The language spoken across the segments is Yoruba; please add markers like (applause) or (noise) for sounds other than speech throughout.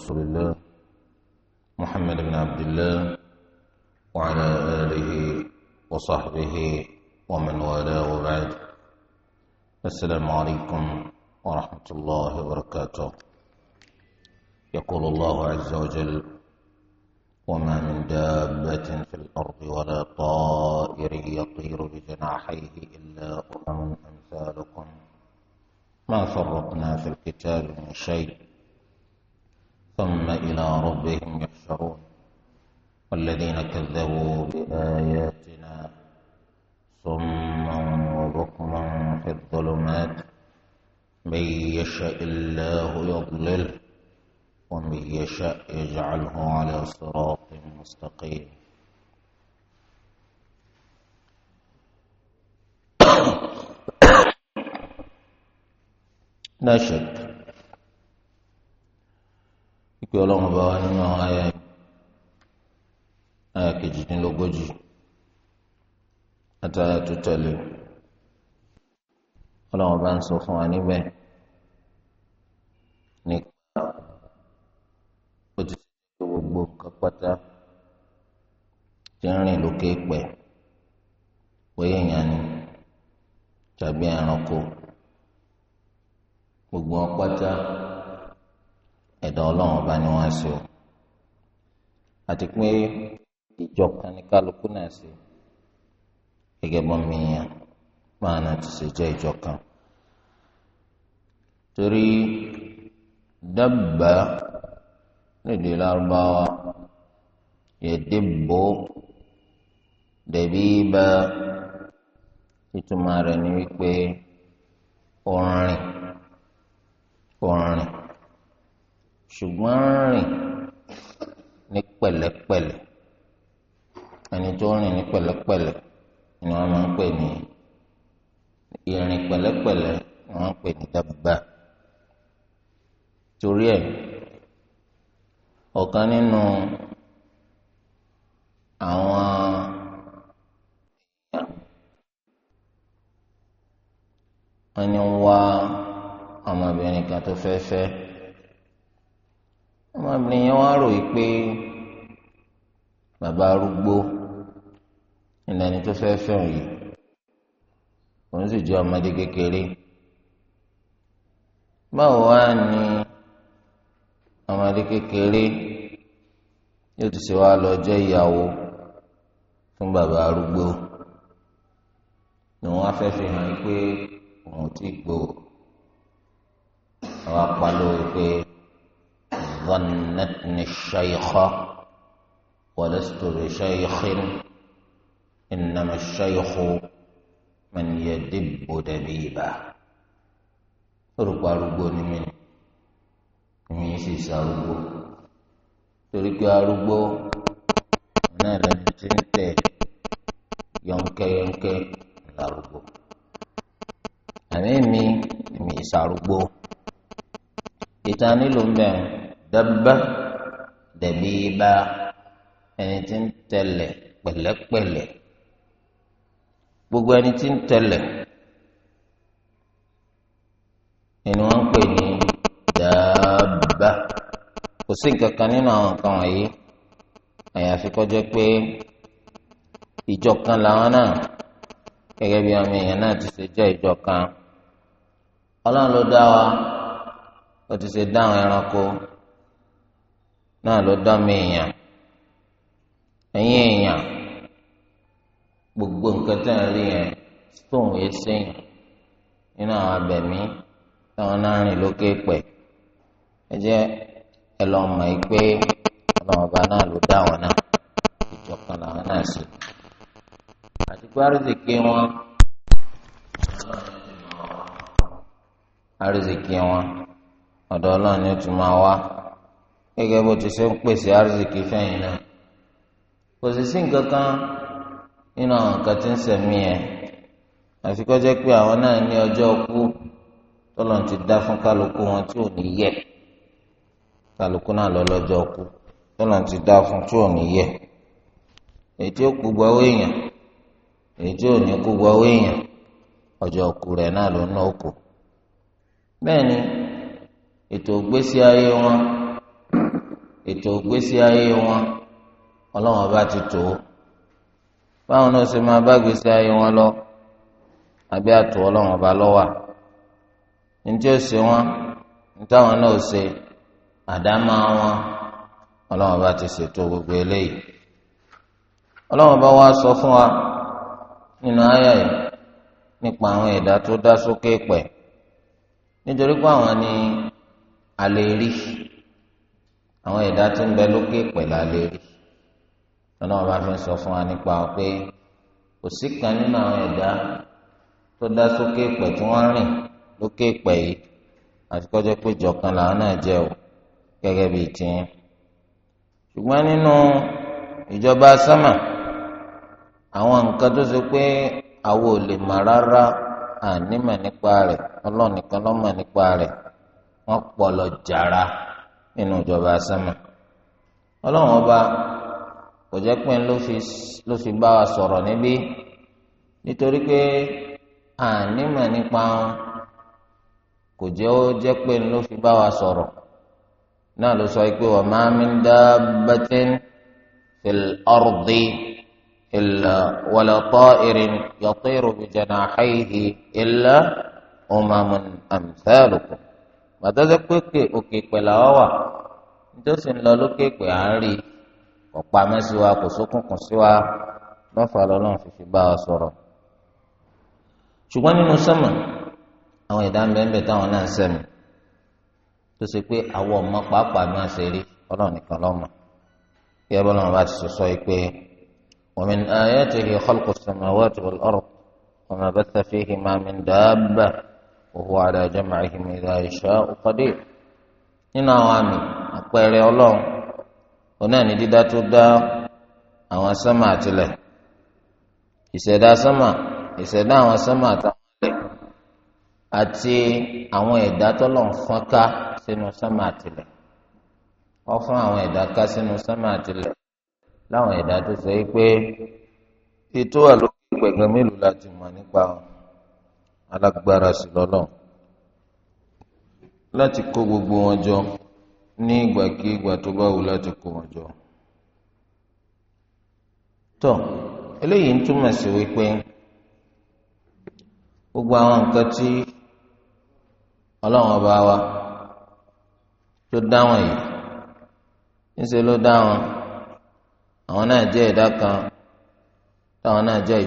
رسول الله محمد بن عبد الله وعلى آله وصحبه ومن والاه وبعد السلام عليكم ورحمة الله وبركاته يقول الله عز وجل وما من دابة في الأرض ولا طائر يطير بجناحيه إلا أمم أمثالكم ما فرقنا في الكتاب من شيء ثم إلى ربهم يحشرون والذين كذبوا بآياتنا صما وبكما في الظلمات من يشاء الله يضلله ومن يشاء يجعله على صراط مستقيم (coughs) لا شك pípé ọlọ́run bá wa nínú àwọn ayé ayé kejìdínlógójì àtàyà tó tẹ̀lé ọlọ́run bá ń sọ fún wa níbẹ̀ nípa ti gbogbo nǹkan tí ń rìn lókè pẹ̀ bóyá èèyàn ni gbogbo ẹ̀dá ọlọ́run ọba ni wọ́n ṣe o àti pé ìjọ kan ní kálukú náà ṣe gẹ́gẹ́ bọ́ mi yàn máa náà ti ṣe jẹ́ ìjọ torí dábàá lédè lárúbáwá yẹdẹ́bọ̀ dẹ̀bí bá ìtumọ̀ rẹ̀ ni wípé orin orin ṣùgbọ́n rìn ní pẹ̀lẹ́pẹ̀lẹ́ ẹni tó rìn ní pẹ̀lẹ́pẹ̀lẹ́ ni wọ́n máa ń pè ní ìrìn pẹ̀lẹ́pẹ̀lẹ́ ni wọ́n ń pè ní dábàbà torí ẹ̀ ọ̀kan nínú àwọn ẹni wá ọmọbìnrin kan tó fẹ́ fẹ́ ọmọbìnrin yẹn wá rò yìí pé bàbá arúgbó ìlànà tó fẹ́ fẹ́ràn yìí òun sì jẹ́ ọmọdé kékeré báwo wá ní ọmọdé kékeré yóò ti ṣe wá lọ jẹ́ ìyàwó fún bàbá arúgbó ni wọ́n fẹ́ fi hàn pé òun ti gbò àwọn apá lórí pé. ظنتني الشيخ ولست بشيخ إنما الشيخ من يدب دبيبا ربا ربوني من ميسي ساربو تركي أربو أنا لن تنتي ينك ينك الأربو أمامي ميسي ساربو إتاني لنبين dábàá dẹ̀bí bá ẹni tí ń tẹ̀lẹ̀ pẹ̀lẹ́pẹ̀lẹ́ gbogbo ẹni tí ń tẹ̀lẹ̀ ẹni wọ́n ń pè ní dábàá kò sí nǹkan kan nínú àwọn nǹkan wọ̀nyí àyàfi kọjá pé ìjọ kan làwọn náà gẹ́gẹ́ bí àwọn èèyàn náà ti ṣe jẹ́ ìjọ kan ọlọ́run ló dá wa ó ti ṣe dá àwọn ẹranko. náà lọ dán mi èèyàn èèyàn gbogbo nǹkan tẹ̀ ń rí yẹn stone yẹn sẹ́yìn nínú àwọn abẹ̀mí táwọn náà rìn lókè ẹ jẹ ẹ lọ mọ̀ ẹ́ pé ọlọ́run ọba náà ló dá àwọn náà ìjọkan làwọn náà wọn wọn gẹ́gẹ́ bó ti ṣe ń pèsè àrísìkí fẹ́yìn náà kò sì sí nǹkan kan nínú àwọn nǹkan tí ń sẹ̀mí ẹ̀ àfi jẹ́ àwọn náà ní ọjọ́ kú tọ́lọ̀ ti dá fún kálukú wọn tí ò ní yẹ kálukú náà lọ lọ́jọ́ kú tọ́lọ̀ ti dá fún tí ò ní yẹ èyí tí ó kú owó èèyàn èyí tí ò ní èèyàn ọjọ́ kú rẹ̀ náà ló ná òkú bẹ́ẹ̀ ètò ìgbésí ètò ògbésí ayé wọn ọlọ́run ọba ti tò báwọn náà ṣe máa bá gbèsè ayé wọn lọ abẹ́ àtò ọlọ́run ọba lọ́wà ntí ó ṣe wọn ntáwọn náà ṣe àdámá wọn ọlọ́run ọba ti ṣètò gbogbo eléyìí ọlọ́run ọba wa sọ fún wa nínú àyà yìí nípa àwọn ẹ̀dá tó dá sókè pẹ̀ nítorí pé àwọn ni àlè rí àwọn ẹ̀dá tí ń bẹ lókè pẹ̀lú alẹ́ rí ọlọ́run bá fi ń sọ fún wa nípa pé kò sí kan nínú àwọn ẹ̀dá tó dá sókè pẹ̀ tí wọ́n rìn lókè pẹ̀ yìí àti kọjá pé jọ̀kan làwọn náà jẹ́ o gẹ́gẹ́ bíi ṣùgbọ́n nínú ìjọba sámà àwọn nǹkan tó ṣe pé àwọn ò lè rárá ànímọ̀ nípa rẹ̀ nínú ìjọba sánmà ọlọ́run ọba kò jẹ́ pé ló fi bá wa sọ̀rọ̀ níbí nítorí pé ànímọ̀ nípa wọn kò jẹ́ ó jẹ́ pé ló fi bá wa sọ̀rọ̀ náà ló sọ pé wa ma min dabbatin fil ardi illa wala ta'irin yatiru bi janahihi illa umamun amthalukum gbàtọ́jọ́ pé òkè pẹ̀lá ọ wà nítòsí ń lọ lókè pé à ń rí kò pamẹ́ sí wa kò sókùnkùn sí wa lọ́fà lọ́lọ́run fífi bá wa sọ̀rọ̀ ṣùgbọ́n nínú sọ́mà àwọn ìdánbẹ́ńbẹ́ táwọn náà ń sẹ́mi tó ṣe pé àwọn ọmọ pàápàá máa ṣe rí ọlọ́run nìkan lọ́mọ kí ẹ bọ́ bá ti sọ yìí pé wa min ayatihi khalqu samawati wal ard wa ma batha fihima وهو على جمعهم إذا يشاء قدير nínú àwọn àmì àpẹẹrẹ Ọlọ́run òun náà ní dídá tó dá àwọn sánmà àtìlẹ̀ ìṣẹ̀dá sánmà ìṣẹ̀dá àwọn sánmà àtàlẹ̀ àti àwọn ẹ̀dá tọ́lọ̀ ń fọ́n ká sínú sánmà àtìlẹ̀ wọ́n fún àwọn ẹ̀dá ká sínú sánmà àtìlẹ̀ láwọn ẹ̀dá tó sọ yìí pé ètò àlókè pẹ̀gàn mélòó la ti nípa wọn. alágbára sí lọ́lọ́ láti kó gbogbo wọn jọ ní ìgbàkigbà tó bá wù láti kó wọn jọ. tọ́ eléyìí ń túmọ̀ sí wípé gbogbo àwọn nǹkan tí ọba wa tó dáwọn yìí níṣẹ́ ló awọn àwọn náà jẹ́ ẹ̀dá kan táwọn náà jẹ́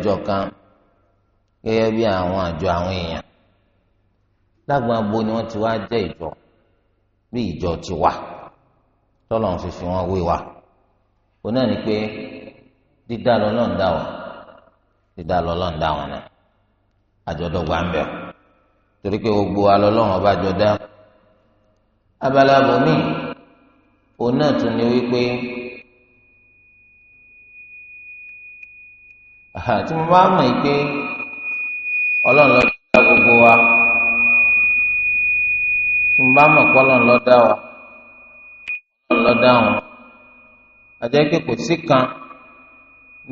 gẹ́gẹ́ bí àwọn àjọ àwọn èèyàn lágbọn abo ni wọ́n ti wá jẹ́ ìjọ bí ìjọ ti wà tọ́lọ̀ ń fífi wọn wé wa ó náà ni pé dídá lọ lọ́n dá wọn dídá lọ lọ́n dá wọn náà àjọdọ̀gba ń bẹ̀ torí pé gbogbo alọ́lọ́run ọba jọ dá abala bòmí òun náà tún ni wípé tí mo bá mọ̀ yìí pé. ọlọ́run ló gbogbo wa fún bá mọ̀ pé ọlọ́run wa ọlọ́run wọn àjẹ́ pé kan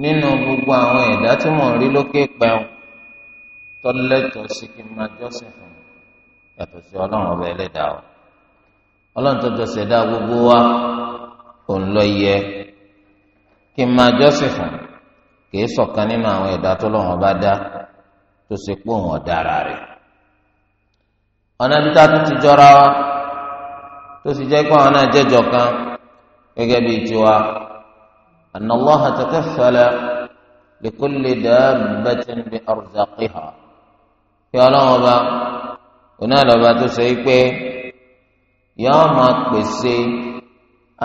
nínú gbogbo àwọn ẹ̀dá tí mò ń rí lókè pẹ́ẹ́n tọ́lẹ́tọ̀ sí kí n máa jọ́sìn fún yàtọ̀ sí ọlọ́run ọba ẹlẹ́dàá gbogbo wa kò ń lọ yẹ kí n máa jọ́sìn fún kì í nínú ọba dá. tó ṣe pé òun ọ̀daràn rẹ̀ ọ̀nà ibi tá a tún ti jọra wa tó sì jẹ́ pé àwọn náà jẹ́jọ kan gẹ́gẹ́ bíi tiwa anna Allaha takaffala li kulli dabbatin bi arzaqiha kí ọlọ́run ọba oní tó ṣe é pé yọ́ọ́ máa pèsè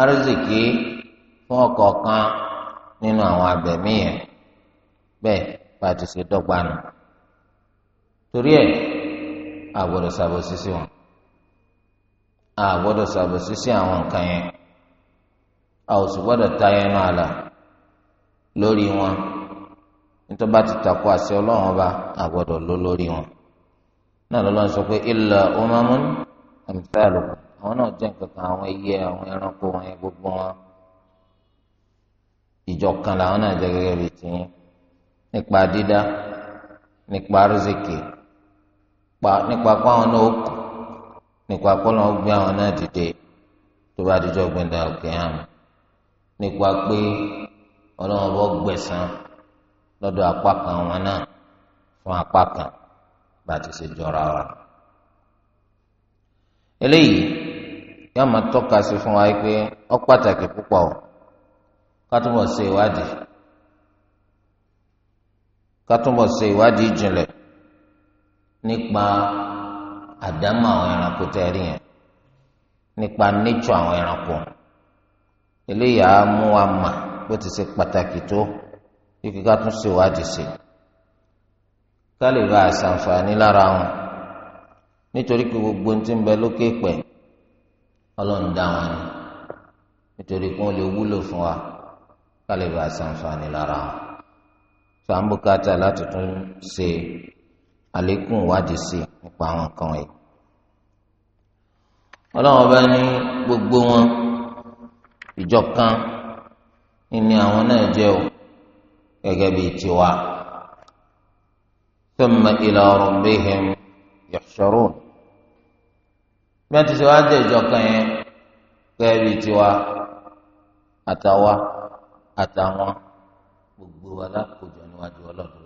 arzikì fún ọ̀kọ̀ọ̀kan nínú àwọn abẹ̀mí yẹn bẹ́ẹ̀ bá ti ṣe dọ́gba nù torí ẹ̀ àgbọ́dọ̀ ṣàbòsí sí wọn àgbọ́dọ̀ ṣàbòsí sí àwọn nǹkan yẹn a ò sì gbọ́dọ̀ ta ẹnu àlà lórí wọn nítorí bá ti takò àṣẹ Ọlọ́run ọba àgbọ́dọ̀ ló lórí wọn náà lọ́lọ́run sọ pé illa umamun amthalukum àwọn náà jẹ́ nǹkan kan àwọn ẹyẹ àwọn ẹranko wọn yẹn gbogbo wọn ìjọ kan làwọn náà jẹ́ gẹ́gẹ́ bíi tiyín nípa dídá nípa rìsíkì nípa kó àwọn náà kù nípa kó lọ́n gbé àwọn náà dìde tó bá dijọ́ gbẹ̀dẹ̀ òkè àmì nípa pé ọlọ́wọ́n bọ́ gbẹ̀sán lọ́dọ̀ apá kan wọn náà fún apá kan bá ti ṣe jọra wa. eléyìí máa fún wa pé pàtàkì púpọ̀ o ká túbọ̀ ṣe ìwádìí ká túbọ̀ ṣe ìwádìí nípa àdámọ̀ àwọn ẹranko tẹ́rí yẹn nípa nature àwọn ẹranko eléyìí á mú wa mà bó ti ṣe pàtàkì tó kíkí ká tún ṣe ìwádìí sí ká lè ra àṣàǹfààní lára wọn nítorí pé gbogbo ohun tí ń bẹ lókè pẹ̀ ọlọ́run dá wọn ni nítorí pé wọ́n lè wúlò fún wa ká lè ra àṣàǹfààní lára wọn sàǹbùkátà láti tún ṣe àlékún ìwádìí sí nípa àwọn nǹkan ẹ̀. ọlọ́run ọba ní gbogbo wọn ìjọ kan ní àwọn náà jẹ́ o gẹ́gẹ́ bíi tiwa. thumma ila rabbihim yahshurun. bí wọ́n ti jẹ́ ìjọ kan yẹn gẹ́gẹ́ bíi tiwa àtàwa àtàwọn gbogbo wa lákòjọ níwájú ọlọ́run.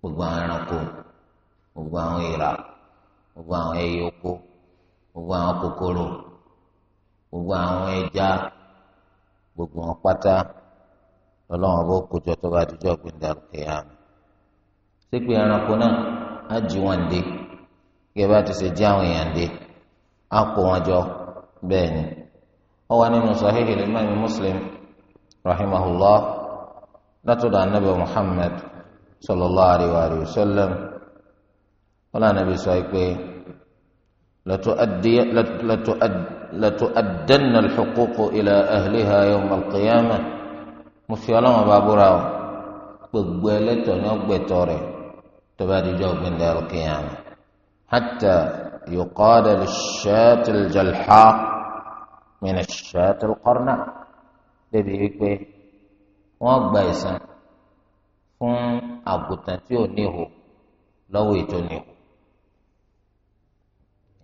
gbogbo àwọn ẹranko gbogbo àwọn ìrà gbogbo àwọn ẹyẹ oko gbogbo àwọn kòkòrò gbogbo àwọn ẹja gbogbo wọn pátá lọ́lọ́wọ́n bó kójọ tó bá dijọ́ sípè ẹranko náà á jí wọn gẹ́gẹ́ bá ti ṣe jí àwọn èèyàn á kó wọn jọ bẹ́ẹ̀ ni wà muslim rahimahulah látọ̀dọ̀ anabi muhammad. sallallahu alaihi wa sallam wọn lànà bí sọ pé latu'addanna al-huququ ila ahliha yawm al-qiyamah mo fi olorun bá búra o gbogbo ẹlẹ́tọ̀ ní ọgbẹ̀tọ̀ rẹ̀ tó bá di ọjọ́ gbẹ̀ndẹ̀ al-qiyamah hatta yuqada lish-shati al-jalha min ash-shati al-qarna débi wípé wọ́n gba ìsàn. fún àgùntàn tí ò níhò lọ́wọ́ ètò níhò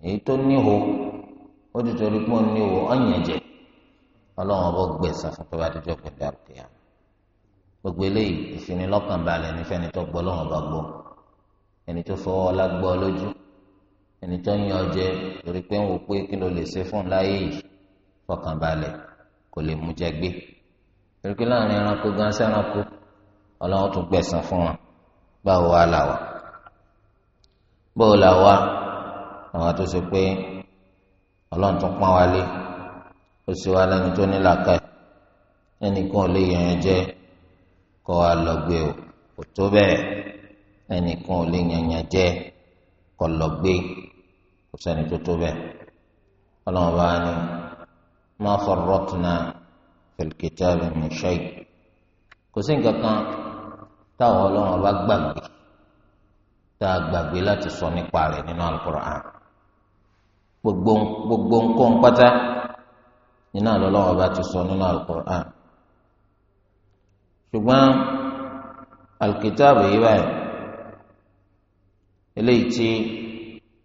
èyí tó níhò ó ti torí pé ó níhò ọ̀yàn jẹ ọlọ́run ọba gbẹ̀sán fún tó bá dé jọ́pọ̀ dàrúkẹ́ yà gbogbo eléyìí ìfinilọ́kànbalẹ̀ nífẹ̀ẹ́ni tó gbọ́ ọlọ́run ọba gbọ́ ẹni tó fọwọ́ ọlá gbọ́ lójú ẹni tó yan ọjẹ torí pé ń wò pé kí ló lè ṣe fún láyé yìí fọkànbalẹ̀ kò lè mú jẹ gbé torí pé láàrin ẹranko gan sẹ́ranko ọlọ́run tún gbẹ̀sán fún wọn báwo wá là báwo là àwọn tó ṣe pé ọlọ́run tún pọ́n wálé ó sì wá lẹ́ni tó ní làákàyè ẹnìkan ò lè yẹn jẹ́ kọ́ wa lọ gbé o kò tó bẹ́ẹ̀ ẹnìkan ò lè yẹn jẹ́ kọ́ lọ gbé kò sẹ́ni tó tó bẹ́ẹ̀ ọlọ́run bá ní ma farratna fil kitabi min shay kò sí nǹkan kan táwọn ọlọ́run ọba gbàgbé tá a gbàgbé láti sọ nípa rẹ̀ nínú alukur'an gbogbo gbogbo nǹkan pátá nínú àlọ́lọ́run ọba ti sọ nínú alukur'an ṣùgbọ́n alukitaabu yìí báyìí eléyìí tí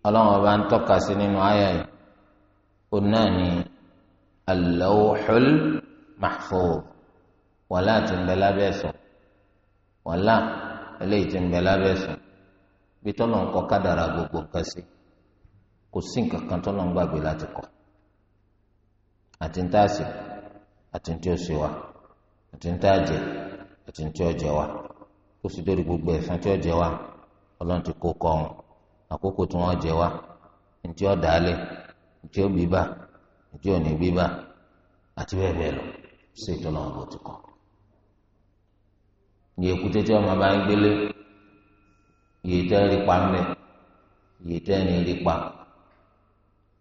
ọlọ́run ọba ń tọ́ka sí nínú àyà yìí ó náà ní alawuxul mahfuz wàhálà ti ń wàhálà eléyìí ti ń bẹ lábẹ́ sùn bí tọ́lọ̀ ń kọ kádàrà gbogbo nǹkan sí kò sí nǹkan kan tọ́lọ̀ ń gbàgbé láti kọ àti ń tá a sè àti ń tí ó sè wa gbogbo ẹ̀sán tí ó jẹ wa ọlọ́run ti kó jewa ọ̀hún àkókò tí wọ́n jẹ wa ní ó dàálẹ̀ ní ó bíbà ní tí iye èkúté tí ọmọ bá ń gbélé iye tẹ́ rí pa ń bẹ̀ iye tẹ́ ní rí pa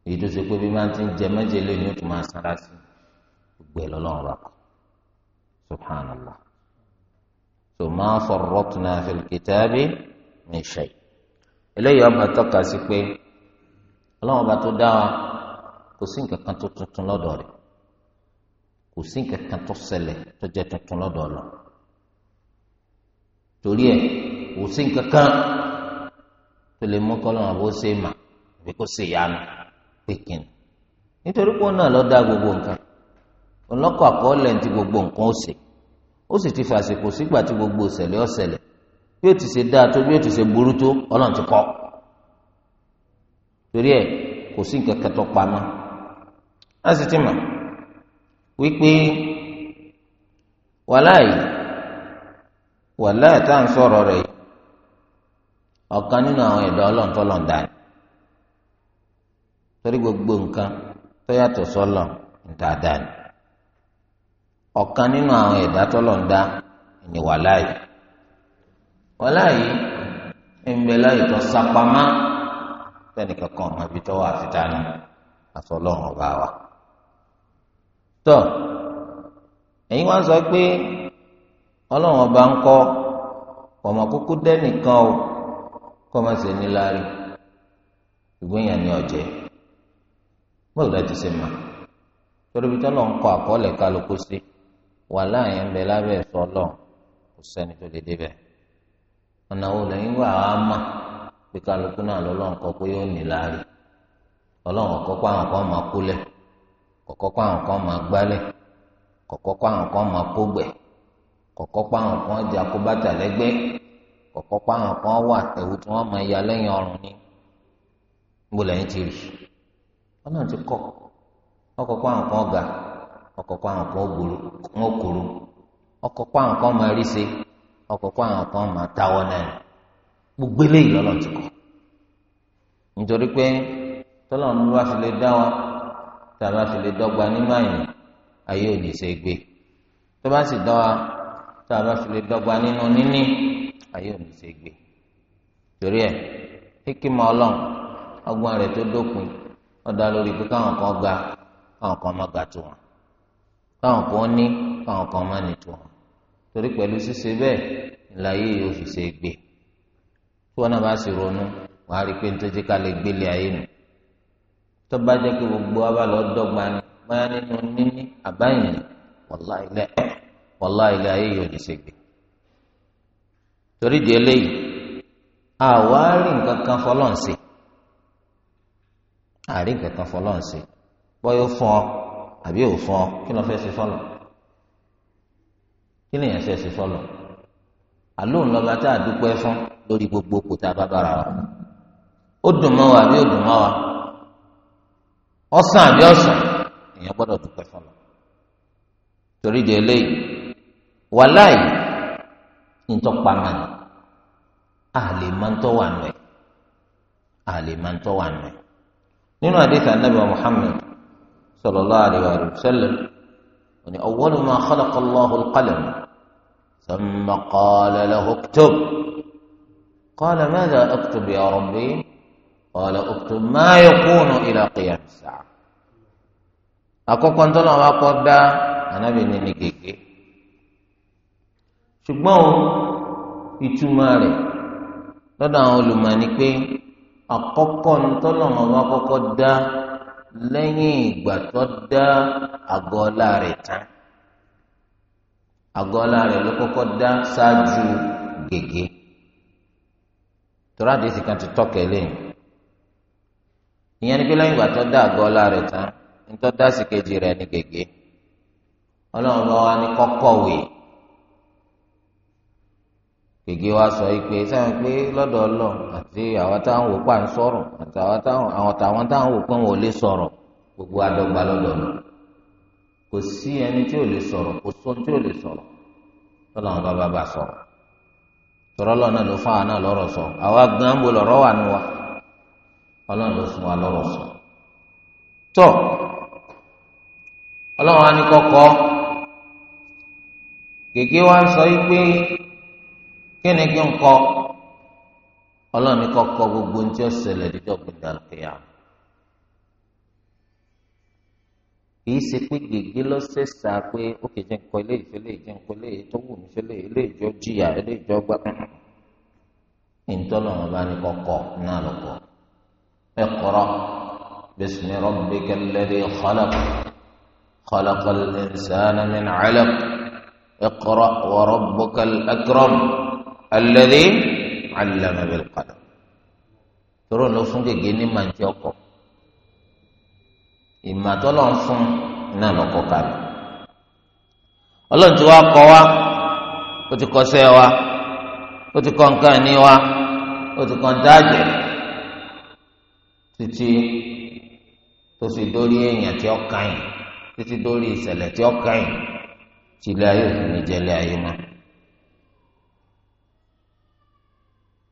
èyí tó ṣe pé bí máa ti ń jẹ mẹ́jẹ̀lẹ́ ni ó tún máa sanra sí gbẹ lọ́lọ́run rà kọ́ subhanallah so ma farratna fil kitabi min shay eléyìí ọba tọ́ka sí pé ọlọ́run ọba tó dá wa kò sí nǹkan kan tó tuntun lọ́dọ̀ rẹ̀ kò sí nǹkan kan tó ṣẹlẹ̀ tó jẹ́ tuntun lọ́dọ̀ ọlọ́run. torí ẹ kò sí nǹkan kan tó lè mú kọ́ lọ́wọ́ bó ṣe mà àbí ṣe dá gbogbo nǹkan ọlọ́kọ̀ àkọọ́lẹ̀ ti gbogbo nǹkan ó ó sì ti gbogbo ìṣẹ̀lẹ̀ ọ̀ṣẹ̀lẹ̀ bí ó ti ṣe dáa tó bí ó ti ṣe burú tó ọlọ́run ti kọ́ torí ẹ kò sí tó pamọ́ wàhálà ẹ̀ta ń sọ̀rọ̀ rẹ̀ yìí ọ̀kan nínú àwọn ẹ̀dọ́ ọlọ́ntọ́lọ́ndà ni torí gbogbo nǹkan tó yàtọ̀ sọ́lọ̀ ntàdá ni ọ̀kan nínú àwọn ẹ̀dá tọ́lọ̀ndá ni wàhálà yìí wàhálà yìí ń bẹ láyìí tó sápamá fẹ́ni kankan ọmọ ibi ni àfọlọ́hún ọba wa tọ́ ẹ̀yin wá sọ pé. ọlọ́run ọba ń kọ́ kọ̀mọ̀ kúkú dẹ́nìkan o kọ́mọ̀ sí ní láàrin ìgbóyàn ní ọ̀jẹ́ bóòlù ma ṣe mà torí bí tọ́lọ̀ ń kọ àkọọ́lẹ̀ kálukú sí wà láàyè ń bẹ lábẹ́ ẹ̀sọ́ ọlọ́run kò sẹ́ni tó lè débẹ̀ ọ̀nà wo lẹ́yìn wà á mà pé kálukú náà lọ́lọ́run kọ pé yóò ní láàrin ọlọ́run ọ̀kọ́ pé àwọn kan máa pé àwọn kan máa gbálẹ̀ kọ̀kọ́ páwọn kan jẹ́ akóbátà lẹ́gbẹ́ kọ̀kọ́ kan wà ẹ̀wù tí wọ́n máa ya lẹ́yìn ọrùn ni níbo lẹ́yìn ti kan ga ọkọ̀ kan gbòòrò wọn kan máa rí ṣe kan máa táwọ́ náà gbogbo eléyìí ti nítorí pé tọ́lọ́run fi lè dá wa tá a bá fi lè dọ́gba nínú níní ayé òní ṣe gbé torí ẹ hikima Ọlọ́run ọgbọ́n rẹ̀ tó dópin ọdá lórí pé káwọn kan ga káwọn kan má ga tó wọn káwọn kan ní káwọn kan má ní tó wọn torí pẹ̀lú ṣíṣe bẹ́ẹ̀ ìlàyé yóò fi ṣe gbé tí wọn náà bá sì ronú wàá rí i pé nítorí ká lè gbélé ayé nù tó bá jẹ́ pé gbogbo wa bá ni bóyá nínú níní àbáyìn wàláhì wàllá ilé ayé yóò ní torí di eléyìí àwárí nǹkan kan fọlọ́ǹsì àárín nǹkan kan fọlọ́ǹsì bọ́yọ̀ fún ọ àbí ò fún ọ kí ló fẹ́ ṣe fọlọ́ kí lèèyàn fẹ́ ṣe fọlọ́ àlóhùn lọ́ba tá a dúpẹ́ fún lórí gbogbo kò tá a bá bára wa ó dùn mọ́ wa àbí ó dùn mọ́ wa ọ̀sán àbí ọ̀sán èèyàn wàláì ntọ́pamọ́ àlè máa ń tọ́ wà nù ẹ̀ àlè máa ń tọ́ wà nù ẹ̀ nínú àdéhùn anábì Muhammad sallallahu alayhi wa sallam òní awwalu ma khalaqa Allahu al-qalam thumma qala lahu uktub qala madha uktub ya rabbi qala uktub ma yakunu ila qiyam as-sa'a àkọ́kọ́ ntọ́nà wa kọ́ da anábì nínú kékeré. ṣùgbọ́n ìtumọ̀ rẹ̀ lọ́dọ̀ àwọn olùmọ̀ pé àkọ́kọ́ ní tọ́lọ́mọ bá kọ́kọ́ dá lẹ́yìn ìgbà tó dá àgọ́ rẹ̀ tán àgọ́ rẹ̀ ló kọ́kọ́ dá ṣáájú gègé tọ́lá àdéhìí kan ti tọ́kẹ̀ lẹ́yìn ìyẹn ni pé lẹ́yìn ìgbà tó dá àgọ́ rẹ̀ tán ní tó dá sí kejì rẹ̀ ní gègé gègé wa sọ yìí pé sẹ́yìn pé lọ́dọ̀ ọlọ́ àti àwọn táwọn wò pa ń sọ̀rọ̀ àti àwọn táwọn táwọn wò pé wọn ò lè sọ̀rọ̀ gbogbo àdọ́gba lọ́dọ̀ ọlọ́ kò sí ẹni tí ò lè sọ̀rọ̀ kò sọ tí ò lè sọ̀rọ̀ lọ́dọ̀ àwọn bàbá bá sọ̀rọ̀ tọ́rọ́ lọ́ọ̀ náà ló fún àwọn náà lọ́rọ̀ sọ àwa gan bo lọ́rọ̀ wà ní wa ọlọ́run ló fún wa lọ́rọ̀ sọ. tọ́ ọlọ́run á ní kọ́kọ́ gègé wa sọ yìí pé kí ni kí n kọ ọlọ́ọ̀ni kọ́ kọ gbogbo ní tí ó ṣẹlẹ̀ dídọ̀ gbẹ̀dà kìyà kì í ṣe pé gègé lọ́sẹ̀ sá pé ó kì í jẹ́ nǹkan eléyìí fẹ́lẹ́ jẹ́ nǹkan eléyìí tó wù mí fẹ́lẹ́ eléyìí jọ jìyà eléyìí jọ gbà ìtọ́lọ́wọ́n bá ní kọ́kọ́ náà lọ́kọ́ ẹ kọ́rọ́ bísí rọ́bìkẹ́ lẹ́dí khalaq khalaqal insana min alaq اقرأ وربك الأكرم alladhi allama bil qalam tóró ló fún gègé ní màǹtí ọkọ ìmàtọ́lọ́ ń fún náà lọ́kọ̀ kalẹ̀ ọlọ́run ti wá kọ́ wa ó ti kọ́ sẹ́ wa ó ti kọ́ nǹkan ní wa ó ti kọ́ dájẹ́ títí tó sì dórí èèyàn tí ó kàn yín títí dórí ìṣẹ̀lẹ̀ tí ó kàn yín tìlẹ̀ ayé òfin ìjẹ́lẹ̀ ayé máa.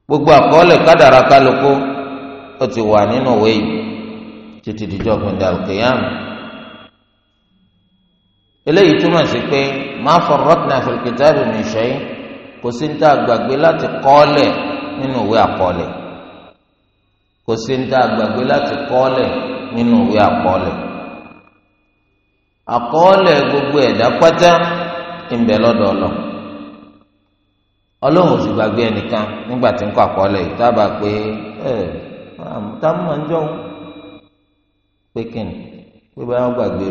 gbogbo àkọọ́lẹ̀ kádàrá kálukú ó ti wà nínú òwe yìí títí dìjọ́ gbọ̀ndà al-qiyam eléyìí túmọ̀ sí pé ma farratna fil kitabi min shay kò sí ní tá a gbàgbé láti kọ́ọ́lẹ̀ nínú òwe àkọọ́lẹ̀ kò sí ní tá a gbàgbé láti kọ́ọ́lẹ̀ nínú òwe àkọọ́lẹ̀ àkọọ́lẹ̀ gbogbo ẹ̀dá pátá ń bẹ lọ́dọ̀ ọlọ́run ò sì gbàgbé ẹnìkan nígbà tí ń kọ àkọọ́lẹ̀ yìí tábà pé ẹ táwọn máa ń jọ ń pé kíni pé wọn gbàgbé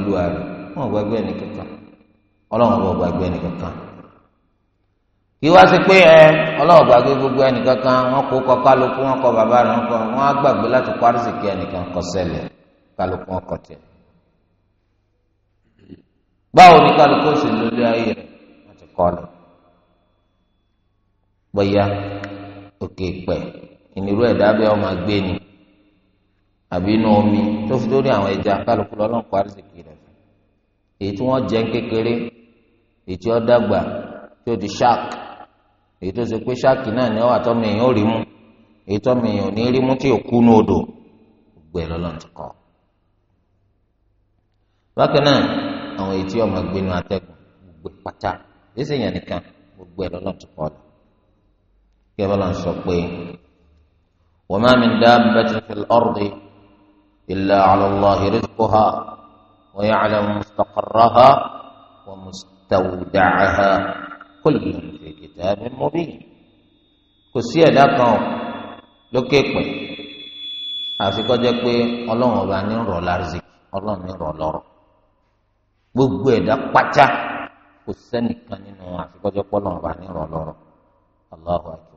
olúwa ẹnìkankan ọlọ́run ò gbàgbé kí wá sí pé ẹ ọlọ́run gbàgbé gbogbo ẹnìkankan wọn kó kálukú bàbá á gbàgbé láti ẹnìkan kálukú wọn bóyá òkè pẹ̀ ìnirú ẹ̀dá bẹ́ẹ̀ ọmọ gbé ni àbí inú omi tó fi dórí àwọn ẹja kálukú lọ́lọ́pàá àrísìkì rẹ̀ èyí tí wọ́n jẹ́ kékeré èyí tí ó dàgbà tí ó di shark èyí tó ṣe pé shark náà ni ó wà tọ́mọ èèyàn ò rí mú èyí tọ́mọ èèyàn ò ní rí mú tí ò kú ní odò gbẹ lọ́lọ́run ti kọ́ bákan náà àwọn èyí tí ọmọ gbénu atẹ́gùn gbogbo pátá èsì èèyàn nìkan gbogbo ẹ̀ ti kọ́ ọ́ كما نسقي وما من دابة في الأرض إلا على الله رزقها ويعلم مستقرها ومستودعها كل في كتاب مبين كسي داكو لوكيكو àfi kọjá pé ọlọ́run ọba ní rọ̀ lárí ọlọ́run ní rọ̀ lọ́rọ̀ gbogbo ẹ̀dá pátá kò sẹ́nìkan nínú àfi kọjá pé ọlọ́run ọba ní rọ̀ lọ́rọ̀ Allahu akbar.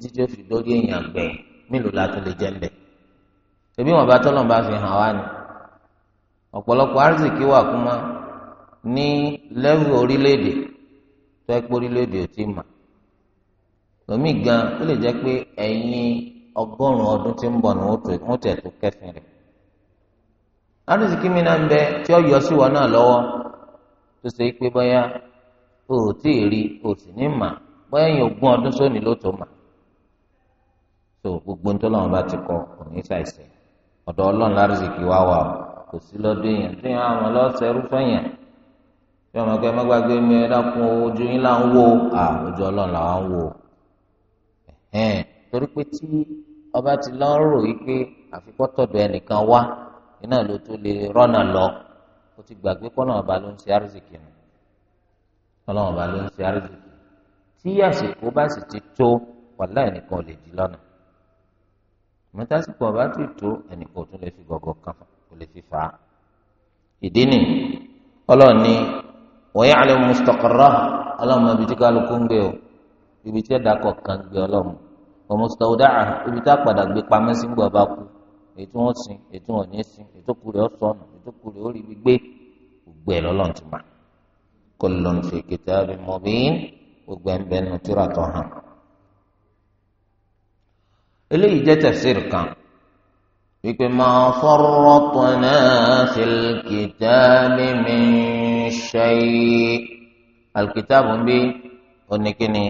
títí tí ó fi dórí èèyàn gbẹ mélòó la tó lè jẹ ń ebi wọn bá tọ́lọ̀ bá fi hàn wá ni ọ̀pọ̀lọpọ̀ arzikí wà kúmá ní lẹ́wù orílẹ̀-èdè tó ẹ pé orílẹ̀-èdè ò tí ì mà lómi gan ó lè jẹ́ pé ẹ̀yìn ọgọ́rùn-ún ọdún tí ń bọ̀ ní wọ́n tẹ̀ tó kẹfìn rẹ̀ arzikí mi náà ń bẹ tí ó yọ sí wọn náà lọ́wọ́ tó ṣe pé bóyá o ò tí ì rí o sì ní mà bóyá ẹ̀yìn ogún ọdún sóni ló tó mà so gbogbo ń tọ́lọ́wọ́n bá ti kọ kò ní ṣàìṣe ọ̀dọ̀ ọlọ́run lárìsìkì wá wà o kò sí lọ́dún èèyàn tí wọ́n àwọn ọlọ́sẹ̀ rúfẹ́ yẹn tí wọ́n mọ̀kẹ́ mọ́gbàgbé mi ẹ dákun ojú yín là ń wò à ojú ọlọ́run làwọn ń wò ẹ̀hẹ́n torí pé tí ọba ti lọ ń rò yí pé àfikọ́tọ̀dọ̀ ẹnìkan wá iná ló tó lè rọ́nà lọ ó ti gbàgbé kọ́nà ọba ló ń ṣe àrìsìkì nù kọ́nà ọba ló ń ṣe àrìsìkì di lọ́nà mọ́tàsíkò ọba ti tó ẹnìkan ò tún lè fi gọ̀gọ̀ kan kò lè fi fà á. ìdí ni ọlọ́run ní wọ́n yà lè mustaqarra ọlọ́run ibi tí kálukú ń gbé o ibi tí ẹ̀dá kọ̀ọ̀kan gbé ọlọ́run wọ́n mustawda'a ibi tí àpàdà gbé pamọ́ sí gbọ́ ọba kú èyí tí wọ́n sin èyí tí wọ́n ní sin èyí tó kù rẹ̀ ọ̀sọ̀nù èyí tó kù gbogbo ẹ̀ lọ́lọ́run ti mà kullun fi kitabin mubin gbogbo ẹ̀ nù tíra hàn eléyìí jẹ́ tafsir kan wípé máa farratna fil kitabi min shay' alkitabu bí oníkíni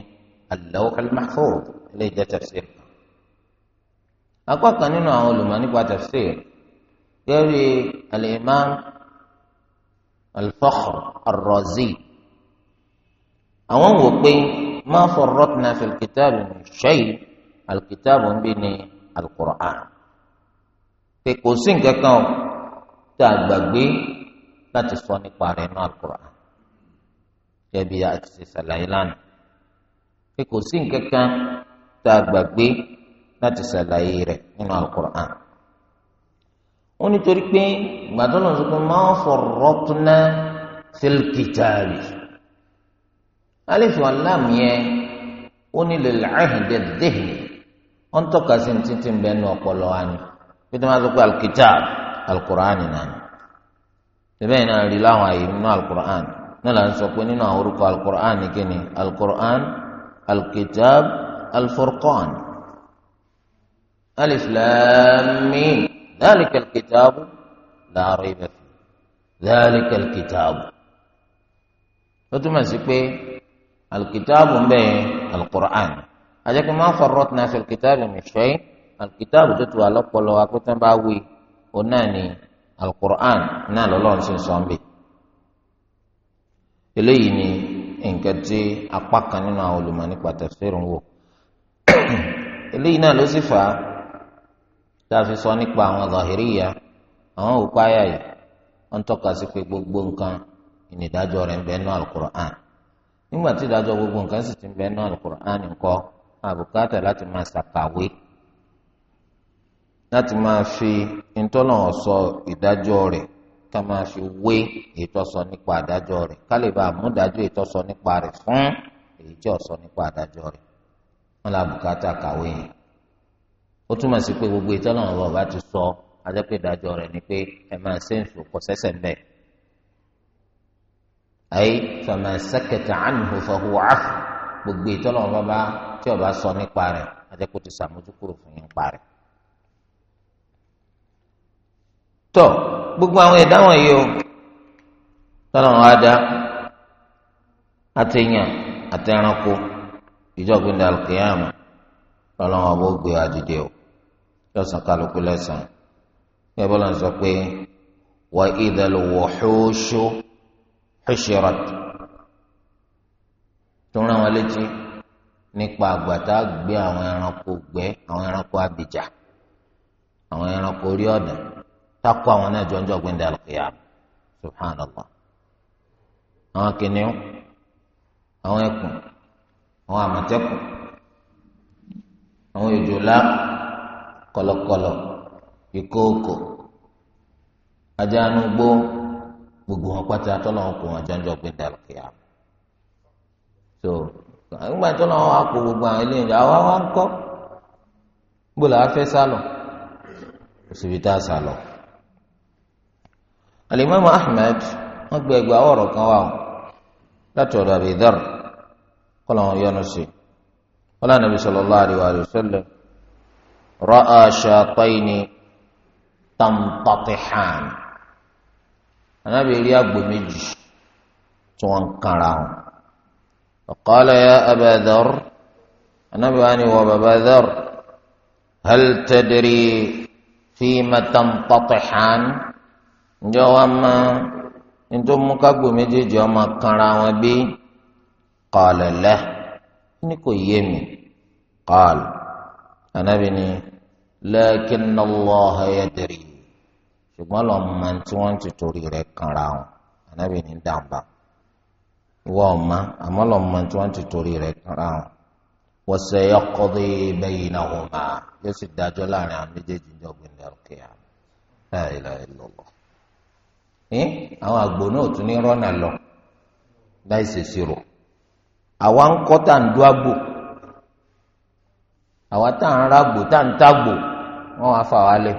al-lawh al-mahfuz eléyìí jẹ́ tafsir kan. apá kan nínú àwọn olùmọ̀ nípa tafsir gẹ́rí al-imam al àwọn wò pé máa farratna fil kitabi min shay' alukitaabu ń bí ní alukur'an pé kò sí nǹkan kan tá a gbàgbé láti sọ nípa rẹ̀ nínú alukur'an kẹbi àti ṣàlàyé lánàá pé kò sí nǹkan kan tá a gbàgbé láti ṣàlàyé rẹ̀ nínú alukur'an ó nítorí pé gbàdúrà náà máa ń fọ̀rọ̀ tún fílkìtàbí alif wal lam yẹn ó ní lè làáhìndé dèhìnì ó ń tọ́ka sí títí ń bẹ́ẹ̀ nu ọpọlọ wa ni pé tí wọ́n sọ pé alkitab alukur'an náà ni síbẹ̀ yìí náà rí láwọn àyè nínú alukur'an náà là ń sọ pé nínú àwọn orúkọ alukur'an ni kíni alukur'an alkitab alfurqan alif lam mim dhalika alkitab la rayba fi dhalika alkitab sí pé alkitab ń alukur'an. Al àjẹkù máa ń fọ̀rọ̀ tìǹà sí alkitaabu mìṣẹ́yìn alkitaabu tó tu alọ́pọ̀lọ́ akótán bá wí òun náà ni alukur'an náà lọ́lọ́run sì ń sọ ń bẹ̀. eléyìí ni nǹkan tí apá kan nínú àwọn olùmọ̀ nípa tafsir ń wò (coughs) eléyìí náà ló sì fà á tá a fi sọ nípa àwọn zahiriya àwọn òkú àyà yìí wọ́n tọ́ka sí pé gbogbo nǹkan ìnìdájọ́ rẹ̀ ń bẹ nínú alukur'an nígbà tí ìdájọ́ gbogbo nǹkan sì ti ń bẹ nínú alukur'an nǹkan àbùkátà láti máa ṣàkàwé láti máa fi ntọ́nà sọ ìdájọ́ rẹ̀ ká máa fi wé ìtọ́sọ nípa àdájọ́ rẹ̀ ká lè bá àmúdájọ́ ìtọ́sọ nípa rẹ̀ fún èyí tí ọ̀sọ nípa àdájọ́ rẹ̀ wọn là bùkátà kàwé yẹn ó túmọ̀ sí pé gbogbo ìtọ́nà ọ̀rọ̀ bá ti sọ ajẹ́pẹ́ ìdájọ́ rẹ̀ ni pé ẹ máa ṣe ń sòkò sẹ́sẹ̀ ń bẹ̀. ayé fàmà sẹ́kẹ̀tà ànùfọ̀ tí ọba sọ nípa rẹ̀ ajẹ́ kó ti sàmójúkúrò fún yín pa rẹ̀. tọ́ gbogbo àwọn ìdáhùn yìí o tọ́lọ́run á dá àtẹ̀yàn àtẹ̀ránkó ìjọ́gbìn dàlùkìyàmù tọ́lọ́run ọ̀bọ̀ gbé àdìdẹ o lọ́sàn kálukú lẹ́sàn yẹ bọ́lá ń sọ pé wà ìdàlùwọ̀ ṣóṣó ṣóṣìrọ̀t tó ń rán wọn létí nípa àgbàtà gbé àwọn ẹranko gbẹ àwọn ẹranko abìjà àwọn ẹranko orí ọ̀dàn takọ àwọn náà jọjọ gbẹndẹ àlùkìyà subhanallah àwọn kìnìún àwọn ẹkùn àwọn àmọ̀tẹ́kùn àwọn ìjòlá kọlọkọlọ ìkookò ajánugbó gbogbo wọn pátá tọ́lọ́wọ́n kò wọn jọjọ gbẹndẹ àlùkìyà so nígbà tó náà wà kó gbogbo àwọn eléyìí àwa wá ń kọ́ bó la fẹ́ sálọ òsibí tá a sálọ. alimami ahmed wọn gbé ẹgbẹ́ àwọn ọ̀rọ̀ kan wà ó láti ọ̀dọ̀ abidjan kọlọ wọn yọnu sí wọn lànà bí sallallahu alaihi wa sallam ra'a shatayni tamtatihan anabi rí àgbò méjì tí wọn ń kanra wọn. فقال يا أبا ذر أنا وبابا ذر هل تدري فيما تنطحان جواما انتم مكبو مجي جواما كراما قال له نكو يمي قال أنا بني لكن الله يدري شو ما لهم من تون تتوري ريك أنا بني دامبا ìwọ ọ̀ma àmọ́ lọ́mọ tí wọ́n ti torí rẹ̀ kára wọn. wa sayaqdi baynahuma yóò sì dájọ́ láàrin àwọn méjèèjì ní ọ̀gbìn lẹ́rùkẹ́yà la ilaha illallah. àwọn àgbò náà tún ní rọ́nà lọ láì ṣèṣì rò àwa ń kọ́ tá à ń dú àgbò àwa tá à ń tá à ń wọ́n wá fà wálé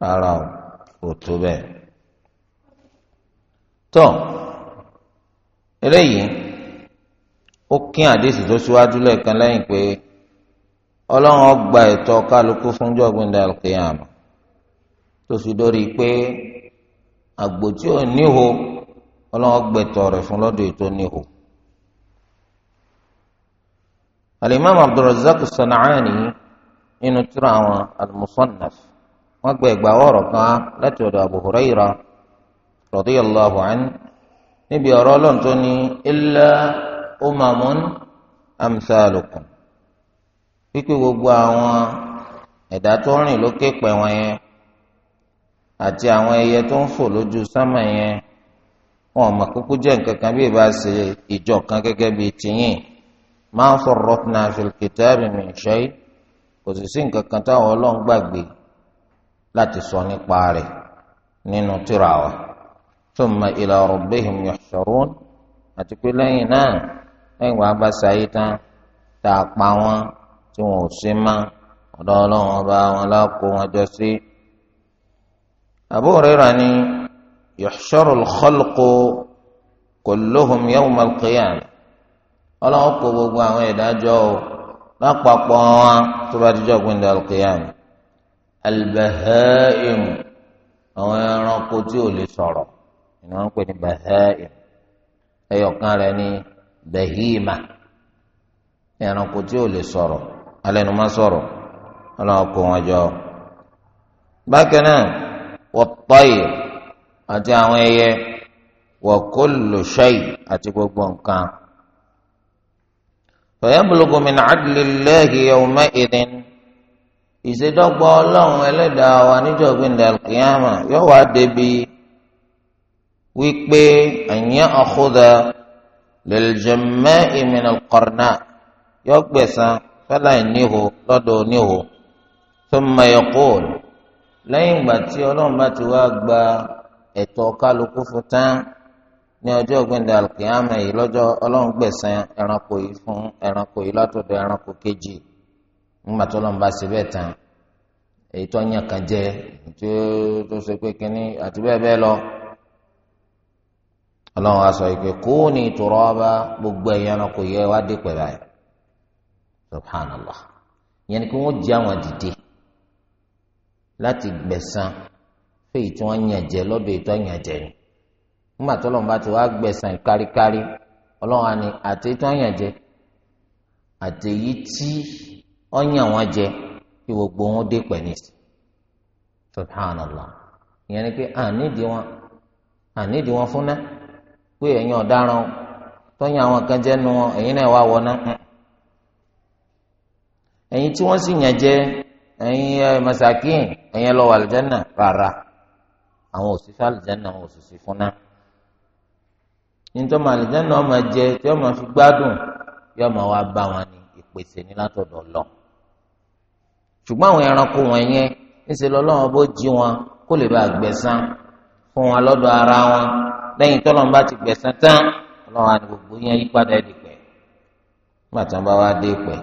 rárá o tó bẹ́ẹ̀. eléyìí ó kín àdéhùn tó síwájú lẹ́ẹ̀kan lẹ́yìn pé ọlọ́run ọgbà ẹ̀tọ́ kálukú fúnjọ́ gbẹ̀ndà alqiyama tó fi dórí pé àgbò tí ò níhò ọlọ́run ọgbẹ̀tọ̀ rẹ̀ fún lọ́dọ̀ ètò níhò. alimami abdulrazak sanaani nínú tura àwọn almusannaf wọn gba ka kan láti ọ̀dọ̀ abu huraira radiyallahu níbi ọ̀rọ̀ ọlọ́run tó ní illa umamun amsalukum pípé gbogbo àwọn ẹ̀dá tó rìn lókè pẹ̀ wọn yẹn àti àwọn ẹyẹ tó ń fò lójú sámà yẹn wọn mọ̀ kúkú jẹ́ nǹkan kan bí ìbá ṣe ìjọ kan gẹ́gẹ́ bíi tìyìn máa ń farratna fil kitabi min shay kò sì sí nǹkan kan táwọn ọlọ́run gbàgbé láti sọ nípa rẹ̀ nínú tírà wa thumma ila rabbihim yuhsharun àti pé lẹ́yìn náà lẹ́yìn wàá bá ṣayé tán tá a pa wọn tí wọn ò ṣe má ọ̀dọ̀ ọlọ́run ọba wọn lákò wọn jọ sí. Abu Hurairah ni yuhsharu al-khalqu kulluhum yawma al-qiyamah ọlọ́run kó gbogbo àwọn ìdájọ́ o lápapọ̀ wọn tó bá dijọ́ gbẹ̀ndẹ̀ al-qiyamah al-baha'im àwọn ẹranko tí ò lè sọ̀rọ̀. ni wọn ń pè ní ẹyọkan rẹ ní bahima ẹranko tí o lè sọ̀rọ̀ alẹnumá sọrọ Ọlọ́run kó wọn jọ bákan náà wat-tayr àti àwọn ẹyẹ wa kullu àti gbogbo nǹkan. فيبلغ من عدل الله يومئذ ìṣèdọ́gba ọlọ́run ẹlẹ́dàá wa níjọ́ gbẹ̀ndẹ̀ yóò wá débi wípé ẹ̀yìn ọ̀kúdà lẹ́lẹ́jẹ̀mẹ́ ìmìnà kọ̀rọ̀nà yóò gbẹ̀sán fẹ́lá ìníhò lọ́dọ̀ oníhò tó mọ ẹ̀kọ́ lẹ́yìn ìgbà tí ọlọ́run bá ti wá gba ẹ̀tọ́ kálukú fún tán ní ọjọ́ gbẹ̀ndẹ̀ alkiyama yìí lọ́jọ́ ọlọ́run gbẹ̀sán ẹranko yìí fún ẹranko yìí látọ̀dọ̀ ẹranko kejì nígbà tó lọ́n bá síbẹ̀ tán èyí tó yàn kan jẹ tó ṣe pé kínní àti bẹ́ẹ̀ bẹ́ẹ̀ lọ ọlọ́run á kó ní ọba gbogbo ẹ̀yàn kò yẹ wá dé pẹ̀lú ẹ̀ subhanallah yẹn ni pé wọ́n àwọn dìde láti tí wọ́n yàn jẹ lọ́dọ̀ ètò yàn jẹ ni nígbà ti wá káríkárí ọlọ́run ní àti ètò gbogbo wọn dé pẹ̀lú subhanallah ni àníìdí wọn àníìdí wọn pé ẹ̀yin ọ̀daràn tọ́yìn àwọn kan jẹ́ nu wọn ẹ̀yin náà wà wọ́ná ẹ̀yin tí wọ́n sì yàn jẹ ẹ̀yin masakin ẹ̀yin lọ́wọ́ àlùjánà rárá àwọn òṣìṣẹ́ àlùjánà àwọn òṣìṣẹ́ fúnná nítorí àlùjánà ọmọ jẹ tí ọmọ fi gbádùn yóò máa wá bá wọn ní ìpèsè ní látọ̀dọ̀ lọ ṣùgbọ́n àwọn ẹranko wọ̀nyẹn ńṣe lọ́lọ́wọ́n bó jí wọn kó lè bá gbẹ̀san fún wọn lọ́dọ̀ ara wọn lẹ́yìn tọ́lọ́n bá ti gbẹ̀sán tán ọlọ́run àti gbogbo yẹn yípadà ẹ̀ dìpẹ́ nígbà tí wọ́n bá wá dé pẹ́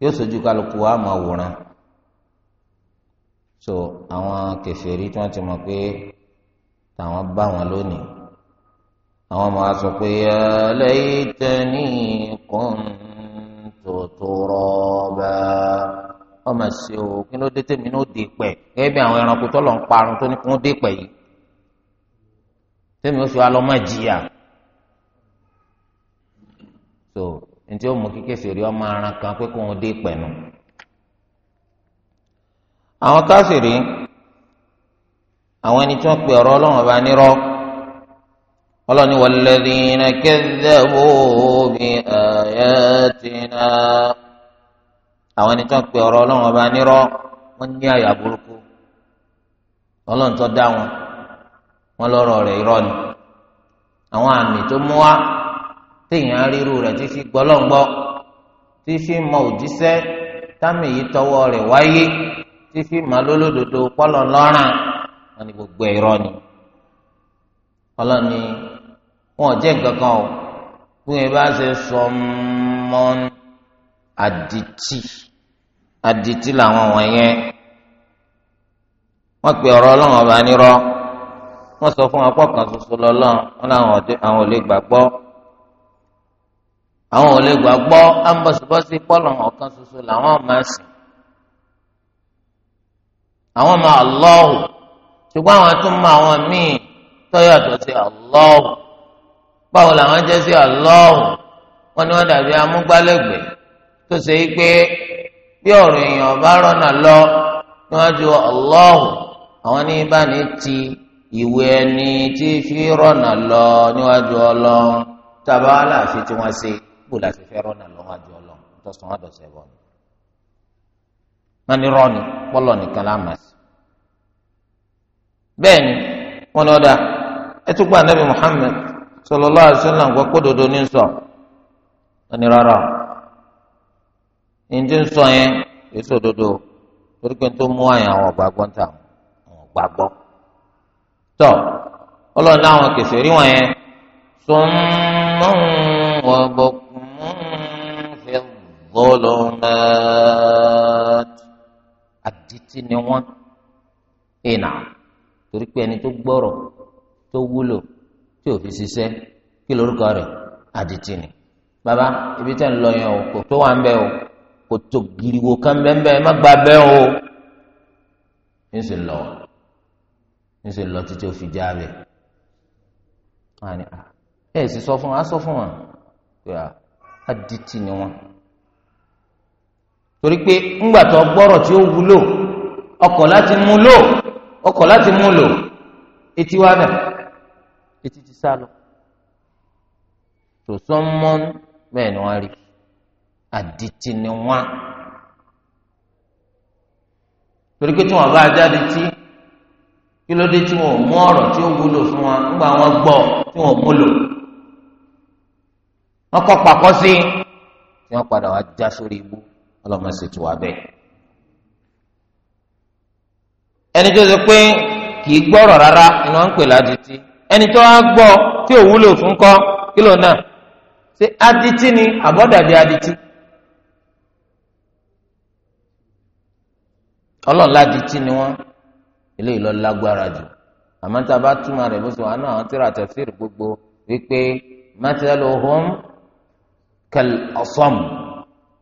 yóò sojú kálukú wa máa wòran so àwọn kèfèrí tí wọ́n ti mọ̀ pé táwọn bá wọn lónìí àwọn máa sọ pé ya laytani kuntu turaba ọmọ ṣe o kí ló dé tèmi ní ó dé pẹ́ bí àwọn ẹranko tọ́lọ̀ ń parun tó ní kí wọ́n dé pẹ́ yìí tẹ́mi ó fi alọ́ má jìyà so ntí ó mú kíkẹ́sì rí ọmọ aràn kan pé kó wọn dé pẹ̀lú. àwọn káfìrí àwọn ẹni tí wọ́n pe ọ̀rọ̀ ọlọ́run ọba nírọ́ ọlọ́ni walladhina kadhabu bi ayatina àwọn ẹni tí wọ́n pe ọ̀rọ̀ ọlọ́run ọba nírọ́ wọ́n ní àyà burúkú ọlọ́run tó dá wọn wọn lọ́rọ̀ rẹ̀ irọ́ ni àwọn àmì tó mú wá téèyàn ríru rẹ̀ tí fi gbọlọgbọ tí fi mọ òjíṣẹ́ támì yìí tọwọ́ rẹ̀ wáyé tí fi mọ lólódodo pọlọ lọrùn wọn ni gbogbo irọ́ ni pọlọ ni wọn ò jẹ́ nǹkan kan o fún ẹ bá ṣe sọ mọ àdìtì àdìtì làwọn wọ̀nyẹn wọn pe ọ̀rọ̀ Ọlọ́run ọba nírọ́. wọ́n sọ fún apọ kan ṣoṣo lọlọ wọn làwọn àwọn ò lè gbàgbọ́ àwọn ò lè gbàgbọ́ ambọsibọsi pọlọ ọ̀kan ṣoṣo làwọn máa sìn àwọn máa Allahu ṣùgbọ́n àwọn tún máa àwọn míì tọyọtọ sí Allahu báwo làwọn jẹ́ sí wọn ni wọ́n dàbí tó ṣe é pé bí èèyàn bá rọnà lọ níwájú àwọn ní bá ní ti. ìwé ẹni tí fi rọ̀nà lọ níwájú ọlọ́run tàbá aláàfin tí wọ́n ṣe bó la ṣe lọ níwájú ọlọ́run tó sùn wọ́n ni kpọlọ ni. wọ́n ní rọ́ọ̀nì pọ́lọ̀ nìkan láàmà sí. bẹ́ẹ̀ ni wọ́n lọ́ọ́ da ní sọ rárá ìdí sọ yẹn èso torí pé tó mú àyàn àwọn tọ ọlọ́run láwọn kèsì rí wọn yẹn sọmọ ọgbọkùnrin fi zulumat àdìtì ni wọn ìnà torí pé ẹni tó gbọ́rọ̀ tó wúlò tí ò fi ṣiṣẹ́ kí lórúkọ rẹ̀ àdìtì ni baba ibi tẹ́ ń lọ yẹn o kò tó wà ń bẹ o kò tó giriwo kan bẹ́ẹ̀ bẹ́ẹ̀ má gba bẹ́ẹ̀ o ń sì lọ níṣẹ́ lọ títí ó fi já bẹ̀. Ah, ẹ sì sọ fún wa sọ fún wa pé ah, adití ni wọn. torí pé ńgbà tó gbọ́rọ̀ tí ó wúlò ọkọ̀ láti mú lò ọkọ̀ láti mú lò etí wa bẹ̀ etí ti sá lọ. tòsán mọ́ bẹ́ẹ̀ ni wọ́n rí adití ni wọ́n. torí pé tí wọ́n bá jáde tí. kí ló dé tí wọn ò mú ọ̀rọ̀ tí ó wúlò fún wa nígbà wọn gbọ́ tí wọn ò múlò wọn kọ pàkọ sí tí wọn padà wá já sórí ibú ọlọmọ ṣètò wa bẹ́ẹ̀ ẹni tó ṣe pé kì í gbọ́rọ̀ rárá ni wọn ń pè ládìtì ẹni tó wá gbọ́ tí ò wúlò fún kọ kí ló náà ṣe adití ni àbọ̀dàbí adití ọlọ́ọ̀lá adití ni wọ́n. eléyìí lọ lágbára jù àmọ́ tá a bá túmọ̀ rẹ̀ bó ṣe wà náà àwọn tíra tafsir gbogbo wípé mathaluhum kal asam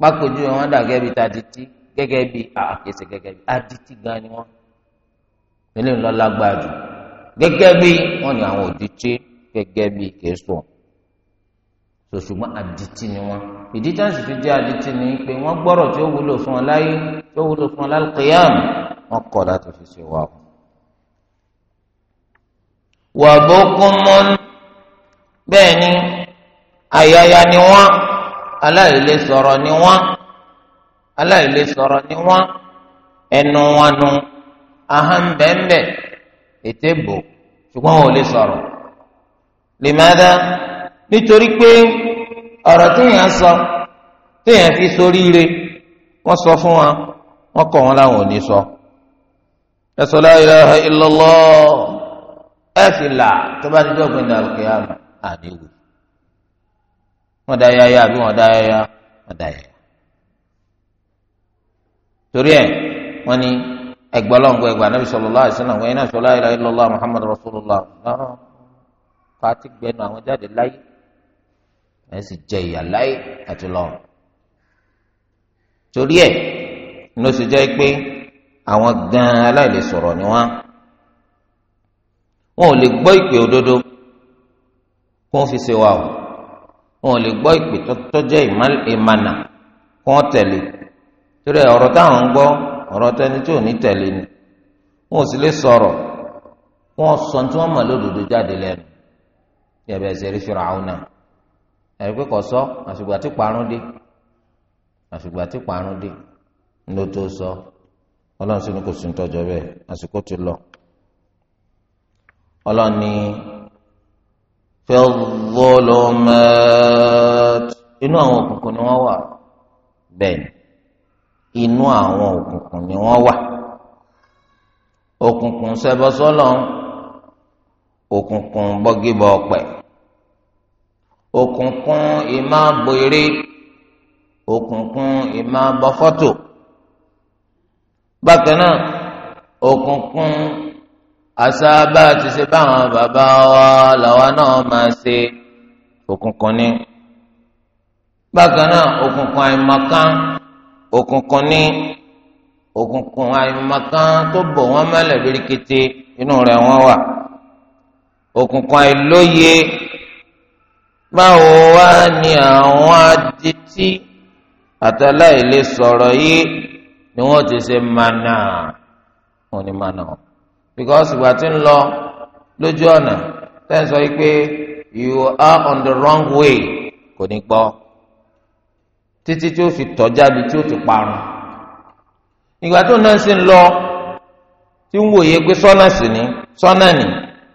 pákójú wọn dà gẹ́gẹ́ bí tadití gẹ́gẹ́ bí àkèsè gẹ́gẹ́ bí adití gan ni wọn eléyìí lọ lágbára jù gẹ́gẹ́ bí wọn ni àwọn òdìtí gẹ́gẹ́ bí kẹsùn ṣùgbọ́n adití ni wọn ìdí tí wọn sì fi jẹ́ adití ni pé wọ́n gbọ́rọ̀ tí ó wúlò fún wọn láyé tí ó wúlò fún wọn lálùkìyàmù wọn kọ̀ láti fi ṣe wà fún wàbókùnmọ́n bẹ́ẹ̀ ni àyàyà ni wọ́n aláìlè sọ̀rọ̀ ni wọ́n aláìlè sọ̀rọ̀ ni wọ́n ẹnu wọn nu ahánbẹ́ńbẹ́ ètè bò ṣùgbọ́n wọn ò lè sọ̀rọ̀ lèmẹ́dá nítorí pé ọ̀rọ̀ téèyàn sọ téèyàn fi soríire wọ́n sọ fún wa wọ́n kọ̀ wọ́n láwọn ò ní sọ. ẹ sọ la ilaha illallah ẹ fi là tó bá ti dọ́gbìn ní alùpùpù àníwò wọn da yaya àbí wọn da yaya wọn da yaya torí ẹ wọn ni ẹgbẹ ọlọ́ngbọ ẹgbẹ anabi sallallahu alaihi wasallam iná sọlá ilà ilọlá muhammadu rasulullah lọrọ pati gbẹnu àwọn jáde láyé ẹ sì jẹ ìyà láyé àti lọ́run torí ẹ ní oṣù jẹ pé àwọn gan aláìlè sọ̀rọ̀ ni wọn wọn ò lè gbọ́ ìpè òdodo kó wọn fi ṣe wa o wọn ò lè gbọ́ ìpè tọ́jọ́ ìmànà kó wọn tẹ̀lé torí ọ̀rọ̀ táwọn ń gbọ́ ọ̀rọ̀ tẹni tí ò ní tẹ̀lé ni wọn ò sì lè sọ̀rọ̀ kó wọn sọ tí wọn mọ̀ lódodo jáde lẹ́nu yẹ̀bẹ̀ ẹ̀sẹ̀ rí fìrà àwọn náà ẹ̀rí pé kò sọ àṣùgbà tí parun dé àṣùgbà tí parun dé ló tó sọ ọlọ́run sì kò sí ń tọ́jọ́ bẹ́ẹ̀ àsìkò ti lọ ọlọ́ni fẹ́lọ́lọ́mẹ́t inú àwọn òkùnkùn ni wọ́n wà bẹ́ẹ̀ inú àwọn òkùnkùn ni wọ́n wà òkùnkùn sẹ́bọ̀sọ́lọ́ òkùnkùn bọ́gìbọ̀ ọ̀pẹ̀ òkùnkùn ìmáa bòèrè òkùnkùn ìmáa bákan náà òkùnkùn àṣà bá a ti ṣe báwọn bàbá wa làwa náà máa ṣe òkùnkùn ni bákan náà òkùnkùn àìmọ̀kan òkùnkùn ni òkùnkùn àìmọ̀kan tó bò wọ́n mẹ́lẹ̀ birikiti inú rẹ̀ wọ́n wà òkùnkùn àìlóye báwo wá ni àwọn adití àtàláìlè sọ̀rọ̀ yìí ni wọ́n ti ṣe mànà wọ́n ni mànà wọn. because ìgbà tí ń lọ lójú ọ̀nà tẹ́ǹ sọ pé you are on the wrong way kò ní gbọ́ títí tí ó fi bi tí ó ti parun ìgbà tó náà sì ń lọ tí ń wòye pé sọ́nà sì ni sọ́nà ni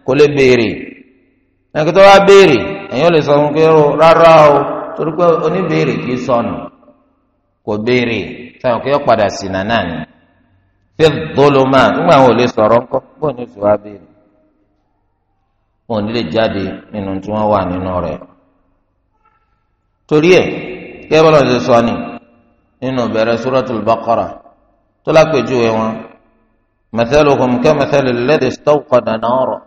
kò lè béèrè ẹ̀kọ́ tó wá béèrè ẹ̀yin ò lè sọ fún pé rárá o torí pé oníbèrè kì í sọnù kò béèrè sọ̀rọ̀ pé ó padà sí ni. fi dọ́lọ́mà nígbà wọn ò lè sọ̀rọ̀ ńkọ́ bó ní oṣù wa béèrè wọn ò ní lè jáde nínú tí wọ́n wà nínú rẹ̀ torí ẹ̀ kẹ́ bọ́lá ṣe sọ ni nínú bẹ̀rẹ̀ suratul Baqara tó lápèjúwe wọn mathaluhum kamathali alladhi istawqada nara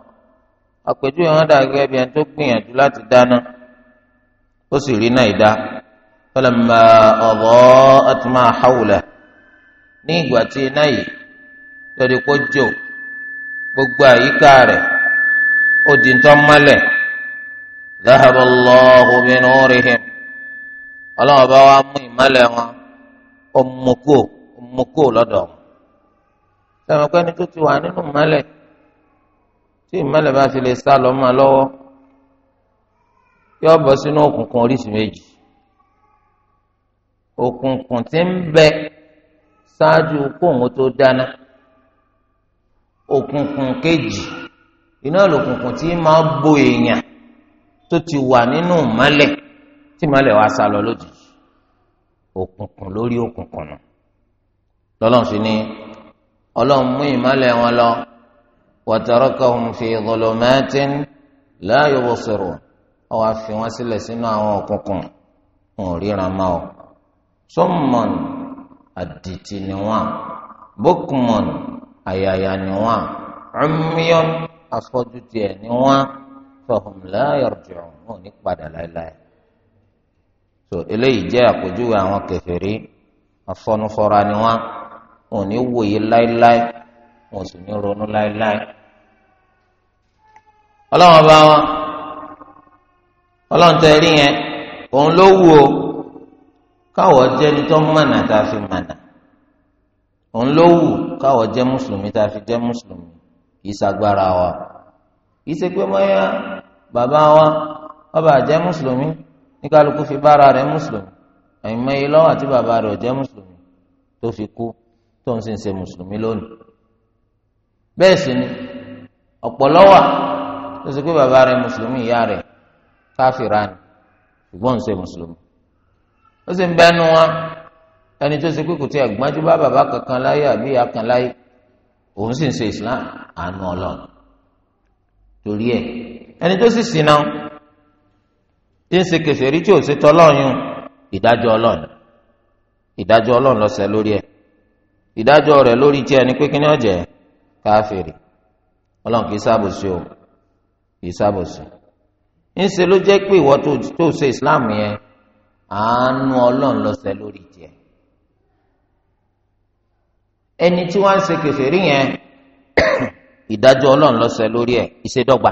àpèjúwe wọn dà gẹ́gẹ́ bí ẹni tó gbìyànjú láti dáná ó sì rí náà ìdá falamma adaa'at ma hawlahu ní ìgbà tí iná yìí lórí kójò gbogbo àyíká rẹ ó di ntọ́ mọ́lẹ̀ dáhàbọ̀ lọ́hùn mi nù rìhìm ọlọ́wọ́n bá wa mú ìmọ́lẹ̀ wọn ó mú kó ó mú kó lọ́dọ̀ wọn. tó ti wà nínú ìmọ́lẹ̀ tí ìmọ́lẹ̀ bá ti lè sá lọ́ mọ́ lọ́wọ́ sínú òkùnkùn òkùnkùn kejì iná lòkùnkùn tí máa bo èèyàn tó ti wà nínú ìmọ́lẹ̀ tí ìmọ́lẹ̀ wá sá lọ lójijì òkùnkùn lórí òkùnkùn nù lọ́lọ́run sì ni ọlọ́run mú ìmọ́lẹ̀ wọn lọ wa tarakahum fi dhulumatin la yubsirun ó wá fi wọ́n sílẹ̀ sínú àwọn òkùnkùn wọn ò ríran mọ́ ọ summun àdìtì ni wọ́n bukmun. Ayaya ni wọn ọmọọyọn afọjú tiẹ ni wọn fọhùn láyọrọjọ wọn ò ní padà so eléyìí jẹ àpèjúwe àwọn kèfèrí afọnufọra ni wọn wọn ò ní wòye láéláé wọn ò sì ní ronú ọlọ́wọ́n bá wọn ọlọ́run tẹ rí yẹn òun ló wù ó káwọ́ òun ló wù káwọ jẹ́ mùsùlùmí tá a fi jẹ́ mùsùlùmí kìí ṣagbára wa kìí ṣe pé mọ́yá bàbá wa ọba jẹ́ mùsùlùmí ní kálukú fi bára rẹ̀ mùsùlùmí àìmọye lọ́wọ́ àti bàbá rẹ̀ ò jẹ́ mùsùlùmí tó fi kú tó ń sì ń ṣe mùsùlùmí lónìí bẹ́ẹ̀ sì ni ọ̀pọ̀ lọ́wọ́ tó ṣe pé bàbá rẹ̀ mùsùlùmí ìyá rẹ̀ káfíra ṣùgbọ́n ń ṣe mùsùlùmí ó sì ń bẹ́nu wọn ẹni tó ṣe pé kò tí ẹ gbájú bá bàbá kankan láyé àbí ìyá láyé òun sì ń ṣe islam àánú ọlọ́run torí ẹ ẹni tó sì sìn náà tí ń ṣe kèfèrí tí ò ṣe tọlọ́run ìdájọ́ ọlọ́run ìdájọ́ ọlọ́run lọ́sẹ̀ lórí ẹ ìdájọ́ rẹ̀ lórí tí ẹni pé kí káfíìrì ọlọ́run kì í sábòsí o kì í sábòsí ń ṣe ló jẹ́ pé ìwọ tó ṣe islam yẹn àánú ọlọ́run lọ́sẹ̀ lórí tiẹ̀ ẹni tí wọ́n ń ṣe kèfèrí yẹn ìdájọ́ Ọlọ́run lọsẹ lórí ẹ̀ ìṣèdọ́gba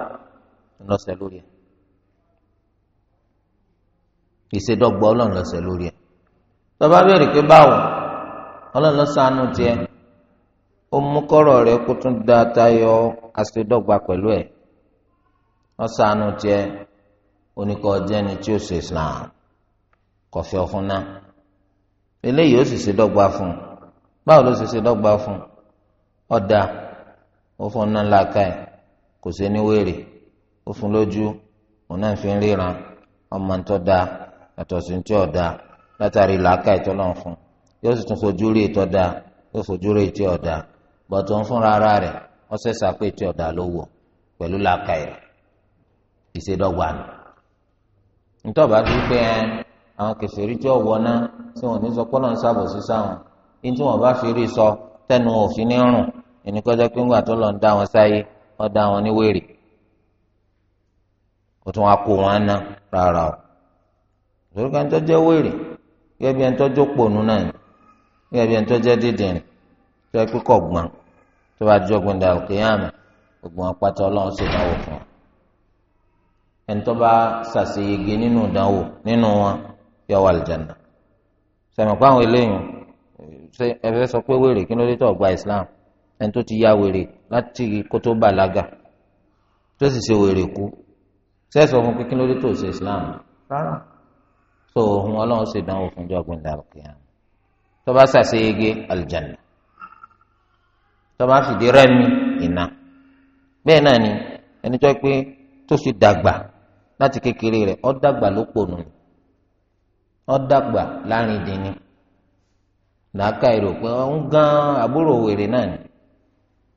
lọsẹ lórí ẹ̀ ìṣèdọ́gba Ọlọ́run lọsẹ lórí ẹ̀ tọba pé báwo tún da tayọ pẹ̀lú ẹ ó oníkọ jẹni tí ó ṣe Islam báwo ló ṣe ṣe dọ́gba fún ọ̀dà ó fún ọ̀nà làákà ẹ̀ kò ṣe ní wèrè ó fún lójú òun náà fi ń ríran ọmọ ń tọ́ da àtọ̀sí ń tí ọ̀ da látàrí làákà ẹ̀ tọ́lọ́ fún yóò sì tún fojú rí ìtọ́ da yóò fojú rí ìtí ọ̀dà bọ̀tọ̀ ń fúnra ara rẹ̀ wọ́n ṣẹ̀ṣà pé ìtí ọ̀dà ló wọ̀ pẹ̀lú làákà ẹ̀ ìṣèdọ́gba ti àwọn kẹfẹ́ rí tí ní wọn bá fi rí sọ tẹnu òfin ní rùn ẹni pé ńgbà tó lọ ń dá wọn sáyé ó dá wọn ní wèrè kó tún wá kó wọn ná rárá o lórí kan tó jẹ wèrè gẹ́gẹ́ bí ẹni tó pònú náà ni gẹ́gẹ́ bí ẹni tó dídìrín tó yẹ pé kọ̀gbọ́n tó bá jọ gbọ̀ndà òkè yàmà gbogbo wọn pátá ọlọ́run sì náwó fún wọn ẹni tó bá ṣàṣeyege nínú ìdánwò nínú wọn yọ wà lìjànà sẹ̀mọ̀pá àwọn eléyìí ẹ fẹ́ sọ pé wèrè kí ló dé tó gba islam ẹni tó ti ya wèrè láti kó tó bàlágà tó sì ṣe wèrè kú ṣe sọ fún pé kí ló dé tó ṣe islam rárá tó ohun ọlọ́run ṣe dánwò fún ọjọ́ ọgbìn dàrúkìá tó bá ṣàṣeyege alìjànnà tó bá fìdí rẹmi iná bẹ́ẹ̀ náà ni ẹni tó pé tó sì dàgbà láti kékeré rẹ̀ ó dàgbà ló pònú ó dàgbà láàrin dín ní làákà èrò pé ń gan àbúrò wèrè náà ni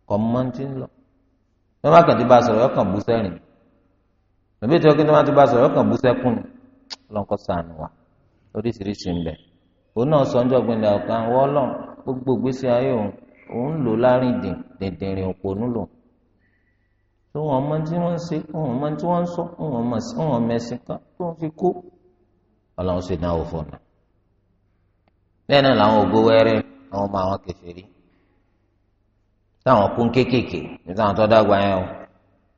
kọ́mọ́ntì ń lọ bí wọ́n bá kàn ti bá sọ̀rọ̀ ọkàn bú sẹ́rìn bẹ́ẹ̀ tí wọ́n kí wọ́n ti bá sọ̀rọ̀ ọkàn bú sẹ́kùn lọ́nkọ́ sànù wa oríṣiríṣi ń bẹ òun náà sọ ọjọ́ gbẹ̀ndà ọ̀kan wọ́ọ́lọ́ gbogbo gbèsè ayé òun òun ń lò láàrin dìn dẹ̀dẹ̀rìn òpònú lò tó wọn mọ tí wọn ṣe wọn mọ tí wọn sọ wọn mọ mẹsìn kan tó wọn fi kó Ọlọ́run ṣe náà ò fọnà bẹ́ẹ̀ náà làwọn ògo wẹ́rẹ́ àwọn ọmọ àwọn kèfèrí táwọn kún kéékèèké ní táwọn tó dàgbà yẹn o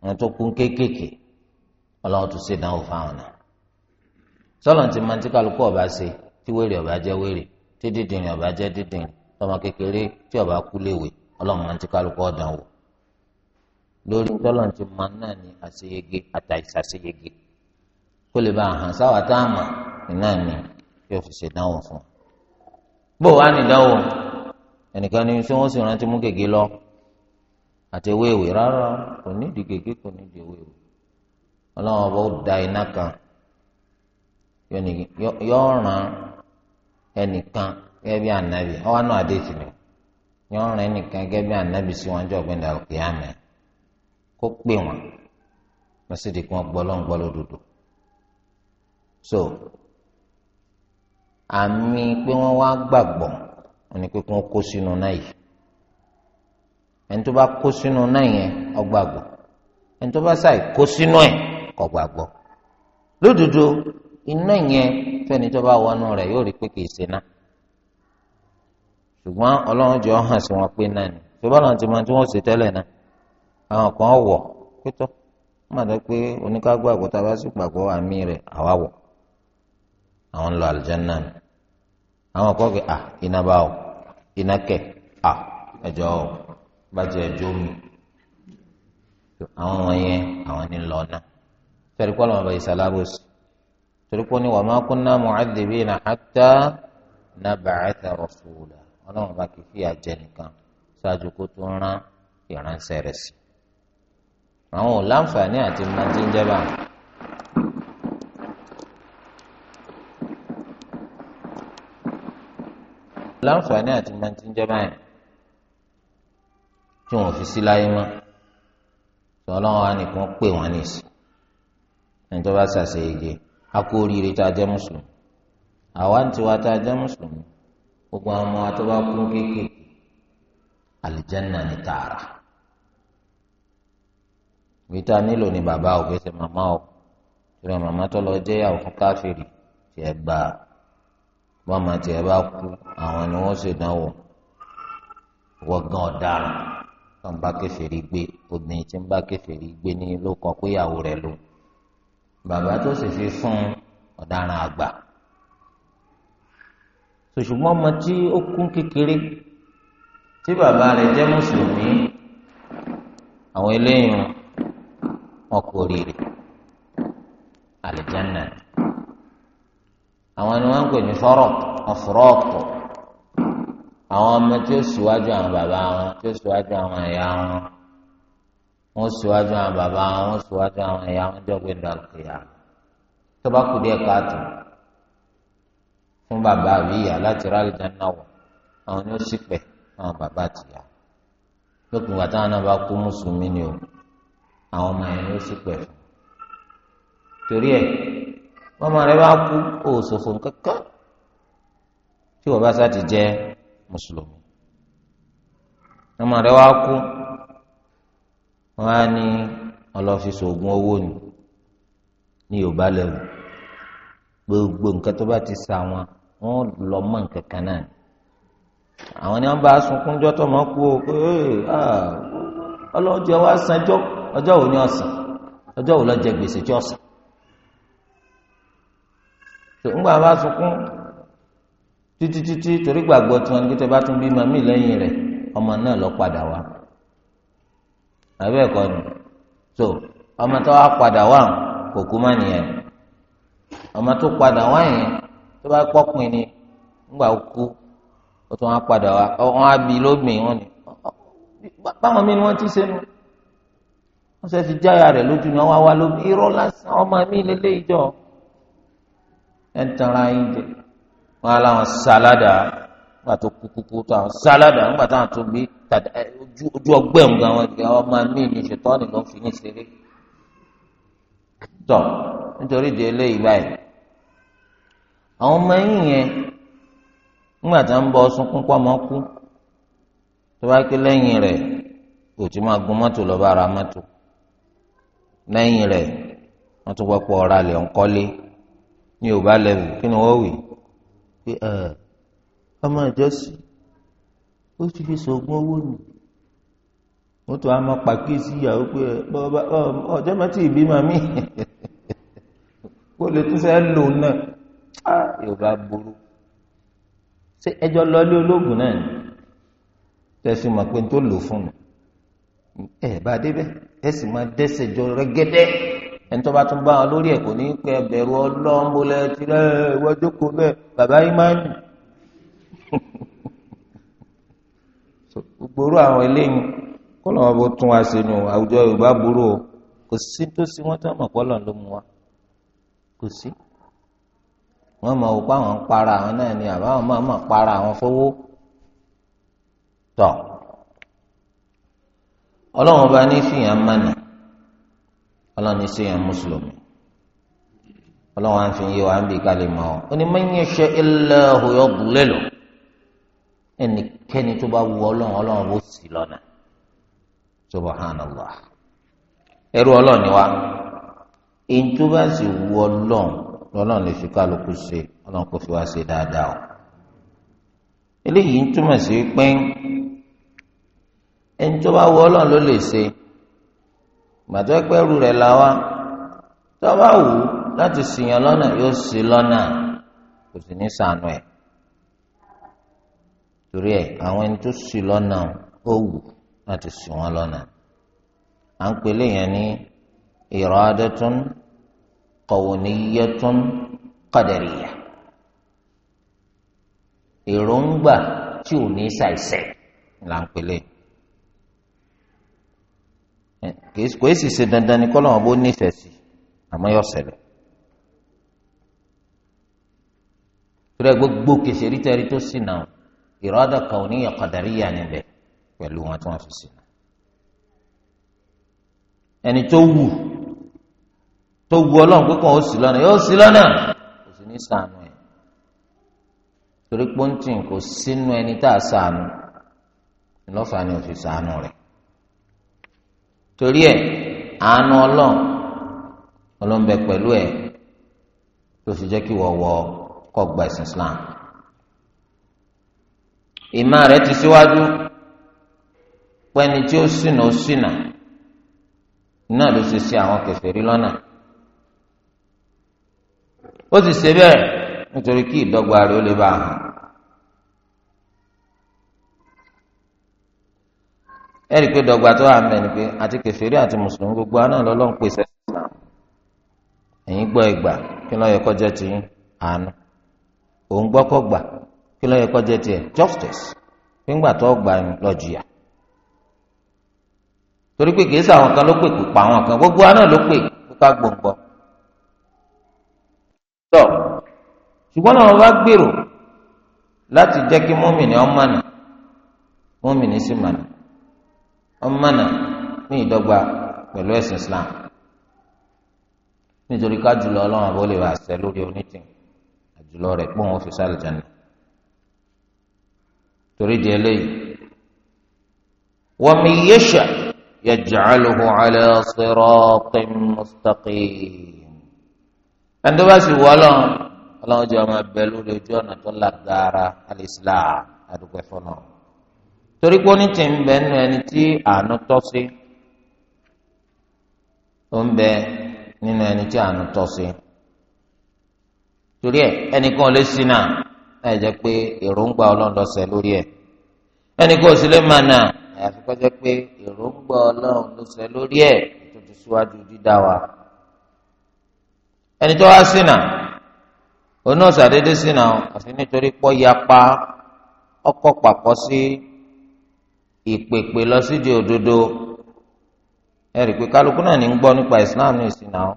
àwọn tó kún kéékèèké ọlọ́run tó ṣe dánwò fáwọn náà sọlọ́n ti máa ń tí kálukú ọba ṣe tí wèrè ọba jẹ́ wèrè tí dídìrín ọba jẹ́ dídìrín tọmọ kékeré tí ọba kú léwe ọlọ́run máa ń tí kálukú ọ̀dánwò lórí sọlọ́n ti máa náà ní àṣeyege àtàìsàṣeyege kó lè bá àhàn sáwà táàmà náà ní yóò fi ṣe fún un. bó wàá nìdánwò ẹnìkan ni tí wọ́n sì rántí mú gègé lọ àti ewéèwé rárá kò nídìí gègé kò nídìí ewéèwé da iná kan yọ ràn ẹnìkan gẹ́gẹ́ bí ànábì ọwọ́ náà yọ ràn ẹnìkan gẹ́gẹ́ bí ànábì sí wọn jọ gbẹ́ndà òkè àmì kó di kí gbọ́ lọ́n gbọ́ lódodo àmì pé wọn wá gbàgbọ́ ni pé kí wọ́n kó sínú náà yìí ẹni tó bá kó sínú náà yẹn ó gbàgbọ́ ẹni tó bá ṣàì kó sínú ẹ̀ kò gbàgbọ́ lódodo iná yẹn fẹ́ni tó bá wọnú rẹ̀ yóò rí pé kì í ṣe náà ṣùgbọ́n ọlọ́run jọ hàn sí wọn pé náà ni ṣùgbọ́n ọlọ́run ti mọ tí wọ́n ṣe tẹ́lẹ̀ náà àwọn kan wọ pé tọ́ wọ́n máa dá pé oníkágbàgbọ́ tá bá sì gbàgbọ́ àmì rẹ̀ àwa wọ àwọn ń lọ àlùjánnà ni àwọn kọ́ kí à ah, iná bá o iná kẹ̀ à ah, ẹ̀jọ̀ o bàjẹ́ ẹ̀jọ̀ mi àwọn wọ̀nyẹn àwọn ní lọ náà torí kọ́ lọ́mọba ìsàlábòsì torí kọ́ ni wa ma kunna mu'adhibina hatta nab'atha rasula ọlọ́run bá kì í fìyà jẹ nìkan ṣáájú kó tó rán ìránṣẹ́ rẹ̀ sí. àwọn ò láǹfààní àti májíńjẹ́ láǹfààní àti mẹtí ń jẹ báyìí tí wọn fi sí láyé mọ tọlọ́run wa nìkan pè wọn nìsí ẹni tó bá ṣàṣe ege a kú oríire tá a jẹ mùsùlùmí àwa ń tiwa tá a jẹ mùsùlùmí gbogbo àwọn ọmọ wa tó bá kú kéékèèké àlìjẹ́nà ní tààrà gbíta nílò ni bàbá òkè ṣe màmá o ṣe màmá tó lọ jẹ́yàwó fún káfíìrì tiẹ̀ gbà á bọ́ọ̀mà tiẹ̀ bá kú àwọn ni wọ́n ṣèdánwò wọ́n gan ọ̀daràn tó ń bá kèfèrí gbé obìnrin tí ń bá kèfèrí gbé ní ló kọ pé ìyàwó rẹ̀ lò bàbá tó sì fi fún ọ̀daràn àgbà ṣùgbọ́n ọmọ tí ó kún kékeré tí bàbá rẹ̀ jẹ́ mùsùlùmí àwọn eléyìí wọn kò rí rẹ̀ àlìjáná àwọn ni wọn ń pè ní fọrọ ọfọrọọpọ àwọn ọmọ tí ó síwájú àwọn bàbá wọn tí ó síwájú àwọn ẹ̀yà wọn wọn síwájú àwọn bàbá wọn wọn síwájú àwọn ẹ̀yà wọn jọ gbẹdọ àkùyà tó bá kù díẹ̀ káàtó fún bàbá àbí ìyá láti rálẹ dáná wọ àwọn ni ó sì pẹ àwọn bàbá àtìyá lópin ìgbà táwọn náà bá kú mùsùlùmí ni o àwọn ọmọ yẹn ni ó sì pẹ fún torí ẹ̀ mọ́mọ́ rẹ bá kú ó ṣòfò kankan tí wọ́n bá sá ti jẹ́ mùsùlùmí mọ́mọ́ rẹ wá kú wọ́n á ní ọlọ́fíìsì oògùn owó ni ní yorùbá lẹ́wù gbogbo nǹkan tó bá ti sa wọn wọn lọ mọ nǹkan kan náà àwọn ni wọn bá sunkúnjọ tó mọ kú o pé ah, ọlọ́jọ́ wa san ọjọ́ wo ni ọ̀sán ọjọ́ wo gbèsè tí ọ̀sán tó ń gbà bá sunkún títí títí torí gbàgbọ́ tí wọn ní tẹ bá tún bí màmí lẹ́yìn rẹ̀ ọmọ náà lọ padà wá àbẹ́ẹ̀kọ́ ni ọmọ tó wá padà wá kò kú má nìyẹn ọmọ tó padà wá yẹn tó bá pọ́kùn ni ńgbà kú ó tún wá padà wá lóbìn wọn ni báwọn mi ni wọn ti wọn fi jáyà rẹ lójú ni wá wá lóbìn irọ́ lásán ọmọ mi ẹ̀ ń tanra yín jẹ wọn á láwọn sáládà nígbà tó kú kúkú tó àwọn sáládà nígbà táwọn tó gbé ojú ọgbẹ́ nǹkan wọn kì í àwọn máa mí ní ṣètò ọ̀nìkan fi ní ṣeré tọ̀ nítorí di eléyìí báyìí àwọn ọmọ yín yẹn nígbà tá ń bọ sunkún pọ̀ mọ́ kú tó bá ké lẹ́yìn rẹ̀ kò tí máa gun mọ́tò lọ́ba ara mọ́tò lẹ́yìn rẹ̀ wọ́n tún gbọ́ pọ̀ ọ̀rá ń kọ́lé ní yorùbá lẹ́wù kí ni wọ́n wì pé ọmọ ìjọsìn ó ti fi sọ̀gbọ́n owó nù wọ́n tún á máa pàkíyèsí ìyàwó pé ọjọ́ mẹ́tì ìbímọ mi kó lè tún fẹ́ lò náà yorùbá burú ṣé ẹjọ́ lọ́lé ológun náà ni tẹ̀sí mọ̀ pé n tó lò fún mi ẹ̀ bá débẹ̀ ẹ̀ máa dẹ́sẹ̀ jọ rẹ́gẹ́dẹ́ ẹnitọ́ bá tún bá wọn lórí ẹ̀ kò ní pé ẹbẹ̀rù ọlọ́mọlẹ̀ tirẹ̀ wọ́jọ́ kó bẹ́ẹ̀ bàbá imáni gbòòrò àwọn eléyìí kó lọ́wọ́ bó tún wá sí nu àwùjọ Yorùbá burú o kò sí tó sí wọ́n tó mọ̀ pọ́lọ̀ ló mu wa kò sí wọ́n mọ̀ òpá àwọn para àwọn náà ni àbá àwọn máa mọ̀ para àwọn fowó tọ̀ ọlọ́run bá ní fìyàn mánà ọlọ́ni sí yẹn mùsùlùmí ọlọ́wọ́ à ń fi yé wa ń bí kálí mọ́ ọ ó ní man yasha Allahu yudlilhu ẹnikẹ́ni tó bá wù ọlọ́run ọlọ́run ó sì lọ́nà subhanallah ẹrú ọlọ́run ni wa èyí tó bá sì wù ọlọ́run lọ́lọ́run lè fi kálukú ṣe ọlọ́run kò fi wá ṣe dáadáa o eléyìí ń túmọ̀ sí pé ẹni tó bá wù ọlọ́run ló lè ṣe gbàtọ́ pẹ́rù rẹ̀ là wá tó bá wù ú láti ṣìyàn lọ́nà yóò ṣì lọ́nà kò sì ní sànù ẹ̀ torí ẹ̀ àwọn ẹni tó ṣì lọ́nà ó wù láti ṣì wọ́n lọ́nà à ń pèlè yẹn ní iradatun qawniyyatun qadariyya èròǹgbà tí ò ní ṣàìṣẹ là ń pèlè yẹn kò èsì ṣe dandan ni kọ́lọ́mọ bó nífẹ̀ẹ́ sí àmọ́ yọ ṣẹlẹ̀ torí ẹ gbogbo kẹsìrì tẹ́rí tó sì náà ìrọ́dà kan ò ní ọ̀kadàríyà níbẹ̀ pẹ̀lú wọn tí wọ́n fi sí náà ẹni tó wù tó wù ọlọ́run pé kàn ó sì lọ́nà yóò sì lọ́nà kò sì ní sànù ẹ̀ torí pọ́ńtìn kò sínú ẹni tá a sànù ńlọ́fà ni ò fi sànù rẹ̀. torí ẹ àánú Ọlọ́run ọlọmọbẹ pẹ̀lú ẹ tó sì jẹ́ kí wọ wọ kọgbà ẹ̀sìn Islam ìmá rẹ ti síwájú pẹni tí ó ṣìnà ó ṣìnà náà ló ṣe ṣe àwọn kèfèrí lọ́nà ó sì ṣe bẹ́ẹ̀ nítorí kí ìdọ́gba rẹ ó lè bá a hàn ẹ rí i pé dọ́gba tó wà mẹ́rin pé àti kèfèrí àti mùsùlùmí gbogbo àná lọ́lọ́ ń pèsè islam ẹ̀yin gbọ́ ẹgbà kí ló yẹ kó jẹ́ tiyín àánú òun gbọ́ kó gbà kí ló yẹ kó jẹ́ tiẹ̀ justice fíngbà tó gbà ń lọ jìyà torí pé kìí sàwọn kan ló pè kò pa àwọn kan gbogbo àná ló pè kó ká gbòǹgbọ́ tọ ṣùgbọ́n náà wọ́n bá gbèrò láti jẹ́ kí mọ́mìnì ọmọ nì mọ́mìnì sì mọ̀ ọmọnà ní ìdọ́gba pẹ̀lú ẹ̀sìn Islam nítorí ká jùlọ Ọlọ́run àbọ̀ lè àṣẹ lórí onítìǹ àjùlọ rẹ̀ pọ̀ wọn fi sálẹ̀ jẹ́nu torí di eléyìí wọ́n mi yéṣà yaj'aluhu ala siratin mustaqim ẹni tó bá sì wọ́ Ọlọ́run Ọlọ́run jẹ́ ọmọ abẹ lórí ojú ọ̀nà tó lágbára alẹ́ Islam adúgbò ẹ̀fọ́ torí pé oní ti ń bẹ nínú ẹni tí àánú tọ́ sí ó ń bẹ nínú ẹni tí àánú tọ́ sí torí ẹ ẹnìkan lè sí náà láì jẹ́ pé èròǹgbà ọlọ́run lórí ẹ̀ ẹnìkan ò sí lè máa nà àyàfi kọ́ jẹ́ pé èròǹgbà lórí Si, ìpèpè lọ sídìí òdodo ẹ̀rí pé kálukú náà ní ń gbọ́ nípa Islam ní ìsìn náà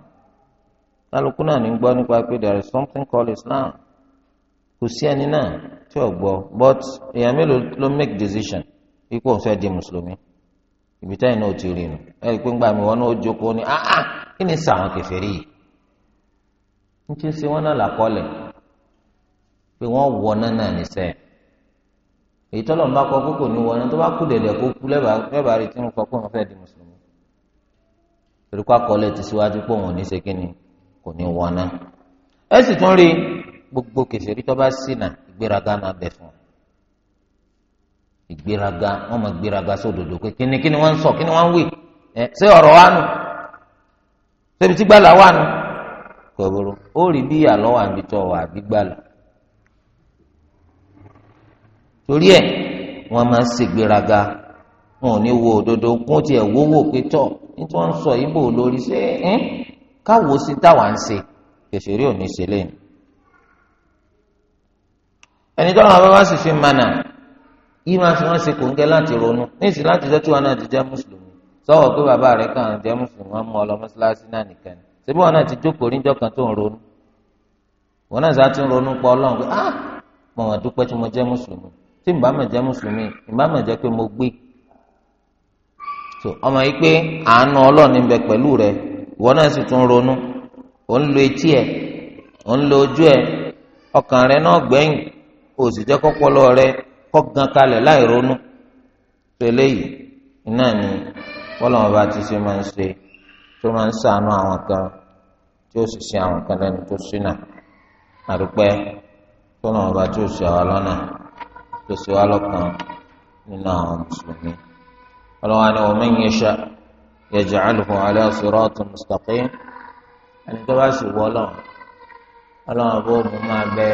kálukú náà ní ń gbọ́ nípa pé there is something called Islam kò sí ẹni náà tí ò gbọ́ but èèyàn mélòó ló make decision ipò òun fẹ́ di mùsùlùmí ibi táyìn náà ò ti rí nu ẹ̀rí pé ńgbà mi wọn náà ó jókòó ní ah ah kí ni sàwọn kèfèrí yìí ń ṣe ṣe wọn náà làkọlẹ̀ pé wọ́n wọ náà náà níṣẹ́ yẹn. èyí tọ́lọ̀ ń bá kọ́ kókò ní wọlé tó bá kú dẹ̀dẹ̀ kó kú lẹ́bàá rí tí ń kọ́ kó wọn fẹ́ di mùsùlùmí ti síwájú pé òun ò kí ni kò ní wọn náà ẹ sì tún rí gbogbo kèsìrí ìgbéraga náà bẹ̀ fún un ìgbéraga wọn sódodo pé wa nù tí gbàlà wà nù kò torí ẹ̀ wọ́n máa ń ṣègbéraga wọn ò ní wo òdodo kún tiẹ̀ wówó pé tọ̀ nítorí wọ́n ń sọ yìí bò lórí ṣé ń káwo sí táwa ń ṣe kẹsìrì ò ní ṣe lẹ́yìn. ẹni tó àwọn bàbá sì fi mànà yìí máa fi wọ́n ṣe kòńgẹ́ láti ronú níìsín láti tọ́jú wọn náà ti jẹ́ mùsùlùmí sọ́wọ́ pé bàbá rẹ̀ kàn jẹ́ mùsùlùmí wọn mú ọ lọ mọ́ṣáláṣí náà nìkan ni ṣébí wọn náà ti jókòó níjọ́ kan tó ń ronú wọn náà sá ti ń ronú pọ̀ ọlọ́run pé ah mo mà dúpẹ́ tí mo jẹ́ mùsùlùmí tí n bá mà jẹ́ mùsùlùmí n bá mà pé mo gbé so ọmọ yìí pé àánú ọlọ́ọ̀ni bẹ pẹ̀lú rẹ ìwọ náà sì tún ronú ò ń lo etí ẹ ò ń lo ojú ẹ ọkàn rẹ náà gbẹ̀yìn o sì jẹ́ kọ́pọ́lọ́ rẹ kọ́ gan kalẹ̀ láì ronú pẹ̀lẹ́ yìí iná ni bọ́lọ́mọ bá ti ṣe máa ń ṣe tó máa ń ṣàánú àwọn kan tí ó sì ṣe àwọn kan lẹ́nu tó ṣínà àdúpẹ́ bọ́lọ́mọ bá tí ó ṣe lọ́nà. tó sì wá lọ́kàn nínú àwọn mùsùlùmí. ọlọ́wọ́n ni ala siratin mustaqim ẹni tó bá sì wọ́ ọlọ́run bó mu máa bẹ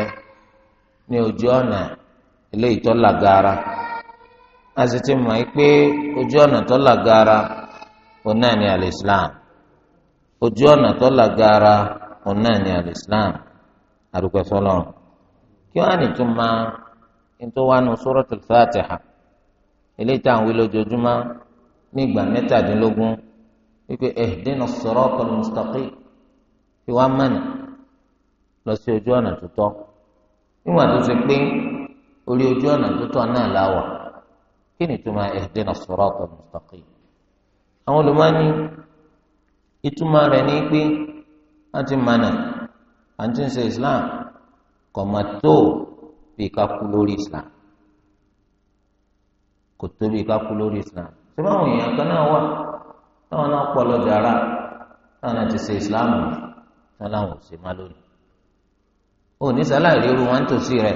ní ojú ọ̀nà ilé làgàrà a sì ti mọ̀ pé ojú ọ̀nà tó làgàrà òun náà ni al ojú ọ̀nà tó làgàrà òun náà ni al-Islam nítorí wà nù suratul Fatiha eléyìí tá à ń wí lójoojúmọ́ ní ìgbà mẹ́tàdínlógún wípé ihdina siratal mustaqim fi wá mọ̀nà lọ sí ojú ọ̀nà tó tọ́ níwọ̀n tó ti pé orí ojú ọ̀nà tó náà la kí ni ìtumọ̀ ihdina siratal mustaqim àwọn olùmọ́ni ìtumọ̀ rẹ̀ ní pé wọ́n ti mọ̀nà àti ń ṣe Islam kọ̀mọ̀tò bíi ká kú lórí islam kò tó bíi ká kú lórí islam ṣé báwọn èèyàn kan náà wà táwọn náà pọ̀ lọ dára táwọn náà ti ṣe islam táwọn náà ò ṣe má lónìí ò ní sáláì ríru wọn tòsí rẹ